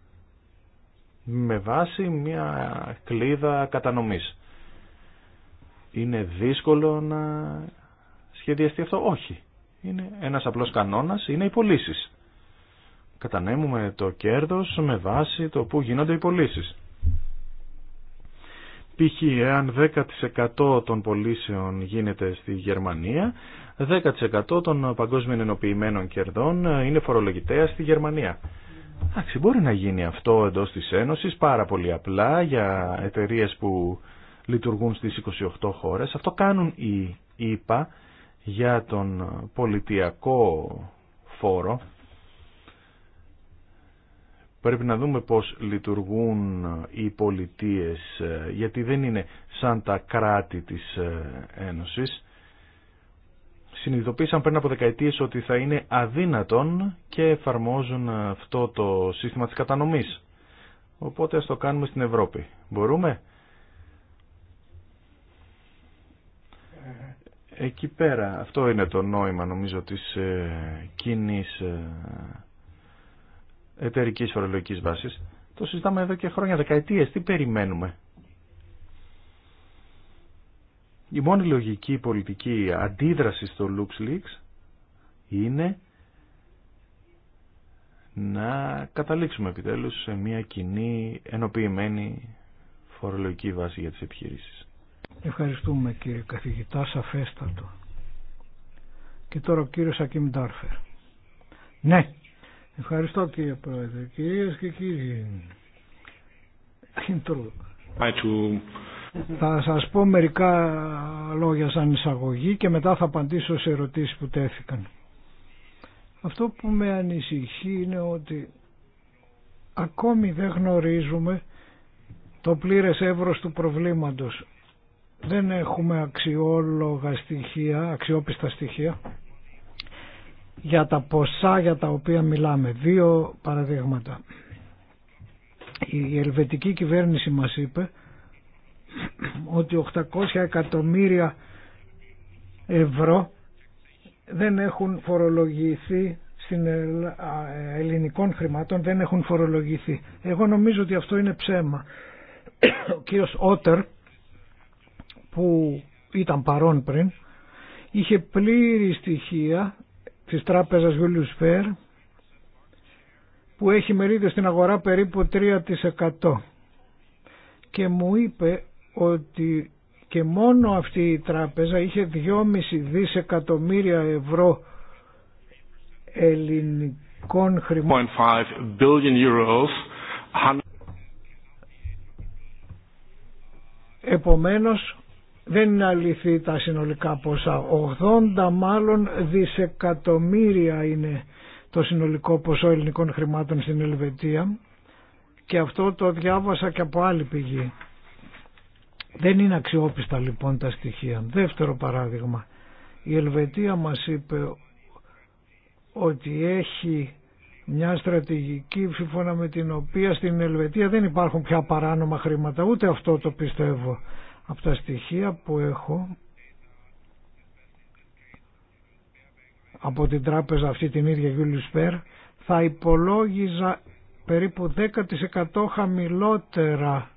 με βάση μια κλίδα κατανομής. Είναι δύσκολο να σχεδιαστεί αυτό. Όχι είναι ένας απλός κανόνας, είναι οι πωλήσει. Κατανέμουμε το κέρδος με βάση το που γίνονται οι πωλήσει. Π.χ. εάν 10% των πωλήσεων γίνεται στη Γερμανία, 10% των παγκόσμιων ενοποιημένων κερδών είναι φορολογητέα στη Γερμανία. Εντάξει, μπορεί να γίνει αυτό εντός της Ένωσης πάρα πολύ απλά για εταιρείες που λειτουργούν στις 28 χώρες. Αυτό κάνουν οι ΕΠΑ για τον πολιτιακό φόρο πρέπει να δούμε πώς λειτουργούν οι πολιτείες γιατί δεν είναι σαν τα κράτη της ε, Ένωσης συνειδητοποίησαν πριν από δεκαετίες ότι θα είναι αδύνατον και εφαρμόζουν αυτό το σύστημα της κατανομής. Οπότε ας το κάνουμε στην Ευρώπη. Μπορούμε Εκεί πέρα, αυτό είναι το νόημα νομίζω της ε, κοινή ε, εταιρικής φορολογικής βάσης. Το συζητάμε εδώ και χρόνια, δεκαετίες. Τι περιμένουμε. Η μόνη λογική πολιτική αντίδραση στο LuxLeaks είναι να καταλήξουμε επιτέλους σε μια κοινή ενοποιημένη φορολογική βάση για τις επιχειρήσεις. Ευχαριστούμε κύριε καθηγητά, σαφέστατο. Και τώρα ο κύριος Ακίμ Ντάρφερ. Ναι, ευχαριστώ κύριε Πρόεδρε. Κυρίες και κύριοι, θα σας πω μερικά λόγια σαν εισαγωγή και μετά θα απαντήσω σε ερωτήσεις που τέθηκαν. Αυτό που με ανησυχεί είναι ότι ακόμη δεν γνωρίζουμε το πλήρες εύρος του προβλήματος δεν έχουμε αξιόλογα στοιχεία, αξιόπιστα στοιχεία για τα ποσά για τα οποία μιλάμε. Δύο παραδείγματα. Η ελβετική κυβέρνηση μας είπε ότι 800 εκατομμύρια ευρώ δεν έχουν φορολογηθεί στην ελληνικών χρημάτων δεν έχουν φορολογηθεί. Εγώ νομίζω ότι αυτό είναι ψέμα. Ο Ότερ που ήταν παρόν πριν είχε πλήρη στοιχεία της τράπεζας Julius Fair που έχει μερίδες στην αγορά περίπου 3% και μου είπε ότι και μόνο αυτή η τράπεζα είχε 2,5 δισεκατομμύρια ευρώ ελληνικών χρημάτων. Επομένως δεν είναι αληθή τα συνολικά ποσά. 80 μάλλον δισεκατομμύρια είναι το συνολικό ποσό ελληνικών χρημάτων στην Ελβετία και αυτό το διάβασα και από άλλη πηγή. Δεν είναι αξιόπιστα λοιπόν τα στοιχεία. Δεύτερο παράδειγμα. Η Ελβετία μας είπε ότι έχει μια στρατηγική σύμφωνα με την οποία στην Ελβετία δεν υπάρχουν πια παράνομα χρήματα. Ούτε αυτό το πιστεύω. Από τα στοιχεία που έχω από την τράπεζα αυτή την ίδια Γιούλιου Fair θα υπολόγιζα περίπου 10% χαμηλότερα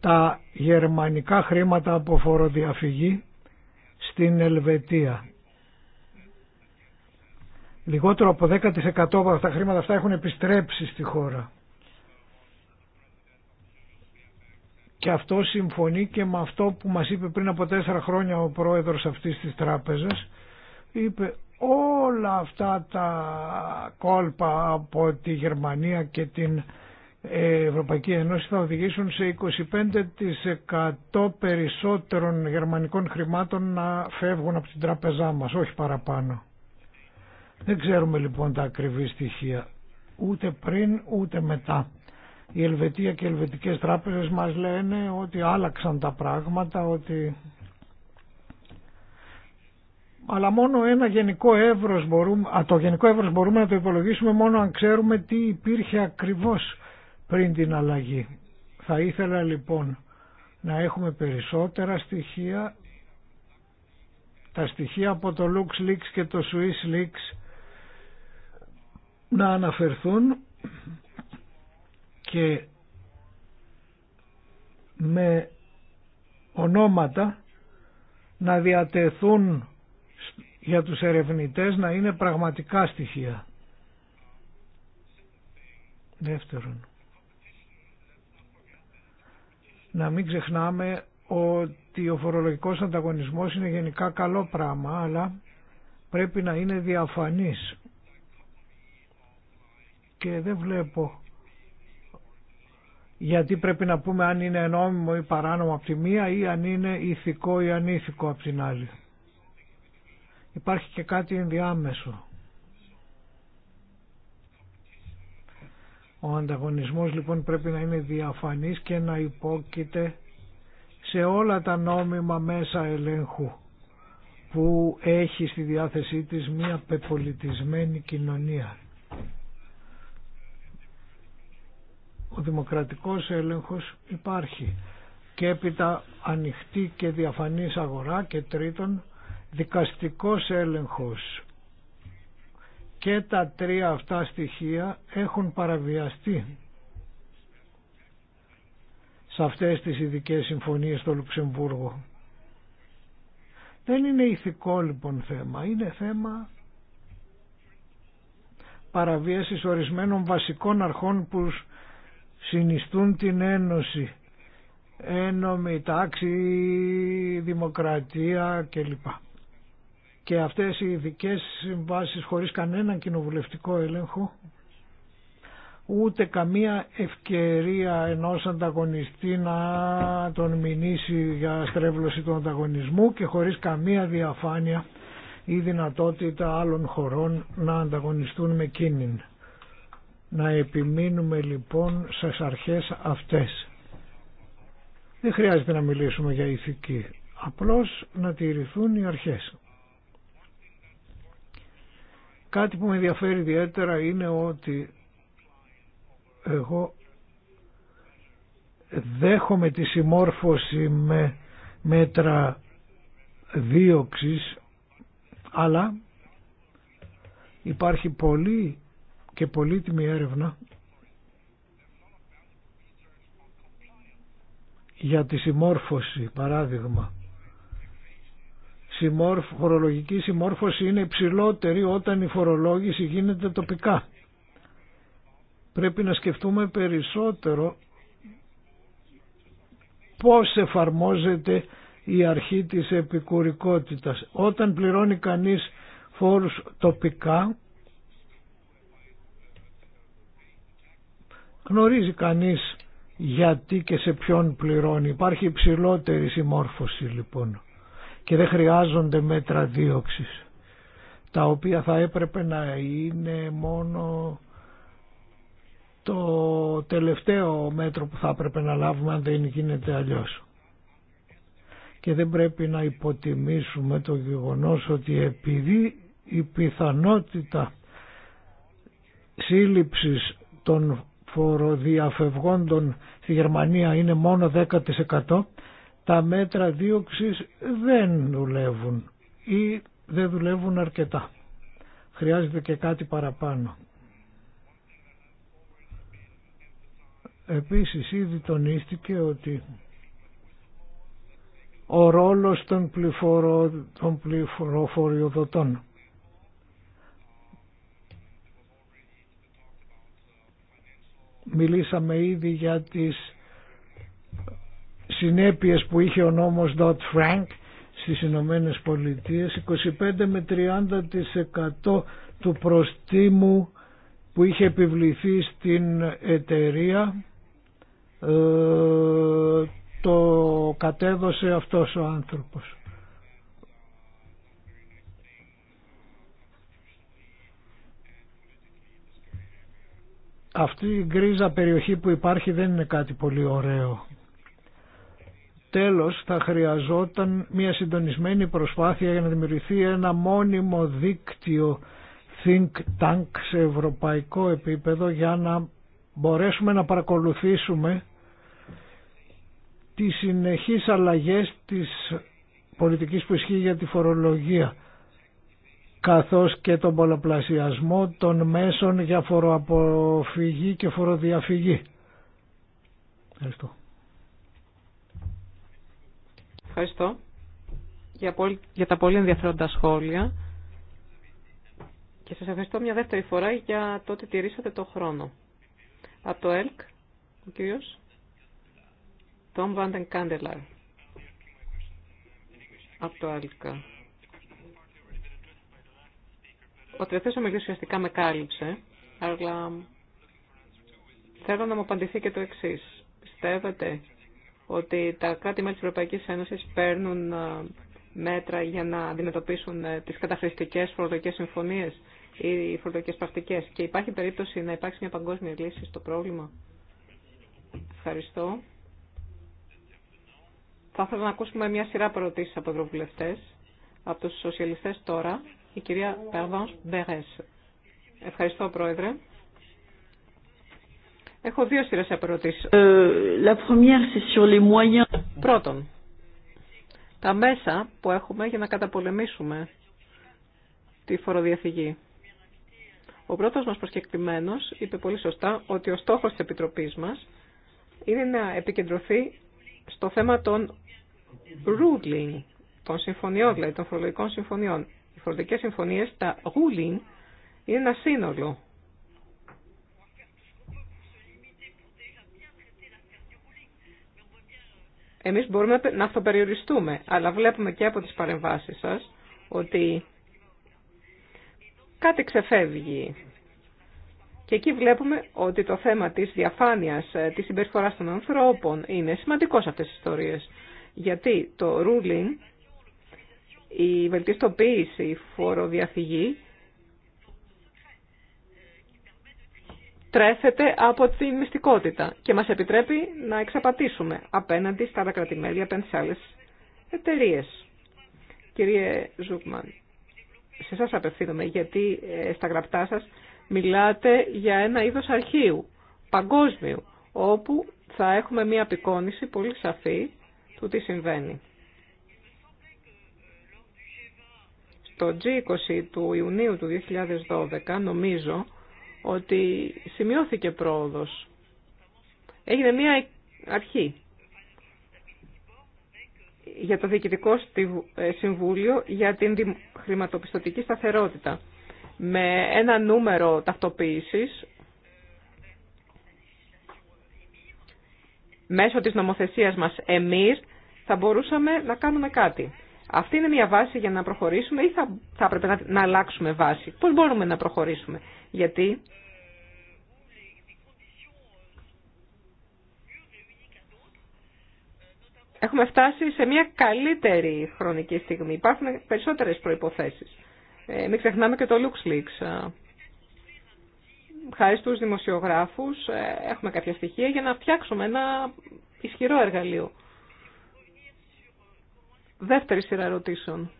τα γερμανικά χρήματα από φοροδιαφυγή στην Ελβετία. Λιγότερο από 10% από τα χρήματα αυτά έχουν επιστρέψει στη χώρα. και αυτό συμφωνεί και με αυτό που μας είπε πριν από τέσσερα χρόνια ο πρόεδρος αυτής της τράπεζας είπε όλα αυτά τα κόλπα από τη Γερμανία και την Ευρωπαϊκή Ένωση θα οδηγήσουν σε 25% περισσότερων γερμανικών χρημάτων να φεύγουν από την τράπεζά μας, όχι παραπάνω. Δεν ξέρουμε λοιπόν τα ακριβή στοιχεία, ούτε πριν ούτε μετά η Ελβετία και οι Ελβετικές τράπεζες μας λένε ότι άλλαξαν τα πράγματα, ότι... Αλλά μόνο ένα γενικό εύρος μπορούμε, α, το γενικό εύρος μπορούμε να το υπολογίσουμε μόνο αν ξέρουμε τι υπήρχε ακριβώς πριν την αλλαγή. Θα ήθελα λοιπόν να έχουμε περισσότερα στοιχεία. Τα στοιχεία από το LuxLeaks και το SwissLeaks να αναφερθούν και με ονόματα να διατεθούν για τους ερευνητές να είναι πραγματικά στοιχεία. Δεύτερον, να μην ξεχνάμε ότι ο φορολογικός ανταγωνισμός είναι γενικά καλό πράγμα, αλλά πρέπει να είναι διαφανής. Και δεν βλέπω γιατί πρέπει να πούμε αν είναι νόμιμο ή παράνομο από τη μία ή αν είναι ηθικό ή ανήθικο από την άλλη. Υπάρχει και κάτι ενδιάμεσο. Ο ανταγωνισμός λοιπόν πρέπει να είναι διαφανής και να υπόκειται σε όλα τα νόμιμα μέσα ελέγχου που έχει στη διάθεσή της μια πεπολιτισμένη κοινωνία. ο δημοκρατικός έλεγχος υπάρχει και έπειτα ανοιχτή και διαφανής αγορά και τρίτον δικαστικός έλεγχος και τα τρία αυτά στοιχεία έχουν παραβιαστεί σε αυτές τις ειδικέ συμφωνίες στο Λουξεμβούργο. Δεν είναι ηθικό λοιπόν θέμα, είναι θέμα παραβίασης ορισμένων βασικών αρχών που συνιστούν την ένωση, ένωμη τάξη, δημοκρατία κλπ. Και αυτές οι ειδικέ συμβάσεις χωρίς κανέναν κοινοβουλευτικό έλεγχο ούτε καμία ευκαιρία ενός ανταγωνιστή να τον μηνύσει για στρέβλωση του ανταγωνισμού και χωρίς καμία διαφάνεια ή δυνατότητα άλλων χωρών να ανταγωνιστούν με κίνην. Να επιμείνουμε λοιπόν στις αρχές αυτές. Δεν χρειάζεται να μιλήσουμε για ηθική, απλώς να τηρηθούν οι αρχές. Κάτι που με ενδιαφέρει ιδιαίτερα είναι ότι εγώ δέχομαι τη συμμόρφωση με μέτρα δίωξης αλλά υπάρχει πολύ και πολύτιμη έρευνα για τη συμμόρφωση, παράδειγμα. Συμμόρφ, φορολογική συμμόρφωση είναι υψηλότερη όταν η φορολόγηση γίνεται τοπικά. Πρέπει να σκεφτούμε περισσότερο πώς εφαρμόζεται η αρχή της επικουρικότητας. Όταν πληρώνει κανείς φόρους τοπικά γνωρίζει κανείς γιατί και σε ποιον πληρώνει. Υπάρχει υψηλότερη συμμόρφωση λοιπόν και δεν χρειάζονται μέτρα δίωξης τα οποία θα έπρεπε να είναι μόνο το τελευταίο μέτρο που θα έπρεπε να λάβουμε αν δεν γίνεται αλλιώς. Και δεν πρέπει να υποτιμήσουμε το γεγονός ότι επειδή η πιθανότητα σύλληψης των φοροδιαφευγόντων στη Γερμανία είναι μόνο 10% τα μέτρα δίωξης δεν δουλεύουν ή δεν δουλεύουν αρκετά. Χρειάζεται και κάτι παραπάνω. Επίσης ήδη τονίστηκε ότι ο ρόλος των, πληφορο, των πληροφοριοδοτών Μιλήσαμε ήδη για τις συνέπειες που είχε ο νόμος Dodd-Frank στις Ηνωμένε Πολιτείε 25 με 30% του προστίμου που είχε επιβληθεί στην εταιρεία ε, το κατέδωσε αυτός ο άνθρωπος αυτή η γκρίζα περιοχή που υπάρχει δεν είναι κάτι πολύ ωραίο. Τέλος, θα χρειαζόταν μια συντονισμένη προσπάθεια για να δημιουργηθεί ένα μόνιμο δίκτυο think tank σε ευρωπαϊκό επίπεδο για να μπορέσουμε να παρακολουθήσουμε τις συνεχείς αλλαγές της πολιτικής που ισχύει για τη φορολογία καθώς και τον πολλαπλασιασμό των μέσων για φοροαποφυγή και φοροδιαφυγή. Ευχαριστώ. Ευχαριστώ για τα πολύ ενδιαφέροντα σχόλια και σας ευχαριστώ μια δεύτερη φορά για το ότι τηρήσατε το χρόνο. Από το ΕΛΚ, ο κύριος Τόμ Βάντεν Κάντελαρ. Από το ΕΛΚΑ. Ο τελευταίο ομιλητή ουσιαστικά με κάλυψε, αλλά θέλω να μου απαντηθεί και το εξή. Πιστεύετε ότι τα κράτη-μέλη τη Ευρωπαϊκή Ένωση παίρνουν ε, μέτρα για να αντιμετωπίσουν ε, τι καταχρηστικέ φορολογικέ συμφωνίε ή φορολογικέ πρακτικές και υπάρχει περίπτωση να υπάρξει μια παγκόσμια λύση στο πρόβλημα. Ευχαριστώ. Θα ήθελα να ακούσουμε μια σειρά από από ευρωβουλευτέ, από τους σοσιαλιστές τώρα, η κυρία Περβάνς Μπερές. Ευχαριστώ, Πρόεδρε. Έχω δύο σειρές ε, les Πρώτον, τα μέσα που έχουμε για να καταπολεμήσουμε τη φοροδιαφυγή. Ο πρώτος μας προσκεκτημένος είπε πολύ σωστά ότι ο στόχος της Επιτροπής μας είναι να επικεντρωθεί στο θέμα των ruling, των συμφωνιών, δηλαδή των φορολογικών συμφωνιών. Οι φορολογικές συμφωνίες, τα ruling, είναι ένα σύνολο. Εμείς μπορούμε να αυτοπεριοριστούμε, αλλά βλέπουμε και από τις παρεμβάσεις σας ότι κάτι ξεφεύγει. Και εκεί βλέπουμε ότι το θέμα της διαφάνειας, ε, της συμπεριφοράς των ανθρώπων είναι σημαντικό σε αυτές τις ιστορίες. Γιατί το ruling η βελτιστοποίηση, η φοροδιαφυγή τρέφεται από τη μυστικότητα και μας επιτρέπει να εξαπατήσουμε απέναντι στα άλλα κρατημέλη, απέναντι σε άλλες εταιρείες. Κύριε Ζούκμαν, σε σας απευθύνομαι γιατί ε, στα γραπτά σας μιλάτε για ένα είδος αρχείου, παγκόσμιου, όπου θα έχουμε μία απεικόνηση πολύ σαφή του τι συμβαίνει. το G20 του Ιουνίου του 2012 νομίζω ότι σημειώθηκε πρόοδος. Έγινε μία αρχή για το Διοικητικό ε, Συμβούλιο για την χρηματοπιστωτική σταθερότητα με ένα νούμερο ταυτοποίησης μέσω της νομοθεσίας μας εμείς θα μπορούσαμε να κάνουμε κάτι. Αυτή είναι μια βάση για να προχωρήσουμε ή θα, θα έπρεπε να, αλλάξουμε βάση. Πώς μπορούμε να προχωρήσουμε. Γιατί έχουμε φτάσει σε μια καλύτερη χρονική στιγμή. Υπάρχουν περισσότερες προϋποθέσεις. Ε, μην ξεχνάμε και το LuxLeaks. Ε, χάρη στους δημοσιογράφους ε, έχουμε κάποια στοιχεία για να φτιάξουμε ένα ισχυρό εργαλείο. Δεύτερη σειρά ερωτήσεων.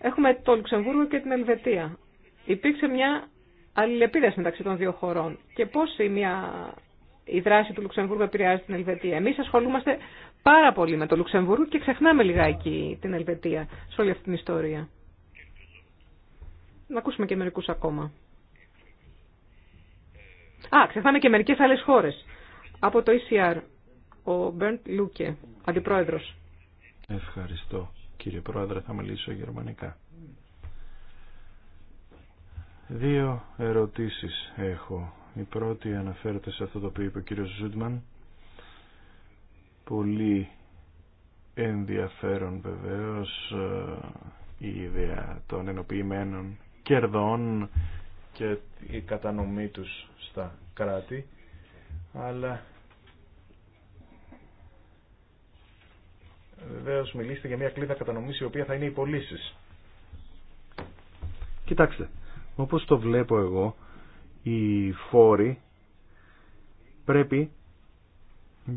Έχουμε το Λουξεμβούργο και την Ελβετία. Υπήρξε μια αλληλεπίδραση μεταξύ των δύο χωρών. Και πώς η, μια... η δράση του Λουξεμβούργου επηρεάζει την Ελβετία. Εμεί ασχολούμαστε πάρα πολύ με το Λουξεμβούργο και ξεχνάμε λιγάκι την Ελβετία σε όλη αυτή την ιστορία. Να ακούσουμε και μερικού ακόμα. Α, ξεχνάμε και μερικέ άλλε χώρε. Από το ECR, ο Μπέρντ Λούκε, αντιπρόεδρο. Ευχαριστώ κύριε Πρόεδρε, θα μιλήσω γερμανικά. Δύο ερωτήσεις έχω. Η πρώτη αναφέρεται σε αυτό το οποίο είπε ο κύριος Ζούντμαν. Πολύ ενδιαφέρον βεβαίως ε, η ιδέα των ενοποιημένων κερδών και η κατανομή τους στα κράτη αλλά Βεβαίω μιλήσετε για μια κλίδα κατανομής η οποία θα είναι οι πωλήσει. Κοιτάξτε, όπως το βλέπω εγώ, οι φόροι πρέπει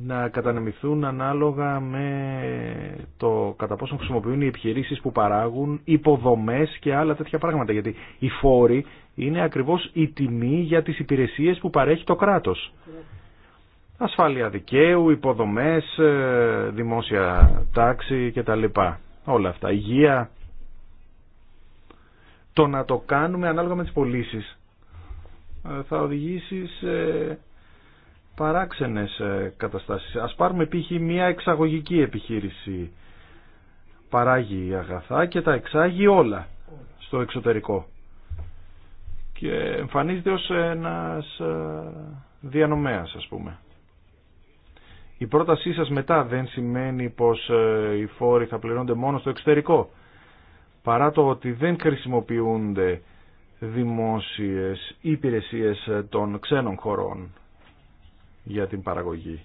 να κατανεμηθούν ανάλογα με το κατά πόσο χρησιμοποιούν οι επιχειρήσεις που παράγουν υποδομές και άλλα τέτοια πράγματα. Γιατί οι φόροι είναι ακριβώς η τιμή για τις υπηρεσίες που παρέχει το κράτος ασφάλεια δικαίου, υποδομές, ε, δημόσια τάξη κτλ. Όλα αυτά, υγεία. Το να το κάνουμε ανάλογα με τις πωλήσει ε, θα οδηγήσει σε παράξενες ε, καταστάσεις. Ας πάρουμε π.χ. μια εξαγωγική επιχείρηση. Παράγει αγαθά και τα εξάγει όλα στο εξωτερικό. Και εμφανίζεται ως ένας διανομέας ας πούμε. Η πρότασή σας μετά δεν σημαίνει πως ε, οι φόροι θα πληρώνονται μόνο στο εξωτερικό. Παρά το ότι δεν χρησιμοποιούνται δημόσιες υπηρεσίες των ξένων χωρών για την παραγωγή.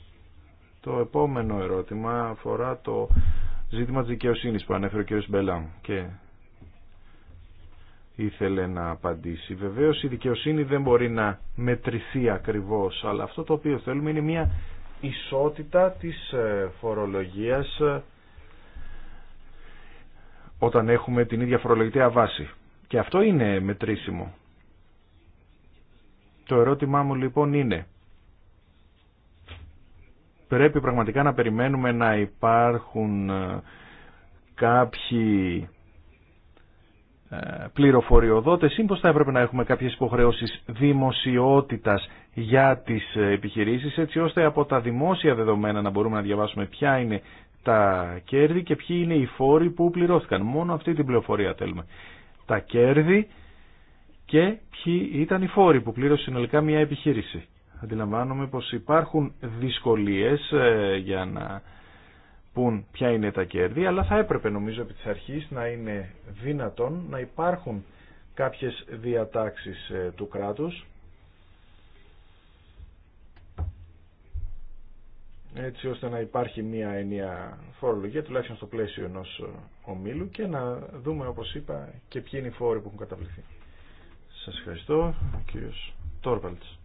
Το επόμενο ερώτημα αφορά το ζήτημα της δικαιοσύνης που ανέφερε ο κ. Μπελάμ και ήθελε να απαντήσει. Βεβαίως η δικαιοσύνη δεν μπορεί να μετρηθεί ακριβώς, αλλά αυτό το οποίο θέλουμε είναι μια ισότητα της ε, φορολογίας ε, όταν έχουμε την ίδια φορολογητέα βάση. Και αυτό είναι μετρήσιμο. Το ερώτημά μου λοιπόν είναι πρέπει πραγματικά να περιμένουμε να υπάρχουν ε, κάποιοι ε, πληροφοριοδότες ή πως θα έπρεπε να έχουμε κάποιες υποχρεώσεις δημοσιότητας για τις ε, επιχειρήσεις έτσι ώστε από τα δημόσια δεδομένα να μπορούμε να διαβάσουμε ποια είναι τα κέρδη και ποιοι είναι οι φόροι που πληρώθηκαν. Μόνο αυτή την πληροφορία θέλουμε. Τα κέρδη και ποιοι ήταν οι φόροι που πλήρωσε συνολικά μια επιχείρηση. Αντιλαμβάνομαι πως υπάρχουν δυσκολίες ε, για να πούν ποια είναι τα κέρδη, αλλά θα έπρεπε νομίζω επί της αρχής να είναι δυνατόν να υπάρχουν κάποιες διατάξεις ε, του κράτους έτσι ώστε να υπάρχει μια ενιαία φορολογία, τουλάχιστον στο πλαίσιο ενός ε, ομίλου και να δούμε, όπως είπα, και ποιοι είναι οι φόροι που έχουν καταβληθεί. Σας ευχαριστώ, κύριος Τόρβαλτς.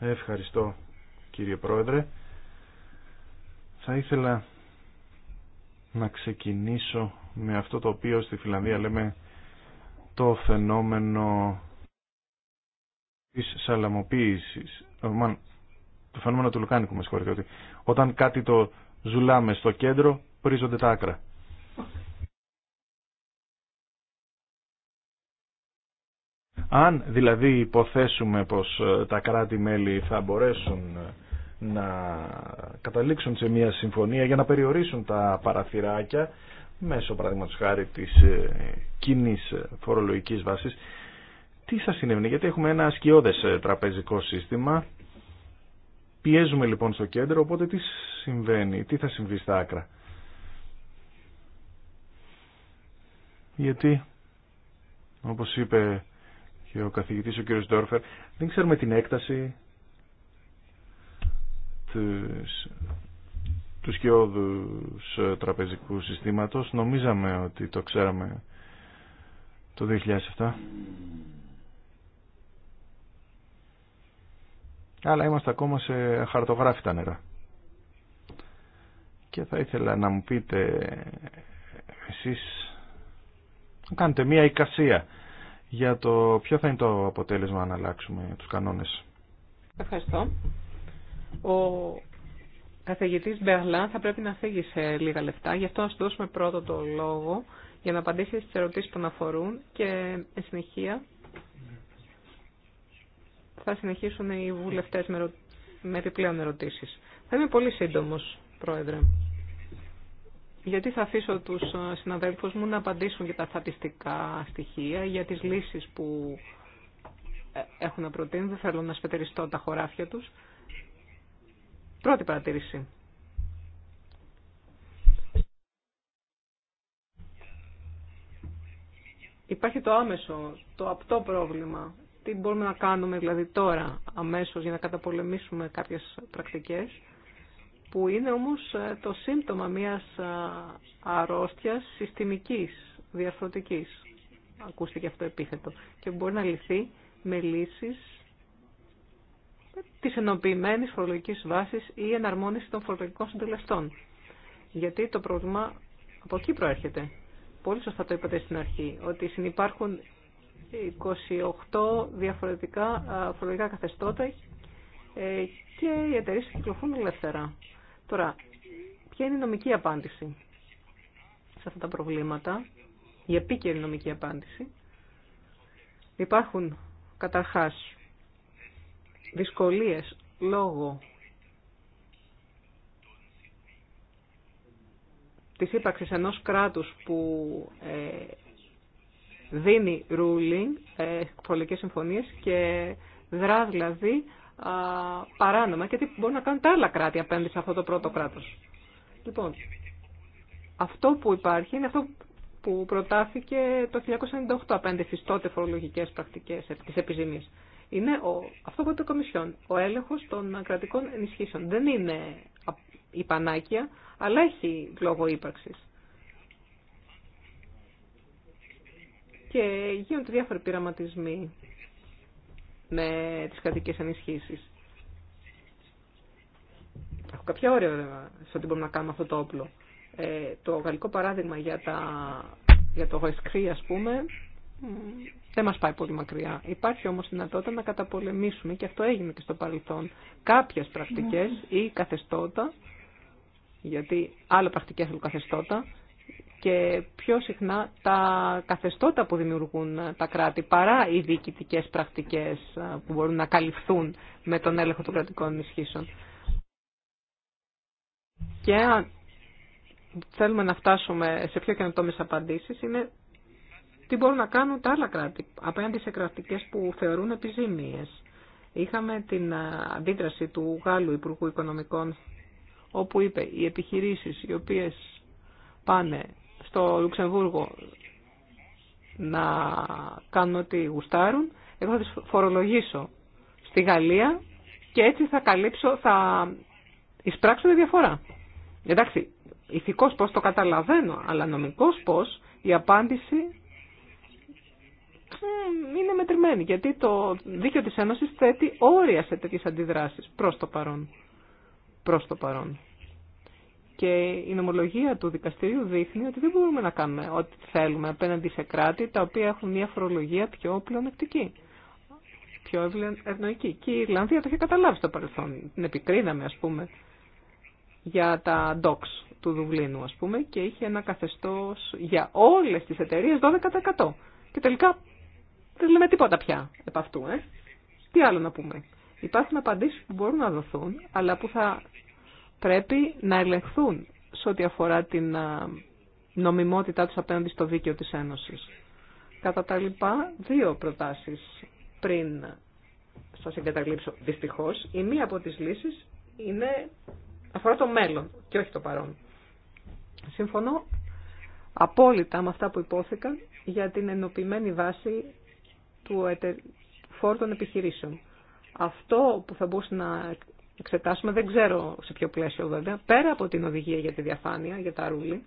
Ευχαριστώ, κύριε Πρόεδρε. Θα ήθελα να ξεκινήσω με αυτό το οποίο στη Φιλανδία λέμε το φαινόμενο της σαλαμοποίησης. Ε, το φαινόμενο του λουκάνικου, με συγχωρείτε, ότι όταν κάτι το ζουλάμε στο κέντρο, πρίζονται τα άκρα. Αν δηλαδή υποθέσουμε πως ε, τα κράτη-μέλη θα μπορέσουν ε, να καταλήξουν σε μια συμφωνία για να περιορίσουν τα παραθυράκια μέσω παραδείγματο χάρη της ε, κοινή φορολογικής βάσης τι θα συνέβαινε γιατί έχουμε ένα ασκιώδε ε, τραπεζικό σύστημα πιέζουμε λοιπόν στο κέντρο οπότε τι συμβαίνει τι θα συμβεί στα άκρα γιατί όπως είπε και ο καθηγητής ο κ. Ντόρφερ δεν ξέρουμε την έκταση τους, τους ε, τραπεζικού συστήματος νομίζαμε ότι το ξέραμε το 2007 αλλά είμαστε ακόμα σε χαρτογράφητα νερά και θα ήθελα να μου πείτε εσείς να κάνετε μία εικασία για το ποιο θα είναι το αποτέλεσμα αν αλλάξουμε τους κανόνες. Ευχαριστώ. Ο Καθηγήτή Μπερλάν θα πρέπει να φύγει σε λίγα λεφτά, γι' αυτό να δώσουμε πρώτο το λόγο για να απαντήσει στις ερωτήσεις που αναφορούν και εν συνεχεία θα συνεχίσουν οι βουλευτέ με, με επιπλέον ερωτήσει. Θα είμαι πολύ σύντομο, Πρόεδρε. Γιατί θα αφήσω τους ε, συναδέλφους μου να απαντήσουν για τα στατιστικά στοιχεία, για τις λύσεις που ε, έχουν να προτείνουν. Δεν θέλω να σπετεριστώ τα χωράφια τους. Πρώτη παρατήρηση. Υπάρχει το άμεσο, το απτό πρόβλημα. Τι μπορούμε να κάνουμε δηλαδή τώρα αμέσως για να καταπολεμήσουμε κάποιες πρακτικές που είναι όμως ε, το σύμπτωμα μιας αρρώστιας συστημικής, διαφορετικής. Ακούστηκε αυτό επίθετο. Και μπορεί να λυθεί με λύσεις Τη ενοποιημένη φορολογική βάση ή εναρμόνιση των φορολογικών συντελεστών. Γιατί το πρόβλημα από εκεί προέρχεται. Πολύ σωστά το είπατε στην αρχή, ότι συνεπάρχουν 28 διαφορετικά φορολογικά καθεστώτα ε, και οι εταιρείε κυκλοφορούν ελεύθερα. Τώρα, ποια είναι η νομική απάντηση σε αυτά τα προβλήματα, η επίκαιρη νομική απάντηση. Υπάρχουν καταρχάς δυσκολίες λόγω της ύπαρξης ενός κράτους που ε, δίνει ruling, ε, πολιτικές συμφωνίες και δρά δηλαδή α, παράνομα και τι μπορούν να κάνουν τα άλλα κράτη απέναντι σε αυτό το πρώτο κράτος. Λοιπόν, αυτό που υπάρχει είναι αυτό που προτάθηκε το 1998 απέναντι στις τότε φορολογικές πρακτικές, της επιζημίες είναι ο, αυτό που είπε το Κομισιόν, ο έλεγχος των κρατικών ενισχύσεων. Δεν είναι η πανάκια, αλλά έχει λόγο ύπαρξης. Και γίνονται διάφοροι πειραματισμοί με τις κρατικές ενισχύσεις. Έχω κάποια όρια βέβαια στο τι μπορούμε να κάνουμε αυτό το όπλο. Ε, το γαλλικό παράδειγμα για, τα, για το γοησκρή ας πούμε δεν μας πάει πολύ μακριά. Υπάρχει όμως δυνατότητα να καταπολεμήσουμε, και αυτό έγινε και στο παρελθόν, κάποιες πρακτικές ή καθεστώτα, γιατί άλλο πρακτικές έχουν καθεστώτα, και πιο συχνά τα καθεστώτα που δημιουργούν τα κράτη παρά οι διοικητικέ πρακτικές που μπορούν να καλυφθούν με τον έλεγχο των κρατικών ενισχύσεων. Και αν θέλουμε να φτάσουμε σε πιο καινοτόμε απαντήσεις είναι τι μπορούν να κάνουν τα άλλα κράτη απέναντι σε κρατικέ που θεωρούν επιζήμιες. Είχαμε την αντίδραση του Γάλλου Υπουργού Οικονομικών όπου είπε οι επιχειρήσεις οι οποίες πάνε στο Λουξεμβούργο να κάνουν ό,τι γουστάρουν, εγώ θα τις φορολογήσω στη Γαλλία και έτσι θα καλύψω, θα εισπράξω τη διαφορά. Εντάξει, ηθικός πώς το καταλαβαίνω, αλλά νομικός πώς η απάντηση ε, είναι μετρημένη, γιατί το δίκαιο της Ένωσης θέτει όρια σε τέτοιες αντιδράσεις προς το παρόν. Προς το παρόν. Και η νομολογία του δικαστηρίου δείχνει ότι δεν μπορούμε να κάνουμε ό,τι θέλουμε απέναντι σε κράτη τα οποία έχουν μια φορολογία πιο πλεονεκτική, πιο ευνοϊκή. Και η Ιρλανδία το είχε καταλάβει στο παρελθόν. Την επικρίναμε, ας πούμε, για τα docs του Δουβλίνου, ας πούμε, και είχε ένα καθεστώς για όλες τις εταιρείε 12%. Και τελικά δεν λέμε τίποτα πια επ' αυτού, ε. Τι άλλο να πούμε. Υπάρχουν απαντήσεις που μπορούν να δοθούν, αλλά που θα πρέπει να ελεγχθούν σε ό,τι αφορά την νομιμότητά τους απέναντι στο δίκαιο της Ένωσης. Κατά τα λοιπά, δύο προτάσεις πριν σας εγκαταλείψω, δυστυχώς. Η μία από τις λύσεις είναι, αφορά το μέλλον και όχι το παρόν. Συμφωνώ απόλυτα με αυτά που υπόθηκαν για την ενωπημένη βάση του φόρου των επιχειρήσεων. Αυτό που θα μπορούσε να εξετάσουμε, δεν ξέρω σε ποιο πλαίσιο βέβαια, πέρα από την οδηγία για τη διαφάνεια, για τα ρούλη,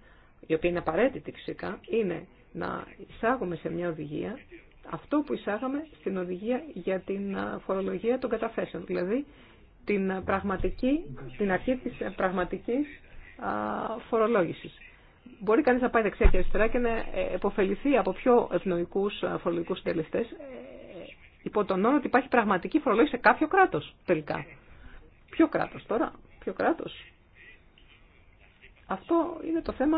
η οποία είναι απαραίτητη φυσικά, είναι να εισάγουμε σε μια οδηγία αυτό που εισάγαμε στην οδηγία για την φορολογία των καταθέσεων, δηλαδή την, πραγματική, την αρχή της πραγματικής φορολόγησης μπορεί κανείς να πάει δεξιά και αριστερά και να ε, επωφεληθεί από πιο ευνοϊκούς ε, φορολογικούς συντελεστές ε, υπό τον όρο ότι υπάρχει πραγματική φορολογία σε κάποιο κράτος τελικά. Ποιο κράτος τώρα, ποιο κράτος. Αυτό είναι το θέμα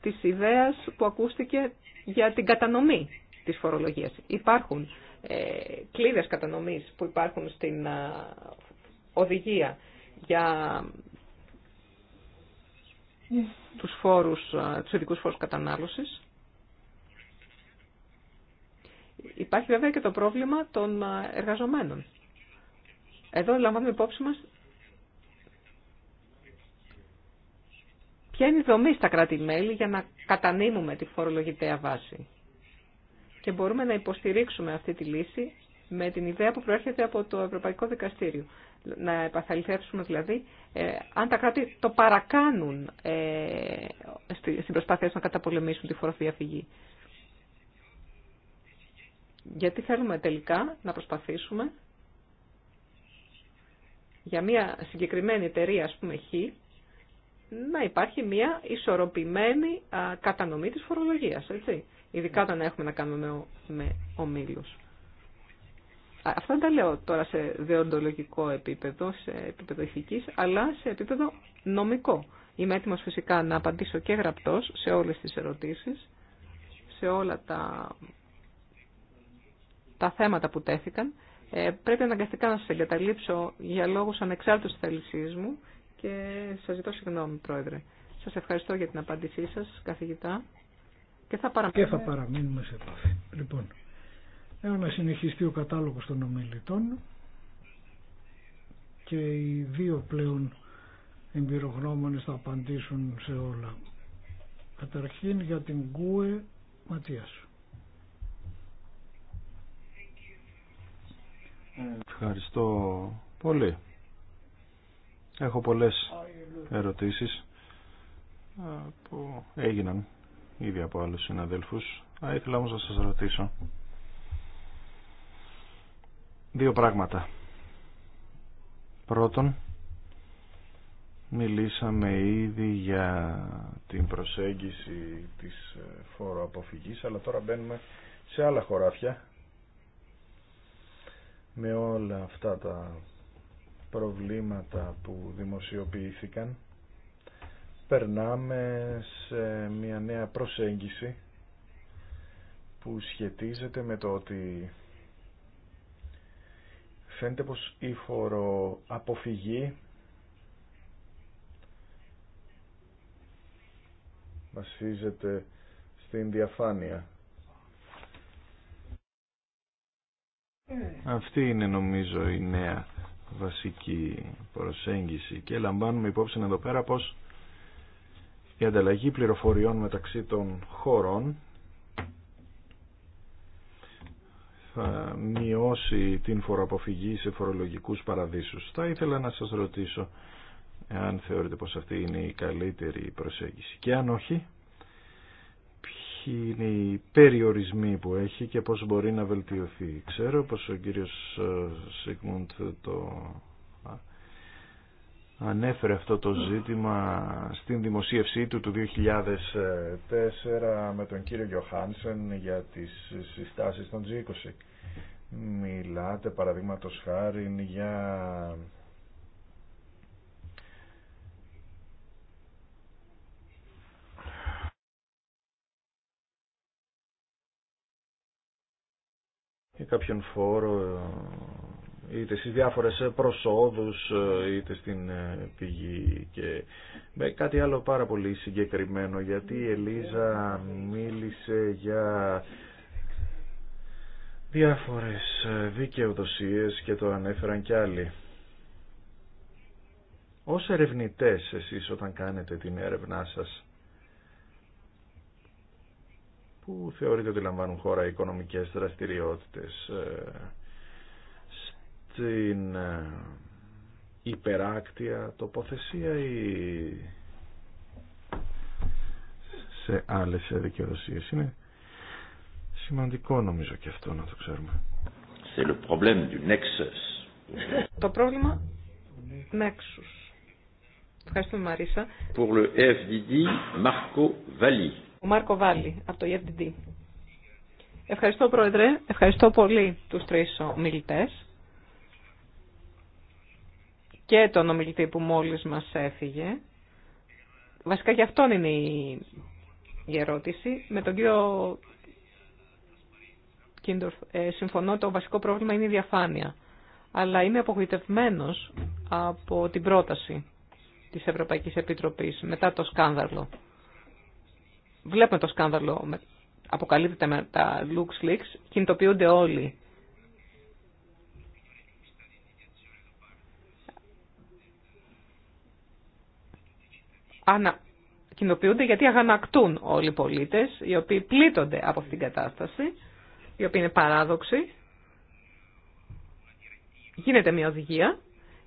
της ιδέας που ακούστηκε για την κατανομή της φορολογίας. Υπάρχουν ε, κλίδες κατανομής που υπάρχουν στην οδηγία για τους φόρους, τους ειδικούς φόρους κατανάλωσης. Υπάρχει βέβαια και το πρόβλημα των εργαζομένων. Εδώ λαμβάνουμε υπόψη μας ποια είναι η δομή στα κράτη-μέλη για να κατανείμουμε τη φορολογητέα βάση. Και μπορούμε να υποστηρίξουμε αυτή τη λύση με την ιδέα που προέρχεται από το Ευρωπαϊκό Δικαστήριο. Να επαθαληθεύσουμε δηλαδή ε, αν τα κράτη το παρακάνουν ε, στην προσπάθεια να καταπολεμήσουν τη φοροδιαφυγή. Γιατί θέλουμε τελικά να προσπαθήσουμε για μια συγκεκριμένη εταιρεία, ας πούμε, Χ, να υπάρχει μια ισορροπημένη κατανομή της φορολογίας, έτσι. Ειδικά όταν έχουμε να κάνουμε με, με ομίλους. Αυτά δεν τα λέω τώρα σε δεοντολογικό επίπεδο, σε επίπεδο ηθικής, αλλά σε επίπεδο νομικό. Είμαι έτοιμος φυσικά να απαντήσω και γραπτός σε όλες τις ερωτήσεις, σε όλα τα, τα θέματα που τέθηκαν. Ε, πρέπει αναγκαστικά να σας εγκαταλείψω για λόγους ανεξάρτητους θέλησής μου και σας ζητώ συγγνώμη, Πρόεδρε. Σας ευχαριστώ για την απάντησή σας, καθηγητά. Και θα παραμένουμε... και θα παραμείνουμε σε επαφή. Λοιπόν. Έχω ε, να συνεχιστεί ο κατάλογος των ομιλητών και οι δύο πλέον εμπειρογνώμονες θα απαντήσουν σε όλα. Καταρχήν για την Γουέ Ματίας. Ευχαριστώ πολύ. Έχω πολλές ερωτήσεις που έγιναν ήδη από άλλους συναδέλφους. Θα ήθελα όμως να σας ρωτήσω δύο πράγματα. Πρώτον, μιλήσαμε ήδη για την προσέγγιση της ε, φοροαποφυγής, αλλά τώρα μπαίνουμε σε άλλα χωράφια με όλα αυτά τα προβλήματα που δημοσιοποιήθηκαν περνάμε σε μια νέα προσέγγιση που σχετίζεται με το ότι Φαίνεται πως η φοροαποφυγή βασίζεται στην διαφάνεια. Αυτή είναι νομίζω η νέα βασική προσέγγιση και λαμβάνουμε υπόψη εδώ πέρα πως η ανταλλαγή πληροφοριών μεταξύ των χωρών θα μειώσει την φοροαποφυγή σε φορολογικούς παραδείσους. Θα ήθελα να σας ρωτήσω αν θεωρείτε πως αυτή είναι η καλύτερη προσέγγιση. Και αν όχι, ποιοι είναι οι περιορισμοί που έχει και πώς μπορεί να βελτιωθεί. Ξέρω πως ο κύριος ε, Σίγμουντ το ανέφερε αυτό το ζήτημα στην δημοσίευσή του του 2004 με τον κύριο Γιωχάνσεν για τις συστάσεις των G20. Μιλάτε παραδείγματο χάρη για για κάποιον φόρο είτε στις διάφορες προσόδους, είτε στην ε, πηγή και με κάτι άλλο πάρα πολύ συγκεκριμένο, γιατί η Ελίζα μίλησε για διάφορες ε, δικαιοδοσίες και το ανέφεραν κι άλλοι. Ως ερευνητές εσείς όταν κάνετε την έρευνά σας, που θεωρείτε ότι λαμβάνουν χώρα οι οικονομικές δραστηριότητες, ε, στην ε, υπεράκτια τοποθεσία ή σε άλλες δικαιοδοσίε. Είναι σημαντικό νομίζω και αυτό να το ξέρουμε. Το πρόβλημα Nexus. Ευχαριστούμε Μαρίσα. Pour le FDD, Ο Μάρκο Βάλλη από το FDD. Ευχαριστώ Πρόεδρε, ευχαριστώ πολύ τους τρεις ομιλητές και τον ομιλητή που μόλις μας έφυγε. Βασικά για αυτόν είναι η, ερώτηση. Με τον κύριο Κίντορφ ε, συμφωνώ το βασικό πρόβλημα είναι η διαφάνεια. Αλλά είμαι απογοητευμένος από την πρόταση της Ευρωπαϊκής Επιτροπής μετά το σκάνδαλο. Βλέπουμε το σκάνδαλο, αποκαλύπτεται με τα LuxLeaks, κινητοποιούνται όλοι ...κοινοποιούνται γιατί αγανακτούν όλοι οι πολίτες, οι οποίοι πλήττονται από αυτήν την κατάσταση, η οποία είναι παράδοξη. Γίνεται μια οδηγία,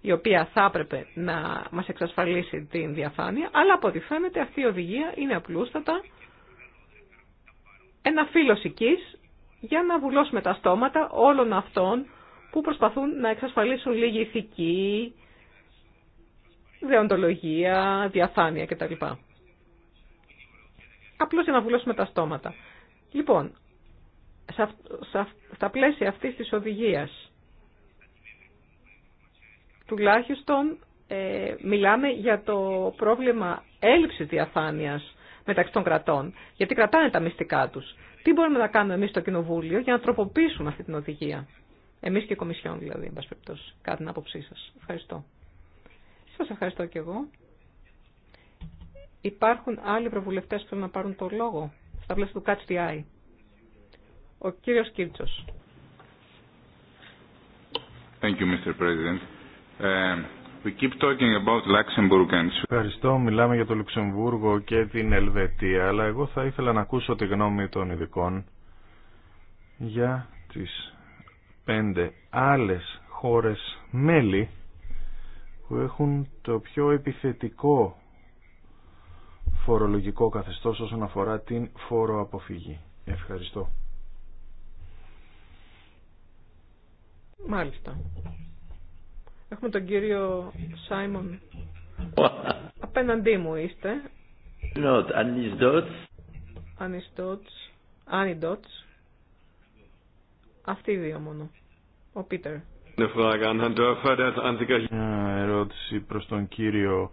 η οποία θα έπρεπε να μας εξασφαλίσει την διαφάνεια, αλλά από ό,τι φαίνεται αυτή η οδηγία είναι απλούστατα ένα φύλλο οικής για να βουλώσουμε τα στόματα όλων αυτών που προσπαθούν να εξασφαλίσουν λίγη ηθική, δεοντολογία, διαφάνεια κτλ. Απλώς για να βουλώσουμε τα στόματα. Λοιπόν, στα πλαίσια αυτής της οδηγίας, τουλάχιστον ε, μιλάμε για το πρόβλημα έλλειψης διαφάνειας μεταξύ των κρατών, γιατί κρατάνε τα μυστικά τους. Τι μπορούμε να κάνουμε εμείς στο Κοινοβούλιο για να τροποποιήσουμε αυτή την οδηγία. Εμείς και η Κομισιόν δηλαδή, εν πάση Κάτι την άποψή Ευχαριστώ. Σας ευχαριστώ και εγώ. Υπάρχουν άλλοι προβουλευτές που θέλουν να πάρουν το λόγο στα πλαίσια του Catch Ο κύριος Κίρτσος. Ευχαριστώ. Μιλάμε για το Λουξεμβούργο και την Ελβετία, αλλά εγώ θα ήθελα να ακούσω τη γνώμη των ειδικών για τις πέντε άλλες χώρες μέλη που έχουν το πιο επιθετικό φορολογικό καθεστώς όσον αφορά την φοροαποφυγή. Ευχαριστώ. Μάλιστα. Έχουμε τον κύριο Σάιμον. Απέναντί μου είστε. νότ. Ανιστότς. Αυτοί οι δύο μόνο. Ο Πίτερ. Μια ερώτηση προς τον κύριο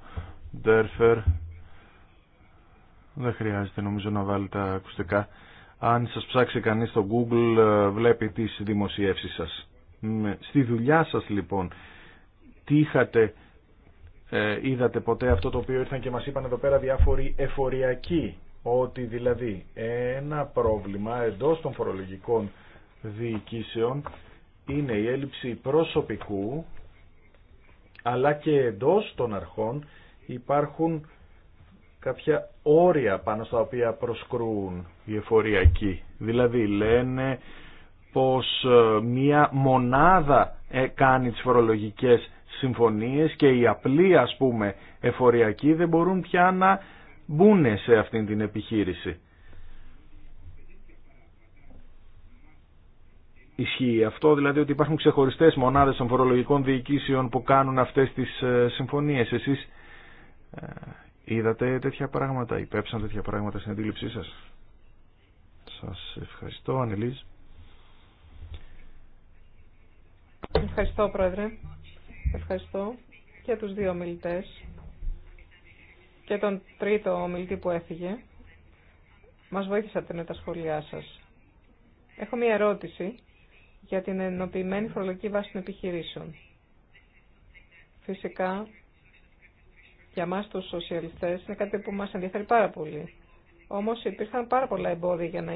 Ντέρφερ. Δεν χρειάζεται νομίζω να βάλει τα ακουστικά. Αν σας ψάξει κανείς στο Google ε, βλέπει τις δημοσιεύσεις σας. Στη δουλειά σας λοιπόν, τι είχατε, ε, είδατε ποτέ αυτό το οποίο ήρθαν και μας είπαν εδώ πέρα διάφοροι εφοριακοί. Ότι δηλαδή ένα πρόβλημα εντός των φορολογικών διοικήσεων είναι η έλλειψη προσωπικού αλλά και εντός των αρχών υπάρχουν κάποια όρια πάνω στα οποία προσκρούν οι εφοριακοί. Δηλαδή λένε πως ε, μία μονάδα ε, κάνει τις φορολογικές συμφωνίες και οι απλοί ας πούμε εφοριακοί δεν μπορούν πια να μπουν σε αυτήν την επιχείρηση. ισχύει αυτό, δηλαδή ότι υπάρχουν ξεχωριστές μονάδες των φορολογικών διοικήσεων που κάνουν αυτές τις ε, συμφωνίες. Εσείς ε, είδατε τέτοια πράγματα, υπέψαν τέτοια πράγματα στην αντίληψή σας. Σας ευχαριστώ, Ανελίζ. Ευχαριστώ, Πρόεδρε. Ευχαριστώ και τους δύο ομιλητές και τον τρίτο ομιλητή που έφυγε. Μας βοήθησατε με τα σχόλιά σας. Έχω μία ερώτηση για την ενοποιημένη φορολογική βάση των επιχειρήσεων. Φυσικά, για μας τους σοσιαλιστές είναι κάτι που μας ενδιαφέρει πάρα πολύ. Όμως υπήρχαν πάρα πολλά εμπόδια για να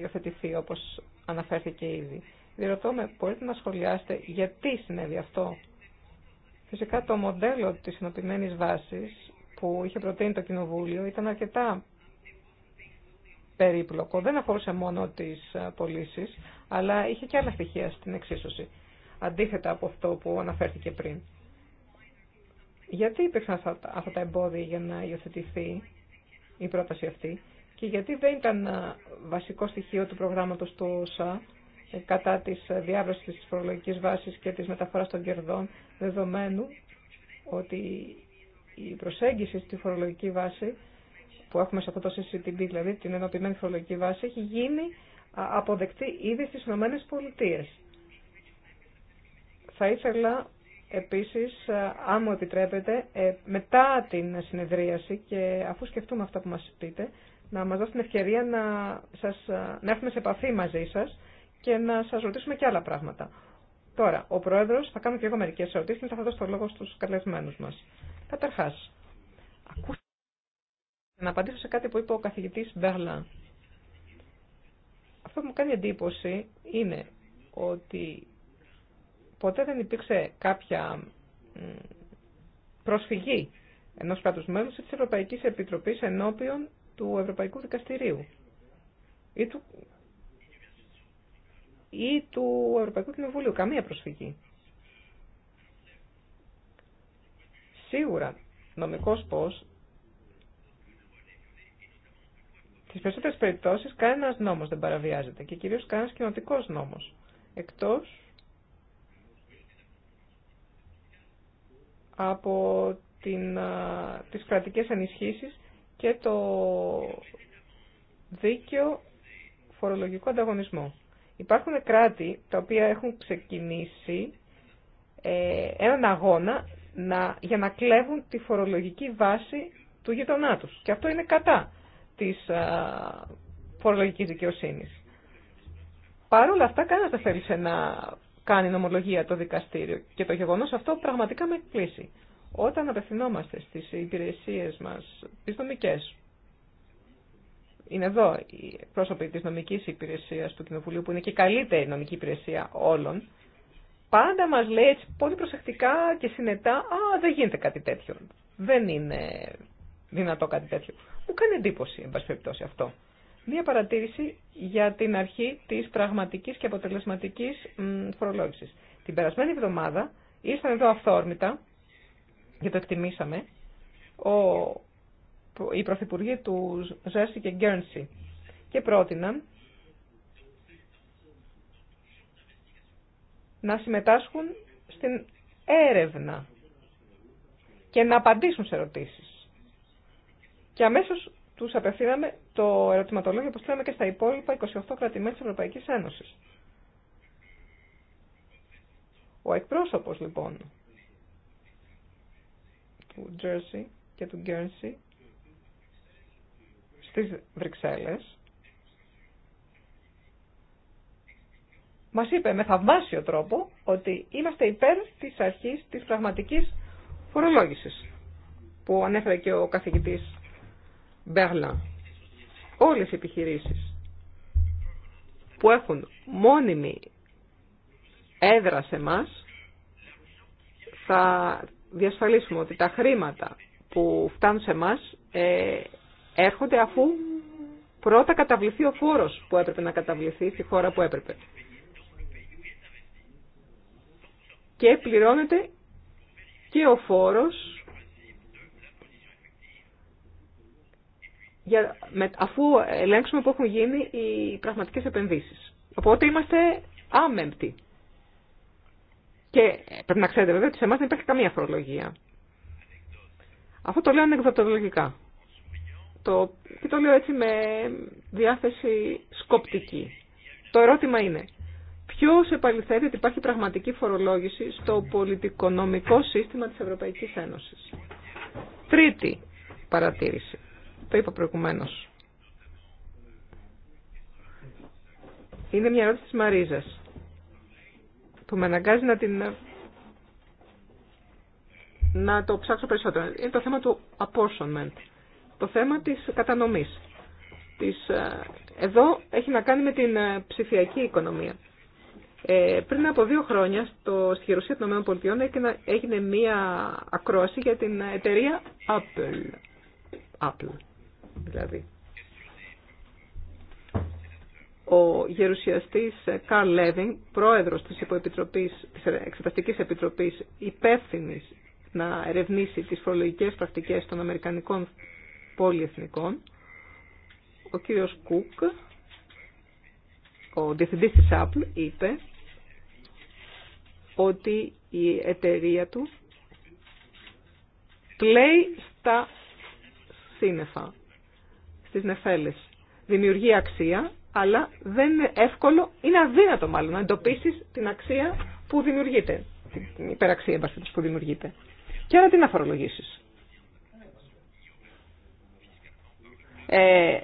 υιοθετηθεί, όπως αναφέρθηκε ήδη. Διερωτώ με, μπορείτε να σχολιάσετε γιατί συνέβη αυτό. Φυσικά το μοντέλο της ενωπημένης βάσης που είχε προτείνει το Κοινοβούλιο ήταν αρκετά περίπλοκο. Δεν αφορούσε μόνο τις ε, πωλήσει, αλλά είχε και άλλα στοιχεία στην εξίσωση. Αντίθετα από αυτό που αναφέρθηκε πριν. Γιατί υπήρξαν αυτά τα εμπόδια για να υιοθετηθεί η πρόταση αυτή και γιατί δεν ήταν ε, βασικό στοιχείο του προγράμματος του ΩΣΑ ε, κατά της διάβρωσης της φορολογικής βάσης και της μεταφοράς των κερδών, δεδομένου ότι η προσέγγιση στη φορολογική βάση που έχουμε σε αυτό το CCTV, δηλαδή την ενωπημένη φορολογική βάση, έχει γίνει αποδεκτή ήδη στις Ηνωμένες Πολιτείες. Θα ήθελα επίσης, αν μου επιτρέπετε, ε, μετά την συνεδρίαση και αφού σκεφτούμε αυτά που μας πείτε, να μας δώσετε την ευκαιρία να, σας, να έρθουμε σε επαφή μαζί σας και να σας ρωτήσουμε και άλλα πράγματα. Τώρα, ο Πρόεδρος θα κάνω και εγώ μερικές ερωτήσεις και θα δώσω το λόγο στους καλεσμένους μας. Καταρχάς, ακούστε. Να απαντήσω σε κάτι που είπε ο καθηγητής Μπέρλα. Αυτό που μου κάνει εντύπωση είναι ότι ποτέ δεν υπήρξε κάποια προσφυγή ενό κράτου μέλους της Ευρωπαϊκής Επιτροπής ενώπιον του Ευρωπαϊκού Δικαστηρίου ή του, ή του Ευρωπαϊκού Κοινοβουλίου. Καμία προσφυγή. Σίγουρα νομικός πώς Στις περισσότερες περιπτώσεις κανένας νόμος δεν παραβιάζεται και κυρίως κανένας κοινοτικός νόμος. Εκτός από την, τις κρατικές ανισχύσεις και το δίκαιο φορολογικό ανταγωνισμό. Υπάρχουν κράτη τα οποία έχουν ξεκινήσει ε, έναν αγώνα να, για να κλέβουν τη φορολογική βάση του γειτονά τους. Και αυτό είναι κατά της φορολογικής δικαιοσύνης. Παρ' όλα αυτά, κανένα δεν θέλησε να κάνει νομολογία το δικαστήριο και το γεγονός αυτό πραγματικά με εκπλήσει. Όταν απευθυνόμαστε στις υπηρεσίες μας, τις νομικές, είναι εδώ οι πρόσωποι της νομικής υπηρεσίας του Κοινοβουλίου, που είναι και η καλύτερη νομική υπηρεσία όλων, πάντα μας λέει έτσι πολύ προσεκτικά και συνετά, α, δεν γίνεται κάτι τέτοιο. Δεν είναι δυνατό κάτι τέτοιο. Μου κάνει εντύπωση, εν πάση αυτό. Μία παρατήρηση για την αρχή της πραγματική και αποτελεσματικής φορολόγηση. Την περασμένη εβδομάδα ήρθαν εδώ αυθόρμητα, και το εκτιμήσαμε, ο, οι πρωθυπουργοί του Ζέρση και Γκέρνσι και πρότειναν να συμμετάσχουν στην έρευνα και να απαντήσουν σε ερωτήσεις. Και αμέσω του απευθύναμε το ερωτηματολόγιο που στείλαμε και στα υπόλοιπα 28 κρατημένα τη Ευρωπαϊκή Ένωση. Ο εκπρόσωπο λοιπόν του Τζέρσι και του Γκέρνσι στις Βρυξέλλες μας είπε με θαυμάσιο τρόπο ότι είμαστε υπέρ τη αρχή της πραγματικής φορολόγηση που ανέφερε και ο καθηγητής Μπέρλα. Όλες οι επιχειρήσεις που έχουν μόνιμη έδρα σε μας, θα διασφαλίσουμε ότι τα χρήματα που φτάνουν σε μας ε, έρχονται αφού πρώτα καταβληθεί ο φόρος που έπρεπε να καταβληθεί στη χώρα που έπρεπε. Και πληρώνεται και ο φόρος για, με, αφού ελέγξουμε που έχουν γίνει οι πραγματικές επενδύσεις. Οπότε είμαστε άμεμπτοι. Και πρέπει να ξέρετε βέβαια ότι σε εμάς δεν υπάρχει καμία φορολογία. Αυτό το λέω ανεκδοτολογικά. Το, και το λέω έτσι με διάθεση σκοπτική. Το ερώτημα είναι, ποιο επαληθεύει ότι υπάρχει πραγματική φορολόγηση στο πολιτικονομικό σύστημα της Ευρωπαϊκής Ένωσης. Τρίτη παρατήρηση. Το είπα προηγουμένως. Είναι μια ερώτηση της Μαρίζας που με αναγκάζει να την το ψάξω περισσότερο. Είναι το θέμα του apportionment. Το θέμα της κατανομής. Της, ε, εδώ έχει να κάνει με την ε, ψηφιακή οικονομία. Ε, πριν από δύο χρόνια στο, στη Γερουσία των ΗΠΑ έγινε, έγινε μία ακρόαση για την εταιρεία Apple. Apple δηλαδή. Ο γερουσιαστής Καρλ Λέβιν, πρόεδρος της, υποεπιτροπής, της Εξεταστικής Επιτροπής υπεύθυνη να ερευνήσει τις φορολογικές πρακτικές των Αμερικανικών πολυεθνικών, ο κύριος Κουκ, ο διευθυντής της Apple, είπε ότι η εταιρεία του πλέει στα σύννεφα τις νεφέλες. Δημιουργεί αξία, αλλά δεν είναι εύκολο, είναι αδύνατο μάλλον να εντοπίσει την αξία που δημιουργείται, την υπεραξία που δημιουργείται. Και άρα τι να φορολογήσεις. Ε,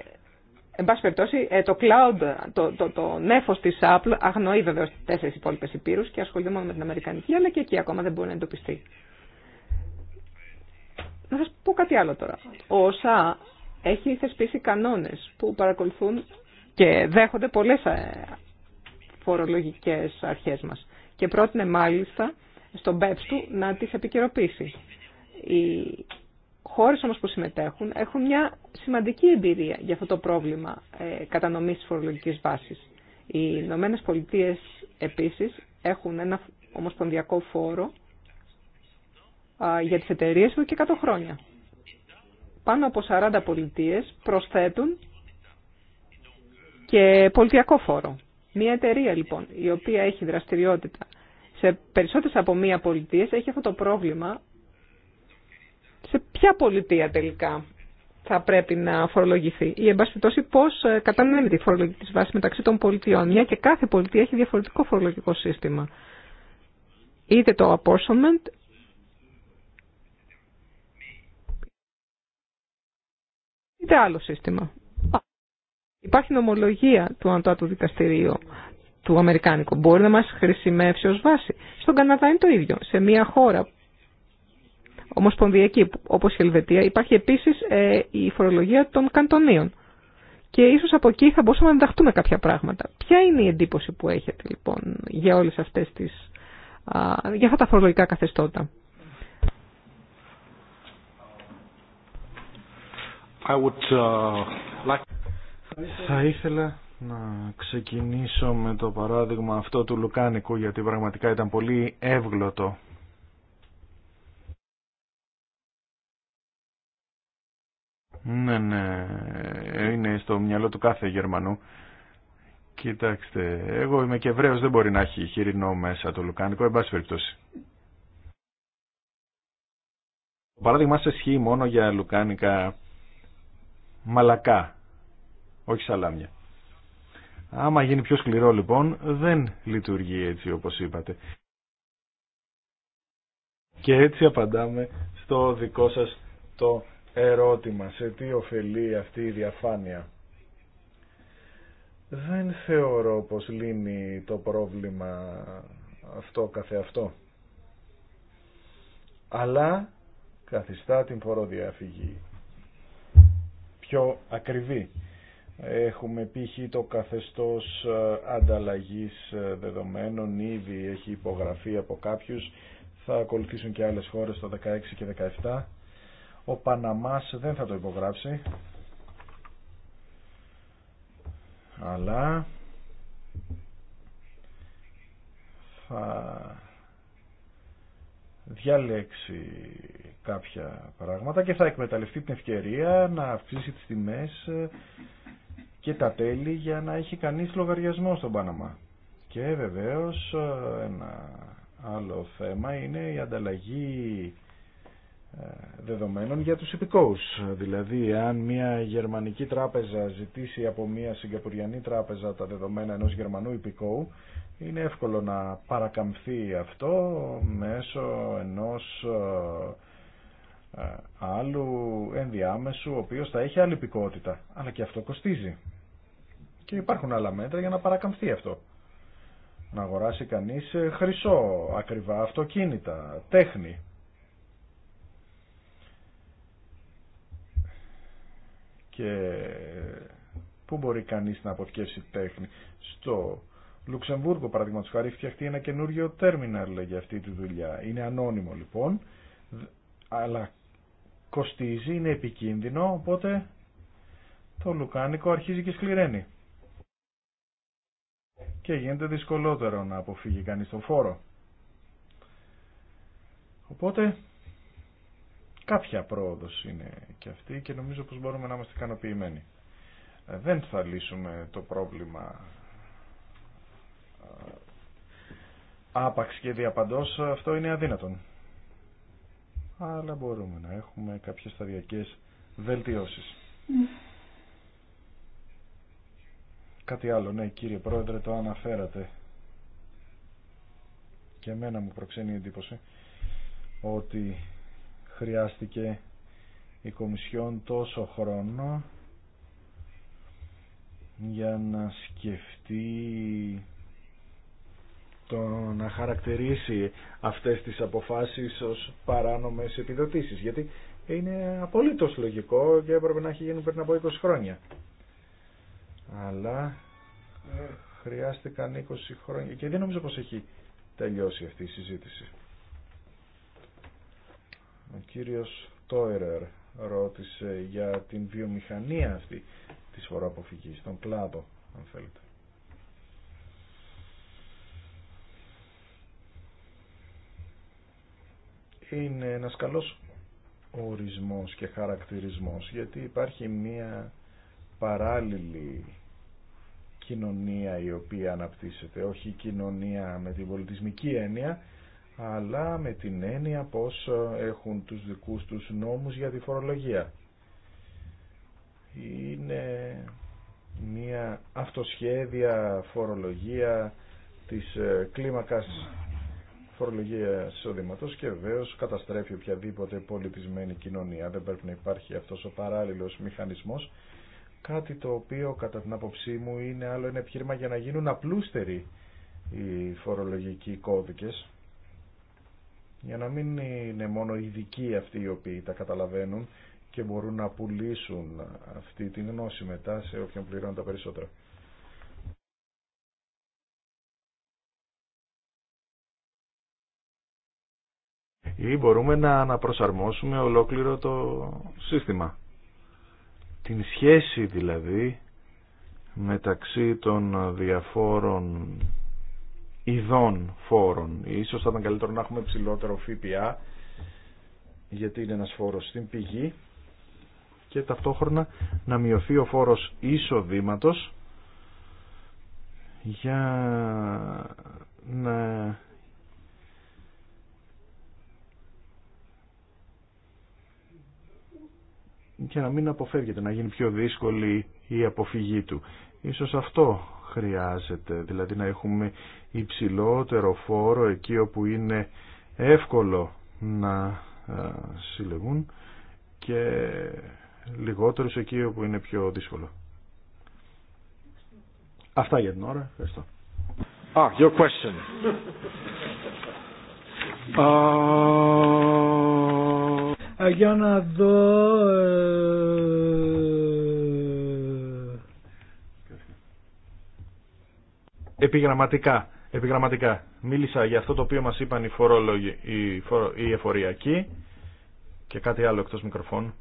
εν πάση περιπτώσει, ε, το cloud, το, το, το νέφος της Apple αγνοεί βεβαίως τις τέσσερις υπόλοιπες υπήρους και ασχολείται μόνο με την Αμερικανική, αλλά και εκεί ακόμα δεν μπορεί να εντοπιστεί. Να σας πω κάτι άλλο τώρα. Ο έχει θεσπίσει κανόνες που παρακολουθούν και δέχονται πολλές ε, φορολογικές αρχές μας. Και πρότεινε μάλιστα στον ΠΕΠΣ του να τις επικαιροποιήσει. Οι χώρες όμως που συμμετέχουν έχουν μια σημαντική εμπειρία για αυτό το πρόβλημα ε, κατανομής της φορολογικής βάσης. Οι Ηνωμένε Πολιτείε επίσης έχουν ένα ομοσπονδιακό φόρο για τις εταιρείες του και 100 χρόνια πάνω από 40 πολιτείες προσθέτουν και πολιτιακό φόρο. Μία εταιρεία λοιπόν, η οποία έχει δραστηριότητα σε περισσότερες από μία πολιτείες, έχει αυτό το πρόβλημα σε ποια πολιτεία τελικά θα πρέπει να φορολογηθεί. Ή εν πάση πώ ε, κατανέμεται η εν παση πως κατανεμεται η φορολογικη της βάση μεταξύ των πολιτιών. Μια και κάθε πολιτεία έχει διαφορετικό φορολογικό σύστημα. Είτε το apportionment, είτε άλλο σύστημα. Υπάρχει νομολογία του Αντάτου Δικαστηρίου του Αμερικάνικου. Μπορεί να μας χρησιμεύσει ως βάση. Στον Καναδά είναι το ίδιο. Σε μια χώρα ομοσπονδιακή όπως η Ελβετία υπάρχει επίσης ε, η φορολογία των καντονίων. Και ίσως από εκεί θα μπορούσαμε να ενταχτούμε κάποια πράγματα. Ποια είναι η εντύπωση που έχετε λοιπόν για όλες αυτές τις, α, για αυτά τα φορολογικά καθεστώτα. Uh, Θα ήθελα να ξεκινήσω με το παράδειγμα αυτό του Λουκάνικου γιατί πραγματικά ήταν πολύ εύγλωτο. Ναι, ναι, είναι στο μυαλό του κάθε Γερμανού. Κοιτάξτε, εγώ είμαι και Εβραίος, δεν μπορεί να έχει χειρινό μέσα το Λουκάνικο, εν πάση Το παράδειγμα σε ισχύει μόνο για Λουκάνικα μαλακά, όχι σαλάμια. Άμα γίνει πιο σκληρό λοιπόν, δεν λειτουργεί έτσι όπως είπατε. Και έτσι απαντάμε στο δικό σας το ερώτημα. Σε τι ωφελεί αυτή η διαφάνεια. Δεν θεωρώ πως λύνει το πρόβλημα αυτό καθεαυτό. Αλλά καθιστά την φοροδιαφυγή πιο ακριβή. Έχουμε π.χ. το καθεστώς ε, ανταλλαγής ε, δεδομένων, ήδη έχει υπογραφεί από κάποιους, θα ακολουθήσουν και άλλες χώρες το 16 και 17. Ο Παναμάς δεν θα το υπογράψει, αλλά θα διαλέξει κάποια πράγματα και θα εκμεταλλευτεί την ευκαιρία να αυξήσει τις τιμές ε, και τα τέλη για να έχει κανείς λογαριασμό στον Παναμά. Και βεβαίως ε, ένα άλλο θέμα είναι η ανταλλαγή ε, δεδομένων για τους υπηκόους. Δηλαδή, αν μια γερμανική τράπεζα ζητήσει από μια συγκαπουριανή τράπεζα τα δεδομένα ενός γερμανού υπηκόου, είναι εύκολο να παρακαμφθεί αυτό μέσω ενός ε, άλλου ενδιάμεσου ο οποίος θα έχει άλλη Αλλά και αυτό κοστίζει. Και υπάρχουν άλλα μέτρα για να παρακαμφθεί αυτό. Να αγοράσει κανείς ε, χρυσό, ακριβά αυτοκίνητα, τέχνη. Και ε, πού μπορεί κανείς να αποθηκεύσει τέχνη. Στο Λουξεμβούργο, παραδείγματος χάρη, φτιαχτεί ένα καινούριο τέρμιναρ για αυτή τη δουλειά. Είναι ανώνυμο λοιπόν, αλλά κοστίζει, είναι επικίνδυνο, οπότε το λουκάνικο αρχίζει και σκληραίνει. Και γίνεται δυσκολότερο να αποφύγει κανείς τον φόρο. Οπότε κάποια πρόοδος είναι και αυτή και νομίζω πως μπορούμε να είμαστε ικανοποιημένοι. Ε, δεν θα λύσουμε το πρόβλημα ε, άπαξ και διαπαντός, αυτό είναι αδύνατον αλλά μπορούμε να έχουμε κάποιες σταδιακές βελτιώσεις. Κάτι άλλο, ναι κύριε Πρόεδρε, το αναφέρατε. Και εμένα μου προξένει η εντύπωση ότι χρειάστηκε η Κομισιόν τόσο χρόνο για να σκεφτεί το να χαρακτηρίσει αυτές τις αποφάσεις ως παράνομες επιδοτήσεις γιατί είναι απολύτως λογικό και έπρεπε να έχει γίνει πριν από 20 χρόνια αλλά ε, χρειάστηκαν 20 χρόνια και δεν νομίζω πως έχει τελειώσει αυτή η συζήτηση ο κύριος Τόιρερ ρώτησε για την βιομηχανία αυτή της φοροαποφυγής, τον κλάδο αν θέλετε είναι ένας καλός ορισμός και χαρακτηρισμός γιατί υπάρχει μία παράλληλη κοινωνία η οποία αναπτύσσεται όχι κοινωνία με την πολιτισμική έννοια αλλά με την έννοια πως έχουν τους δικούς τους νόμους για τη φορολογία είναι μία αυτοσχέδια φορολογία της ε, κλίμακας φορολογία εισοδήματο και βεβαίω καταστρέφει οποιαδήποτε πολιτισμένη κοινωνία. Δεν πρέπει να υπάρχει αυτό ο παράλληλο μηχανισμό. Κάτι το οποίο κατά την άποψή μου είναι άλλο ένα επιχείρημα για να γίνουν απλούστεροι οι φορολογικοί κώδικες για να μην είναι μόνο ειδικοί αυτοί οι οποίοι τα καταλαβαίνουν και μπορούν να πουλήσουν αυτή τη γνώση μετά σε όποιον πληρώνει τα περισσότερα. ή μπορούμε να αναπροσαρμόσουμε ολόκληρο το σύστημα. Την σχέση δηλαδή μεταξύ των διαφόρων ειδών φόρων. Ίσως θα ήταν καλύτερο να έχουμε ψηλότερο ΦΠΑ γιατί είναι ένας φόρος στην πηγή και ταυτόχρονα να μειωθεί ο φόρος εισοδήματος για να και να μην αποφεύγεται, να γίνει πιο δύσκολη η αποφυγή του. Ίσως αυτό χρειάζεται, δηλαδή να έχουμε υψηλότερο φόρο εκεί όπου είναι εύκολο να ε, συλλεγούν και λιγότερο εκεί όπου είναι πιο δύσκολο. Αυτά για την ώρα. Ευχαριστώ. Ah, your question. Uh, για να δω... Ε, επιγραμματικά, επιγραμματικά. Μίλησα για αυτό το οποίο μας είπαν οι φορολόγοι, εφοριακοί και κάτι άλλο εκτός μικροφώνου.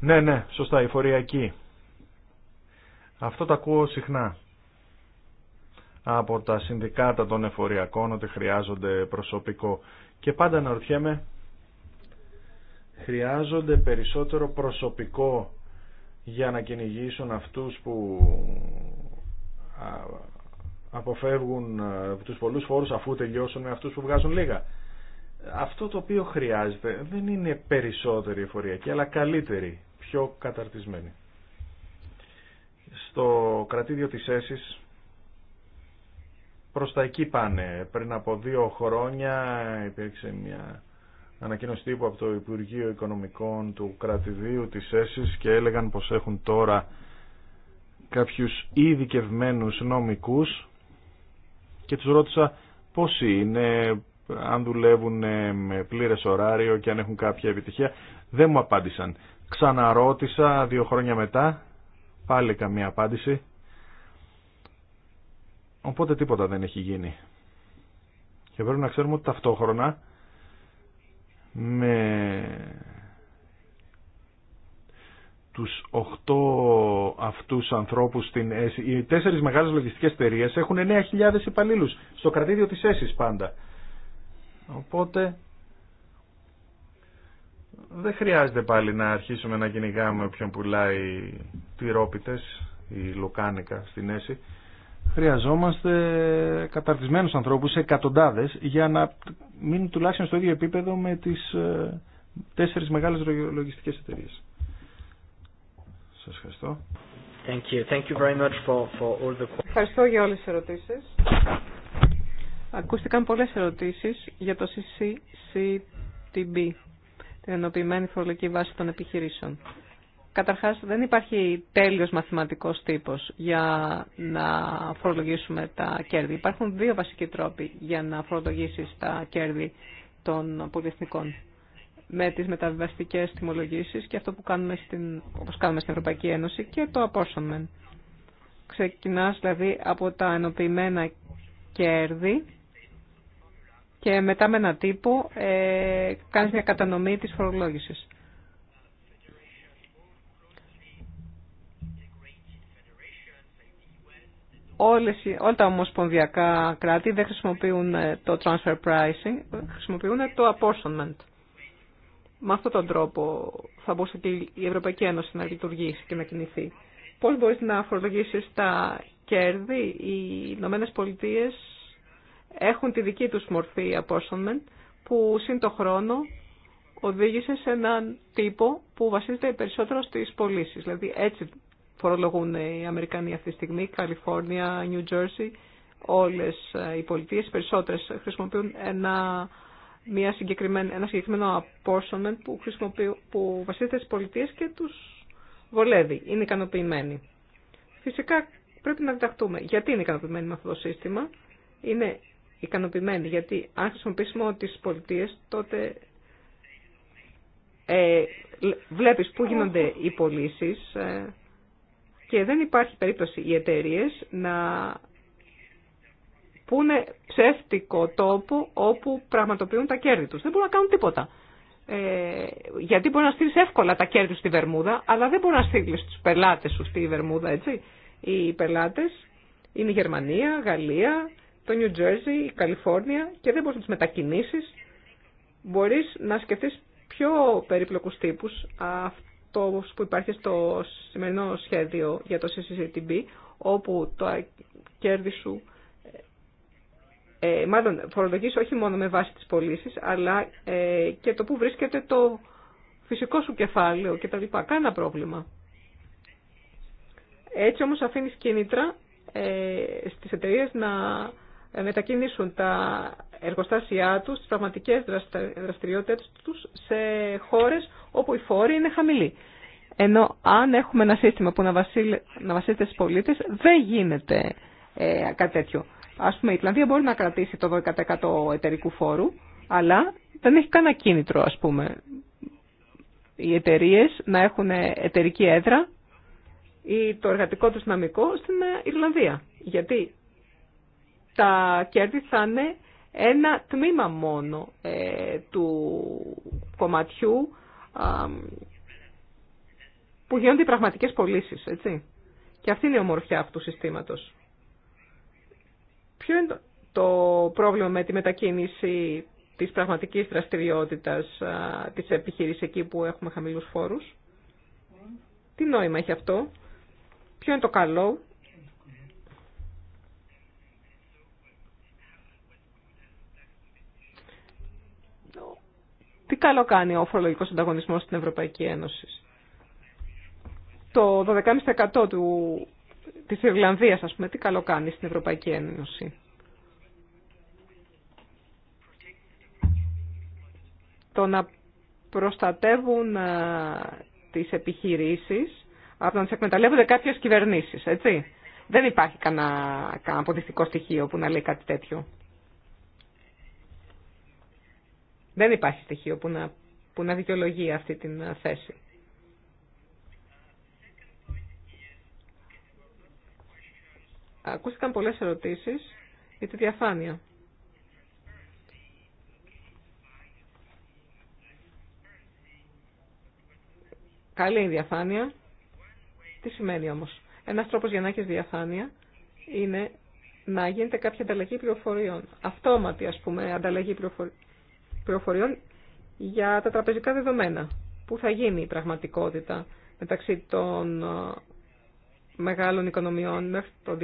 Ναι, ναι, σωστά, οι εφοριακοί Αυτό το ακούω συχνά από τα συνδικάτα των εφοριακών ότι χρειάζονται προσωπικό. Και πάντα αναρωτιέμαι χρειάζονται περισσότερο προσωπικό για να κυνηγήσουν αυτούς που αποφεύγουν τους πολλούς φόρους αφού τελειώσουν με αυτούς που βγάζουν λίγα. Αυτό το οποίο χρειάζεται δεν είναι περισσότερη εφοριακή αλλά καλύτερη, πιο καταρτισμένη. Στο κρατήδιο της ΕΣΥΣ προς τα εκεί πάνε. Πριν από δύο χρόνια υπήρξε μια ανακοίνωση τύπου από το Υπουργείο Οικονομικών του Κρατηδίου της ΕΣΥΣ και έλεγαν πως έχουν τώρα κάποιους ειδικευμένου νομικούς και τους ρώτησα πόσοι είναι, αν δουλεύουν με πλήρες ωράριο και αν έχουν κάποια επιτυχία. Δεν μου απάντησαν. Ξαναρώτησα δύο χρόνια μετά, πάλι καμία απάντηση. Οπότε τίποτα δεν έχει γίνει. Και πρέπει να ξέρουμε ότι ταυτόχρονα με τους 8 αυτούς ανθρώπους στην ΕΣΥ. Οι τέσσερις μεγάλες λογιστικές εταιρείε έχουν 9.000 υπαλλήλους στο κρατήδιο της ΕΣΥ πάντα. Οπότε δεν χρειάζεται πάλι να αρχίσουμε να κυνηγάμε όποιον πουλάει τυρόπιτες ή λοκάνικα στην ΕΣΥ χρειαζόμαστε καταρτισμένους ανθρώπους, εκατοντάδες, για να μείνουν τουλάχιστον στο ίδιο επίπεδο με τις ε, τέσσερις μεγάλες λογιστικές εταιρείες. Σας ευχαριστώ. Thank you. Thank you very much for, for all the... Ευχαριστώ για όλες τις ερωτήσεις. Ακούστηκαν πολλές ερωτήσεις για το CCTB, την ενοποιημένη φορολογική βάση των επιχειρήσεων. Καταρχάς δεν υπάρχει τέλειος μαθηματικός τύπος για να φορολογήσουμε τα κέρδη. Υπάρχουν δύο βασικοί τρόποι για να φορολογήσεις τα κέρδη των πολυεθνικών. Με τις μεταβιβαστικές τιμολογήσεις και αυτό που κάνουμε στην, όπως κάνουμε στην Ευρωπαϊκή Ένωση και το apportionment. Ξεκινάς δηλαδή από τα ενοποιημένα κέρδη και μετά με ένα τύπο ε, κάνεις μια κατανομή της φορολόγησης. όλες, όλα τα ομοσπονδιακά κράτη δεν χρησιμοποιούν ε, το transfer pricing, χρησιμοποιούν το apportionment. Με αυτόν τον τρόπο θα μπορούσε και η Ευρωπαϊκή Ένωση να λειτουργήσει και να κινηθεί. Πώς μπορείς να φορολογήσεις τα κέρδη, οι Ηνωμένε Πολιτείε έχουν τη δική τους μορφή apportionment που σύν χρόνο οδήγησε σε έναν τύπο που βασίζεται περισσότερο στις πωλήσει. Δηλαδή έτσι φορολογούν οι Αμερικανοί αυτή τη στιγμή, Καλιφόρνια, Νιου Τζέρσι, όλες ε, οι πολιτείες, περισσότερες χρησιμοποιούν ένα, μια συγκεκριμένη, ένα συγκεκριμένο apportionment που, που βασίζεται στις πολιτείες και τους βολεύει, είναι ικανοποιημένοι. Φυσικά πρέπει να διδαχτούμε γιατί είναι ικανοποιημένοι με αυτό το σύστημα. Είναι ικανοποιημένοι γιατί αν χρησιμοποιήσουμε τις πολιτείες τότε ε, βλέπεις πού γίνονται οι πωλήσει. Ε, και δεν υπάρχει περίπτωση οι εταιρείε να πούνε ψεύτικο τόπο όπου πραγματοποιούν τα κέρδη τους. Δεν μπορούν να κάνουν τίποτα. Ε, γιατί μπορεί να στείλει εύκολα τα κέρδη σου στη Βερμούδα, αλλά δεν μπορεί να στείλει του πελάτε σου στη Βερμούδα, έτσι. Οι πελάτε είναι η Γερμανία, η Γαλλία, το Νιου Τζέρζι, η Καλιφόρνια και δεν μπορεί να του μετακινήσει. Μπορεί να σκεφτεί πιο περίπλοκου τύπου αυτό που υπάρχει στο σημερινό σχέδιο για το CCTB, όπου το κέρδη σου, ε, ε, μάλλον φορολογείς όχι μόνο με βάση τις πωλήσει, αλλά ε, και το που βρίσκεται το φυσικό σου κεφάλαιο λοιπά. Κάνα πρόβλημα. Έτσι όμως αφήνεις κίνητρα ε, στις εταιρείες να μετακινήσουν τα εργοστάσια τους, τις πραγματικές δραστηριότητες τους σε χώρες όπου οι φόροι είναι χαμηλοί. Ενώ αν έχουμε ένα σύστημα που να, βασίζεται στις πολίτες, δεν γίνεται ε, κάτι τέτοιο. Ας πούμε, η Ιρλανδία μπορεί να κρατήσει το 12% εταιρικού φόρου, αλλά δεν έχει κανένα κίνητρο, ας πούμε, οι εταιρείε να έχουν εταιρική έδρα ή το εργατικό του δυναμικό στην Ιρλανδία. Γιατί τα κέρδη θα είναι ένα τμήμα μόνο ε, του κομματιού που γίνονται οι πραγματικές πωλήσει, έτσι. Και αυτή είναι η ομορφιά αυτού του συστήματος. Ποιο είναι το, πρόβλημα με τη μετακίνηση της πραγματικής δραστηριότητας α, της επιχείρησης εκεί που έχουμε χαμηλούς φόρους. Τι νόημα έχει αυτό. Ποιο είναι το καλό Τι καλό κάνει ο φορολογικός ανταγωνισμός στην Ευρωπαϊκή Ένωση. Το 12,5% του, της Ιρλανδίας, ας πούμε, τι καλό κάνει στην Ευρωπαϊκή Ένωση. Το να προστατεύουν ε, τις επιχειρήσεις από να τις εκμεταλλεύονται κάποιες κυβερνήσεις, έτσι. Δεν υπάρχει κανένα, κανένα αποδεικτικό στοιχείο που να λέει κάτι τέτοιο. Δεν υπάρχει στοιχείο που να, που δικαιολογεί αυτή την θέση. Ακούστηκαν πολλές ερωτήσεις για τη διαφάνεια. Καλή η διαφάνεια. Τι σημαίνει όμως. Ένας τρόπος για να έχεις διαφάνεια είναι να γίνεται κάποια ανταλλαγή πληροφοριών. Αυτόματη, ας πούμε, ανταλλαγή πληροφοριών πληροφοριών για τα τραπεζικά δεδομένα. Πού θα γίνει η πραγματικότητα μεταξύ των ε, μεγάλων οικονομιών μέχρι το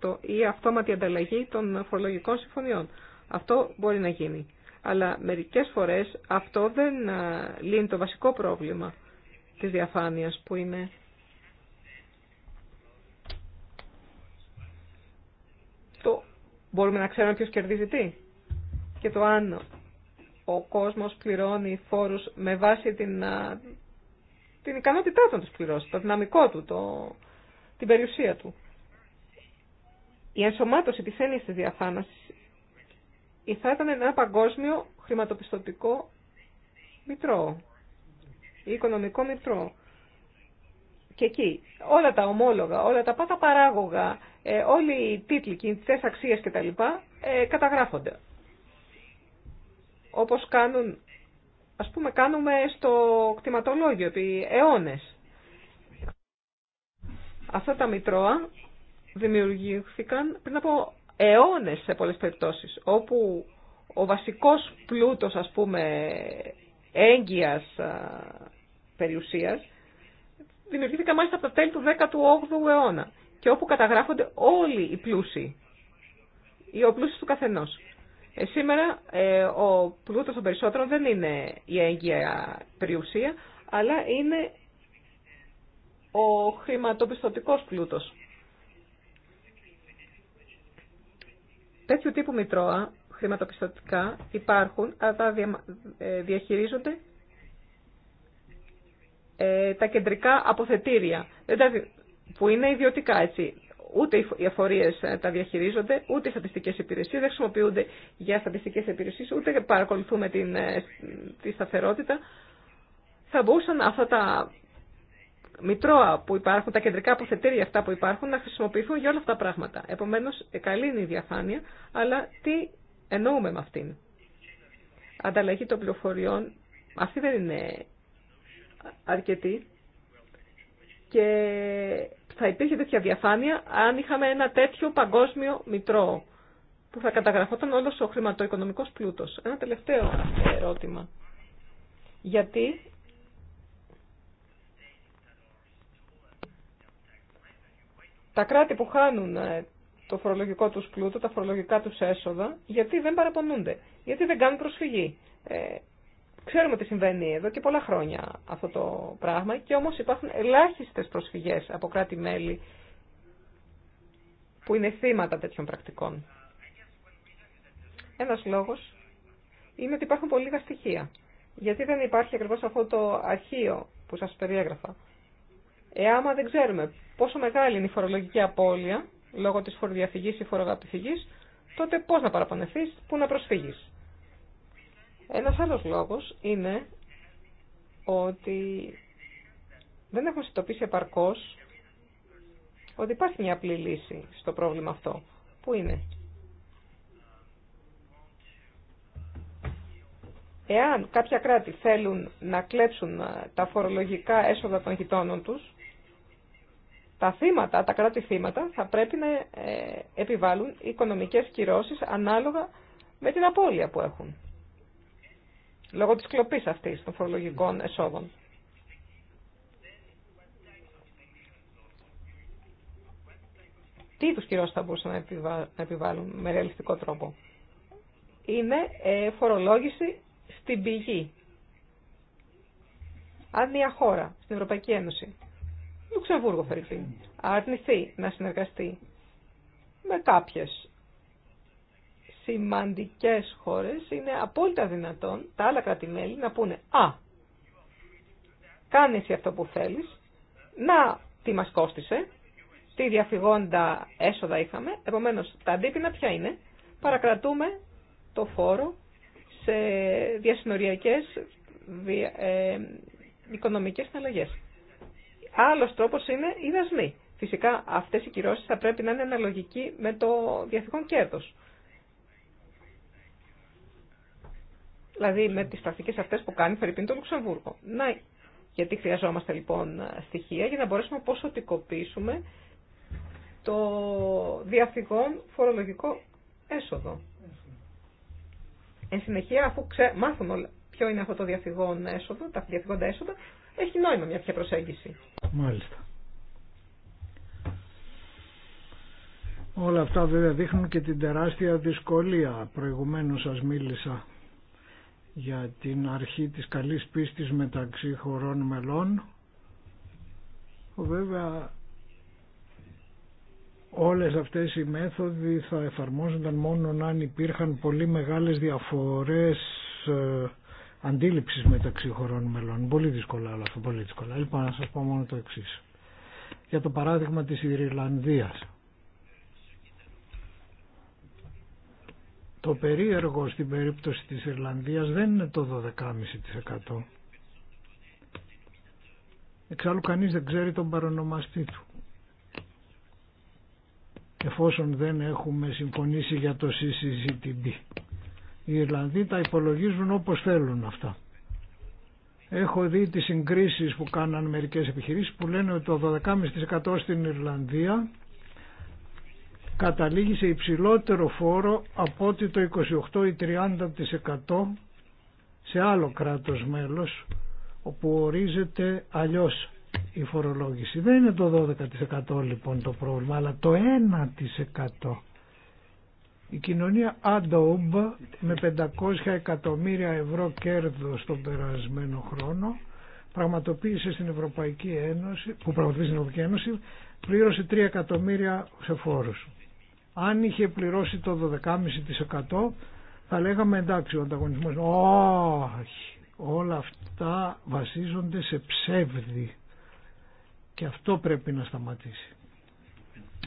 2018 ή αυτόματη ανταλλαγή των φορολογικών συμφωνιών. Αυτό μπορεί να γίνει. Αλλά μερικές φορές αυτό δεν ε, λύνει το βασικό πρόβλημα της διαφάνειας που είναι το μπορούμε να ξέρουμε ποιος κερδίζει τι και το αν ο κόσμος πληρώνει φόρους με βάση την, την ικανότητά του να τους πληρώσει, το δυναμικό του, το, την περιουσία του. Η ενσωμάτωση της έννοιας της η θα ήταν ένα παγκόσμιο χρηματοπιστωτικό μητρό ή οικονομικό μητρό. Και εκεί όλα τα ομόλογα, όλα τα πάτα παράγωγα, ε, όλοι οι τίτλοι, κινητές αξίες κτλ. Ε, καταγράφονται όπως κάνουν, ας πούμε, κάνουμε στο κτηματολόγιο επί αιώνες. Αυτά τα μητρώα δημιουργήθηκαν πριν από αιώνες σε πολλές περιπτώσεις, όπου ο βασικός πλούτος, ας πούμε, έγκυας περιουσίας, δημιουργήθηκαν μάλιστα από τα τέλη του 18ου αιώνα και όπου καταγράφονται όλοι οι πλούσιοι ή ο πλούσιος του καθενός. Ε, σήμερα ε, ο πλούτος των περισσότερων δεν είναι η έγκυα περιουσία, αλλά είναι ο χρηματοπιστωτικός πλούτος. Τέτοιου τύπου μητρώα χρηματοπιστωτικά υπάρχουν, αλλά τα ε, διαχειρίζονται τα κεντρικά αποθετήρια, δηλαδή, που είναι ιδιωτικά, έτσι. Ούτε οι αφορίε ε, τα διαχειρίζονται, ούτε οι στατιστικέ υπηρεσίε δεν χρησιμοποιούνται για στατιστικέ υπηρεσίε, ούτε παρακολουθούμε την, ε, τη σταθερότητα. Θα μπορούσαν αυτά τα μητρώα που υπάρχουν, τα κεντρικά αποθετήρια αυτά που υπάρχουν, να χρησιμοποιηθούν για όλα αυτά τα πράγματα. Επομένω, ε, καλή είναι η διαφάνεια, αλλά τι εννοούμε με αυτήν. Ανταλλαγή των πληροφοριών, αυτή δεν είναι αρκετή. Και θα υπήρχε τέτοια διαφάνεια αν είχαμε ένα τέτοιο παγκόσμιο μητρό που θα καταγραφόταν όλο ο χρηματοοικονομικός πλούτος. Ένα τελευταίο ερώτημα. Γιατί τα κράτη που χάνουν ε, το φορολογικό τους πλούτο, τα φορολογικά τους έσοδα, γιατί δεν παραπονούνται, γιατί δεν κάνουν προσφυγή. Ε, Ξέρουμε τι συμβαίνει εδώ και πολλά χρόνια αυτό το πράγμα και όμως υπάρχουν ελάχιστες προσφυγές από κράτη-μέλη που είναι θύματα τέτοιων πρακτικών. Ένας λόγος είναι ότι υπάρχουν πολύ λίγα στοιχεία. Γιατί δεν υπάρχει ακριβώς αυτό το αρχείο που σας περιέγραφα. Εάν δεν ξέρουμε πόσο μεγάλη είναι η φορολογική απώλεια λόγω της φοροδιαφυγής ή φοροδιαφυγής, τότε πώς να παραπονεθείς, πού να προσφύγεις. Ένας άλλος λόγος είναι ότι δεν έχουμε συνειδητοποιήσει επαρκώς ότι υπάρχει μια απλή λύση στο πρόβλημα αυτό. Πού είναι. Εάν κάποια κράτη θέλουν να κλέψουν ε, τα φορολογικά έσοδα των γειτόνων τους, τα θύματα, τα κράτη θύματα θα πρέπει να ε, επιβάλλουν οικονομικές κυρώσεις ανάλογα με την απώλεια που έχουν λόγω της κλοπής αυτής των φορολογικών εσόδων. Τι είδους κυρώσεις θα μπορούσαν να επιβάλλουν με ρεαλιστικό τρόπο. Είναι ε, φορολόγηση στην πηγή. Αν μια χώρα στην Ευρωπαϊκή Ένωση, Λουξεμβούργο φερειπή, αρνηθεί να συνεργαστεί με κάποιες σημαντικές χώρες είναι απόλυτα δυνατόν τα άλλα κρατημέλη να πούνε «Α, κάνε αυτό που θέλεις, να τι μας κόστισε, τι διαφυγόντα έσοδα είχαμε, επομένως τα αντίπεινα ποια είναι, παρακρατούμε το φόρο σε διασυνοριακές ε, οικονομικές συναλλαγές. Άλλος τρόπος είναι οι δασμοί. Φυσικά αυτές οι κυρώσεις θα πρέπει να είναι αναλογικοί με το διαφυγόν κέρδος. Δηλαδή με τις πρακτικές αυτές που κάνει Φερρυπίν το Λουξεμβούργο. Να, γιατί χρειαζόμαστε λοιπόν στοιχεία για να μπορέσουμε να ποσοτικοποιήσουμε το διαφυγόν φορολογικό έσοδο. Εν συνεχεία, αφού ξε... μάθουν όλα ποιο είναι αυτό το διαφυγόν έσοδο, τα διαφυγόντα έσοδα, έχει νόημα μια πια προσέγγιση. Μάλιστα. Όλα αυτά βέβαια δείχνουν και την τεράστια δυσκολία. Προηγουμένως σας μίλησα για την αρχή της καλής πίστης μεταξύ χωρών μελών. Βέβαια όλες αυτές οι μέθοδοι θα εφαρμόζονταν μόνο αν υπήρχαν πολύ μεγάλες διαφορές ε, αντίληψης μεταξύ χωρών μελών. Πολύ δύσκολα όλα αυτά, πολύ δύσκολα. Λοιπόν, να σας πω μόνο το εξής. Για το παράδειγμα της Ιρλανδίας. Το περίεργο στην περίπτωση της Ιρλανδίας δεν είναι το 12,5%. Εξάλλου κανείς δεν ξέρει τον παρονομαστή του. Εφόσον δεν έχουμε συμφωνήσει για το CCCTB. Οι Ιρλανδοί τα υπολογίζουν όπως θέλουν αυτά. Έχω δει τις συγκρίσεις που κάναν μερικές επιχειρήσεις που λένε ότι το 12,5% στην Ιρλανδία καταλήγει σε υψηλότερο φόρο από ότι το 28 ή 30% σε άλλο κράτος μέλος όπου ορίζεται αλλιώς η φορολόγηση. Δεν είναι το 12% λοιπόν το πρόβλημα αλλά το 1%. Η κοινωνία Adobe με 500 εκατομμύρια ευρώ κέρδος τον περασμένο χρόνο πραγματοποίησε στην Ευρωπαϊκή Ένωση, που πραγματοποίησε στην Ευρωπαϊκή Ένωση πλήρωσε 3 εκατομμύρια σε φόρους. Αν είχε πληρώσει το 12,5% θα λέγαμε εντάξει ο ανταγωνισμός. Όχι, όλα αυτά βασίζονται σε ψεύδι και αυτό πρέπει να σταματήσει.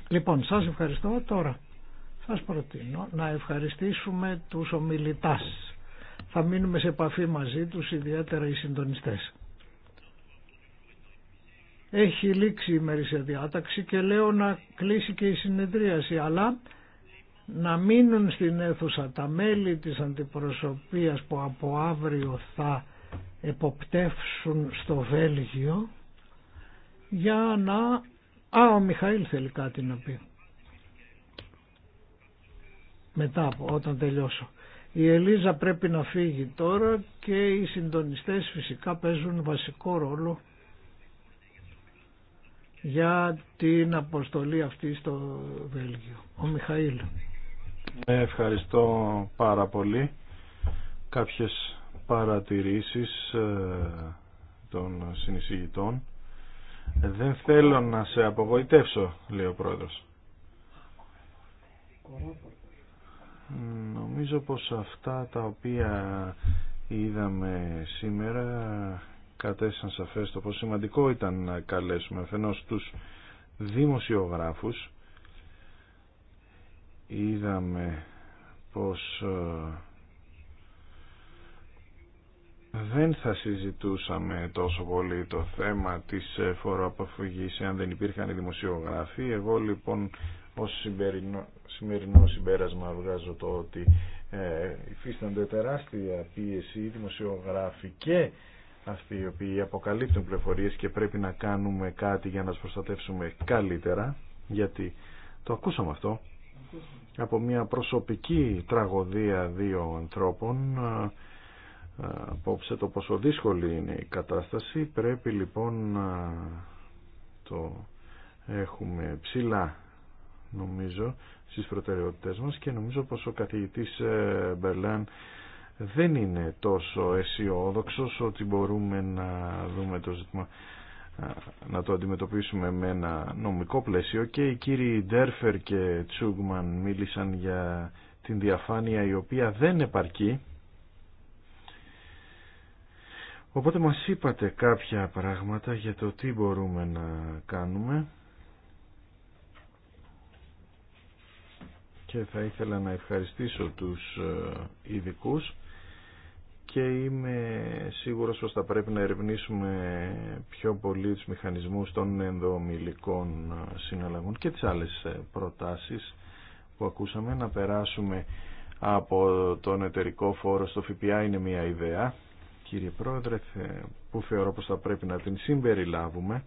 Λοιπόν, σας ευχαριστώ τώρα. Σας προτείνω να ευχαριστήσουμε τους ομιλητάς. Θα μείνουμε σε επαφή μαζί τους, ιδιαίτερα οι συντονιστές. Έχει λήξει η μερίσια διάταξη και λέω να κλείσει και η συνεδρίαση, αλλά να μείνουν στην αίθουσα τα μέλη της αντιπροσωπείας που από αύριο θα εποπτεύσουν στο Βέλγιο για να... Α, ο Μιχαήλ θέλει κάτι να πει. Μετά, από όταν τελειώσω. Η Ελίζα πρέπει να φύγει τώρα και οι συντονιστές φυσικά παίζουν βασικό ρόλο για την αποστολή αυτή στο Βέλγιο. Ο Μιχαήλ. Ναι, ευχαριστώ πάρα πολύ. Κάποιες παρατηρήσεις ε, των συνεισηγητών. Δεν θέλω να σε απογοητεύσω, λέει ο πρόεδρος. Νομίζω πως αυτά τα οποία είδαμε σήμερα κατέστησαν σαφές το πόσο σημαντικό ήταν να καλέσουμε αφενός τους δημοσιογράφους είδαμε πως ε, δεν θα συζητούσαμε τόσο πολύ το θέμα της ε, φοροαποφυγής αν δεν υπήρχαν οι δημοσιογράφοι. Εγώ λοιπόν ως σημερινό, σημερινό συμπέρασμα βγάζω το ότι ε, υφίστανται τεράστια πίεση οι δημοσιογράφοι και αυτοί οι οποίοι αποκαλύπτουν πληροφορίες και πρέπει να κάνουμε κάτι για να τους προστατεύσουμε καλύτερα γιατί το ακούσαμε αυτό από μια προσωπική τραγωδία δύο ανθρώπων απόψε το πόσο δύσκολη είναι η κατάσταση πρέπει λοιπόν να το έχουμε ψηλά νομίζω στις προτεραιότητες μας και νομίζω πως ο καθηγητής ε, Μπερλάν δεν είναι τόσο αισιόδοξο ότι μπορούμε να δούμε το ζήτημα να το αντιμετωπίσουμε με ένα νομικό πλαίσιο και οι κύριοι Ντέρφερ και Τσούγκμαν μίλησαν για την διαφάνεια η οποία δεν επαρκεί οπότε μας είπατε κάποια πράγματα για το τι μπορούμε να κάνουμε και θα ήθελα να ευχαριστήσω τους ε, ειδικούς και είμαι σίγουρος πως θα πρέπει να ερευνήσουμε πιο πολύ τους μηχανισμούς των ενδομηλικών συναλλαγών και τις άλλες ε, προτάσεις που ακούσαμε να περάσουμε από τον εταιρικό φόρο στο ΦΠΑ είναι μια ιδέα κύριε Πρόεδρε που θεωρώ πως θα πρέπει να την συμπεριλάβουμε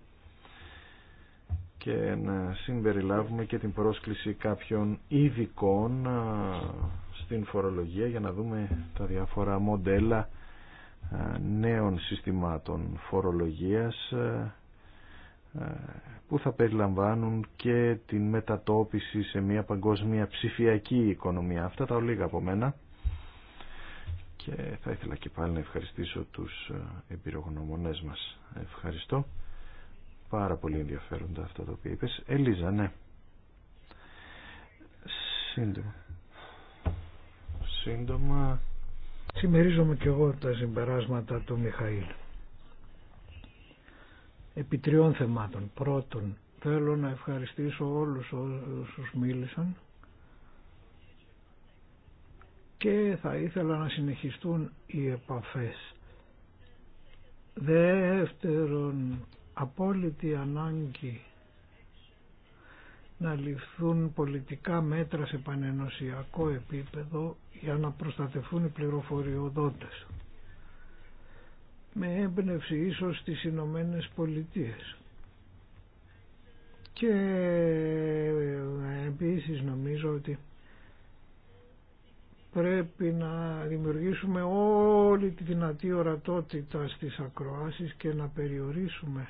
και να συμπεριλάβουμε και την πρόσκληση κάποιων ειδικών την φορολογία για να δούμε τα διάφορα μοντέλα ε, νέων συστημάτων φορολογίας ε, ε, που θα περιλαμβάνουν και την μετατόπιση σε μια παγκόσμια ψηφιακή οικονομία. Αυτά τα ολίγα από μένα και θα ήθελα και πάλι να ευχαριστήσω τους εμπειρογνωμονές μας. Ευχαριστώ. Πάρα πολύ ενδιαφέροντα αυτά τα οποία είπες. Ελίζα, ναι. Σύντομα σύντομα. Συμμερίζομαι και εγώ τα συμπεράσματα του Μιχαήλ. Επί τριών θεμάτων. Πρώτον, θέλω να ευχαριστήσω όλους όσους μίλησαν και θα ήθελα να συνεχιστούν οι επαφές. Δεύτερον, απόλυτη ανάγκη να ληφθούν πολιτικά μέτρα σε πανενωσιακό επίπεδο για να προστατευτούν οι πληροφοριοδότες. Με έμπνευση ίσως στις Ηνωμένε Πολιτείε. Και ε, επίσης νομίζω ότι πρέπει να δημιουργήσουμε όλη τη δυνατή ορατότητα στις ακροάσεις και να περιορίσουμε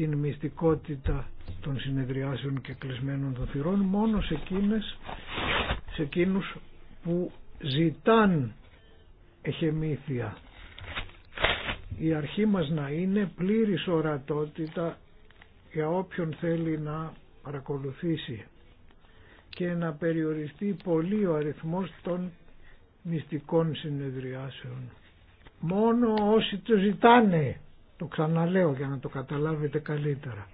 την μυστικότητα των συνεδριάσεων και κλεισμένων των θυρών μόνο σε, εκείνες, σε εκείνους που ζητάν εχεμήθεια. Η αρχή μας να είναι πλήρης ορατότητα για όποιον θέλει να παρακολουθήσει και να περιοριστεί πολύ ο αριθμός των μυστικών συνεδριάσεων. Μόνο όσοι το ζητάνε το ξαναλέω για να το καταλάβετε καλύτερα.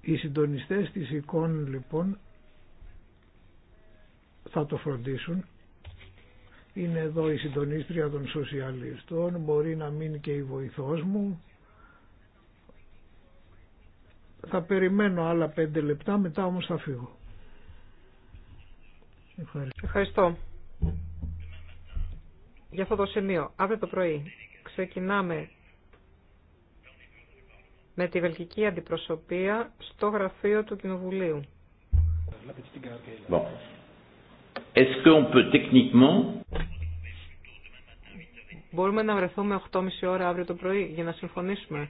Οι συντονιστές της εικόνας, λοιπόν θα το φροντίσουν. Είναι εδώ η συντονίστρια των σοσιαλιστών, μπορεί να μείνει και η βοηθός μου. Θα περιμένω άλλα πέντε λεπτά, μετά όμως θα φύγω. Ευχαριστώ. Ευχαριστώ. Για αυτό το σημείο, αύριο το πρωί ξεκινάμε με τη βελγική αντιπροσωπεία στο γραφείο του Κοινοβουλίου. Bon. techniquement... Μπορούμε να βρεθούμε 8.30 ώρα αύριο το πρωί για να συμφωνήσουμε.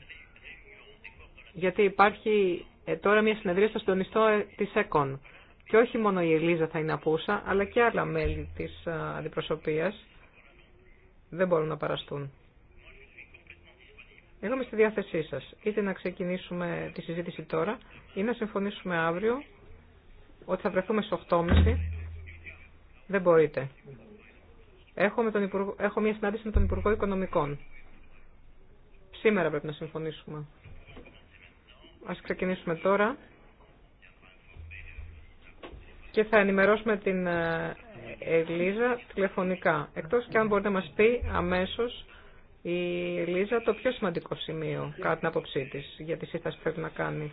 Γιατί υπάρχει ε, τώρα μια συνεδρία στο συντονιστό ε, της ΕΚΟΝ. Και όχι μόνο η Ελίζα θα είναι απούσα, αλλά και άλλα μέλη της α, ε, αντιπροσωπείας δεν μπορούν να παραστούν. Εγώ είμαι στη διάθεσή σας. Είτε να ξεκινήσουμε τη συζήτηση τώρα ή να συμφωνήσουμε αύριο ότι θα βρεθούμε στις 8.30. Δεν μπορείτε. Έχω, με τον Υπουργό, έχω μια συνάντηση με τον Υπουργό Οικονομικών. Σήμερα πρέπει να συμφωνήσουμε. Ας ξεκινήσουμε τώρα και θα ενημερώσουμε την ε, Ελίζα τηλεφωνικά. Εκτός και αν μπορείτε να μας πει αμέσως η Λίζα το πιο σημαντικό σημείο κατά την άποψή τη για τη σύσταση που πρέπει να κάνει.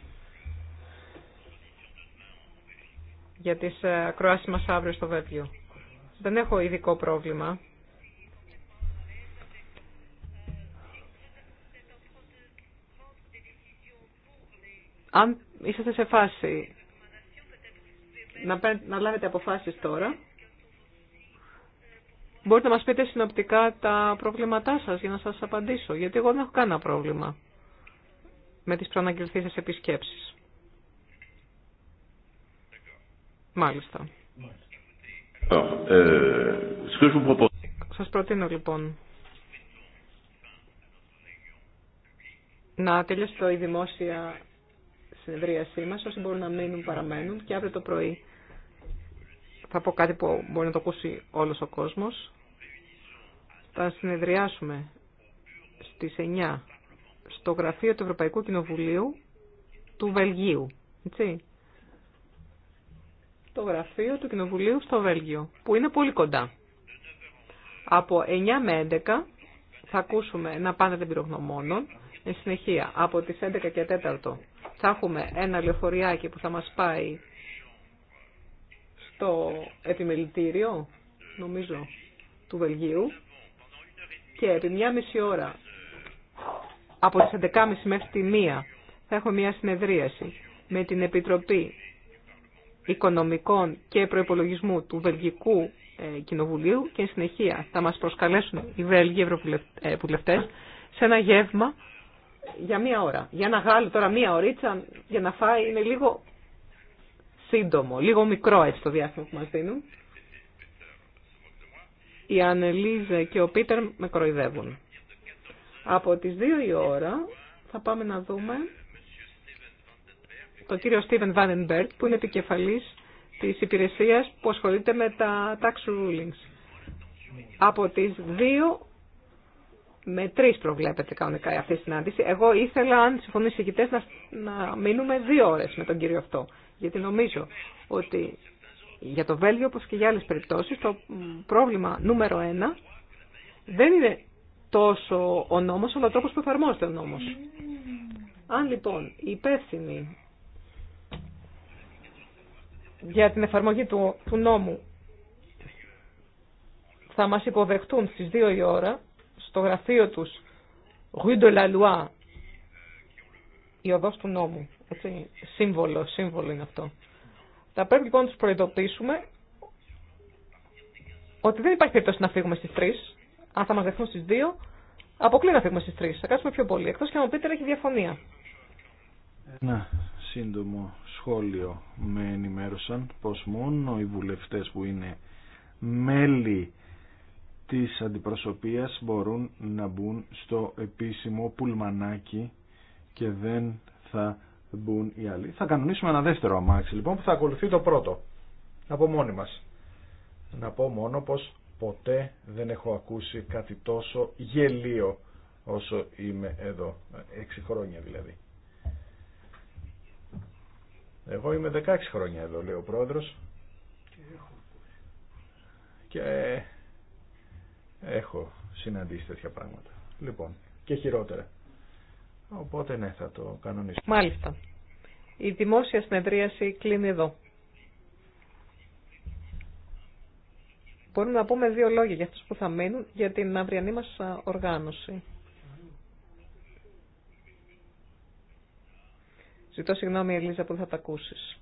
Για τι ε, ακροάσει μα αύριο στο Βέπιο. Δεν έχω ειδικό πρόβλημα. Αν είσαστε σε φάση να, να λάβετε αποφάσεις τώρα, Μπορείτε να μας πείτε συνοπτικά τα προβλήματά σας για να σας απαντήσω, γιατί εγώ δεν έχω κανένα πρόβλημα με τις προαναγγελθήσεις επισκέψεις. Μάλιστα. Σας προτείνω λοιπόν να τελειώσει η δημόσια συνεδρίασή μας, όσοι μπορούν να μείνουν παραμένουν και αύριο το πρωί θα πω κάτι που μπορεί να το ακούσει όλος ο κόσμος. Θα συνεδριάσουμε στις 9 στο γραφείο του Ευρωπαϊκού Κοινοβουλίου του Βελγίου. Έτσι. Το γραφείο του Κοινοβουλίου στο Βέλγιο, που είναι πολύ κοντά. Από 9 με 11 θα ακούσουμε ένα πάνελ πυρογνωμόνων. Εν συνεχεία, από τις 11 και 4 θα έχουμε ένα λεωφοριάκι που θα μας πάει το επιμελητήριο, νομίζω, του Βελγίου και επί μια μισή ώρα από τις 11.30 μέχρι τη μια θα έχω μια συνεδρίαση με την Επιτροπή Οικονομικών και Προϋπολογισμού του Βελγικού ε, Κοινοβουλίου και συνεχεία θα μας προσκαλέσουν οι Βέλγοι Ευρωβουλευτές ε, σε ένα γεύμα για μία ώρα. Για ένα Γάλλο τώρα μία ωρίτσα για να φάει είναι λίγο σύντομο, λίγο μικρό έτσι το διάστημα που μας δίνουν. Η Ανελίζα και ο Πίτερ με κροϊδεύουν. Από τις 2 η ώρα θα πάμε να δούμε τον κύριο Στίβεν Βάνενμπερτ που είναι επικεφαλής της υπηρεσίας που ασχολείται με τα tax rulings. Από τις 2 με 3 προβλέπεται κανονικά αυτή η συνάντηση. Εγώ ήθελα, αν συμφωνούν οι να, να μείνουμε 2 ώρες με τον κύριο αυτό γιατί νομίζω ότι για το Βέλγιο, όπως και για άλλες περιπτώσεις, το πρόβλημα νούμερο ένα δεν είναι τόσο ο νόμος, αλλά ο τρόπος που εφαρμόζεται ο νόμος. Αν λοιπόν οι υπεύθυνοι για την εφαρμογή του, του νόμου θα μας υποδεχτούν στις 2 η ώρα στο γραφείο τους Rue de la Loi, η οδός του νόμου, έτσι, σύμβολο, σύμβολο είναι αυτό. Θα πρέπει λοιπόν να του προειδοποιήσουμε ότι δεν υπάρχει περίπτωση να φύγουμε στι 3. Αν θα δεχθούν στι 2, αποκλεί να φύγουμε στι 3. Θα κάτσουμε πιο πολύ. Εκτό και αν ο Πίτερ έχει διαφωνία. Ένα σύντομο σχόλιο με ενημέρωσαν πως μόνο οι βουλευτές που είναι μέλη της αντιπροσωπείας μπορούν να μπουν στο επίσημο πουλμανάκι και δεν θα μπουν οι άλλοι. Θα κανονίσουμε ένα δεύτερο αμάξι λοιπόν που θα ακολουθεί το πρώτο. Από μόνοι μας. Να πω μόνο πως ποτέ δεν έχω ακούσει κάτι τόσο γελίο όσο είμαι εδώ. Έξι χρόνια δηλαδή. Εγώ είμαι 16 χρόνια εδώ, λέει ο πρόεδρος. Και έχω ε, συναντήσει τέτοια πράγματα. Λοιπόν, και χειρότερα. Οπότε ναι, θα το κανονίσουμε. Μάλιστα. Η δημόσια συνεδρίαση κλείνει εδώ. Μπορούμε να πούμε δύο λόγια για αυτούς που θα μείνουν για την αυριανή μας οργάνωση. Ζητώ συγγνώμη, Ελίζα, που θα τα ακούσεις.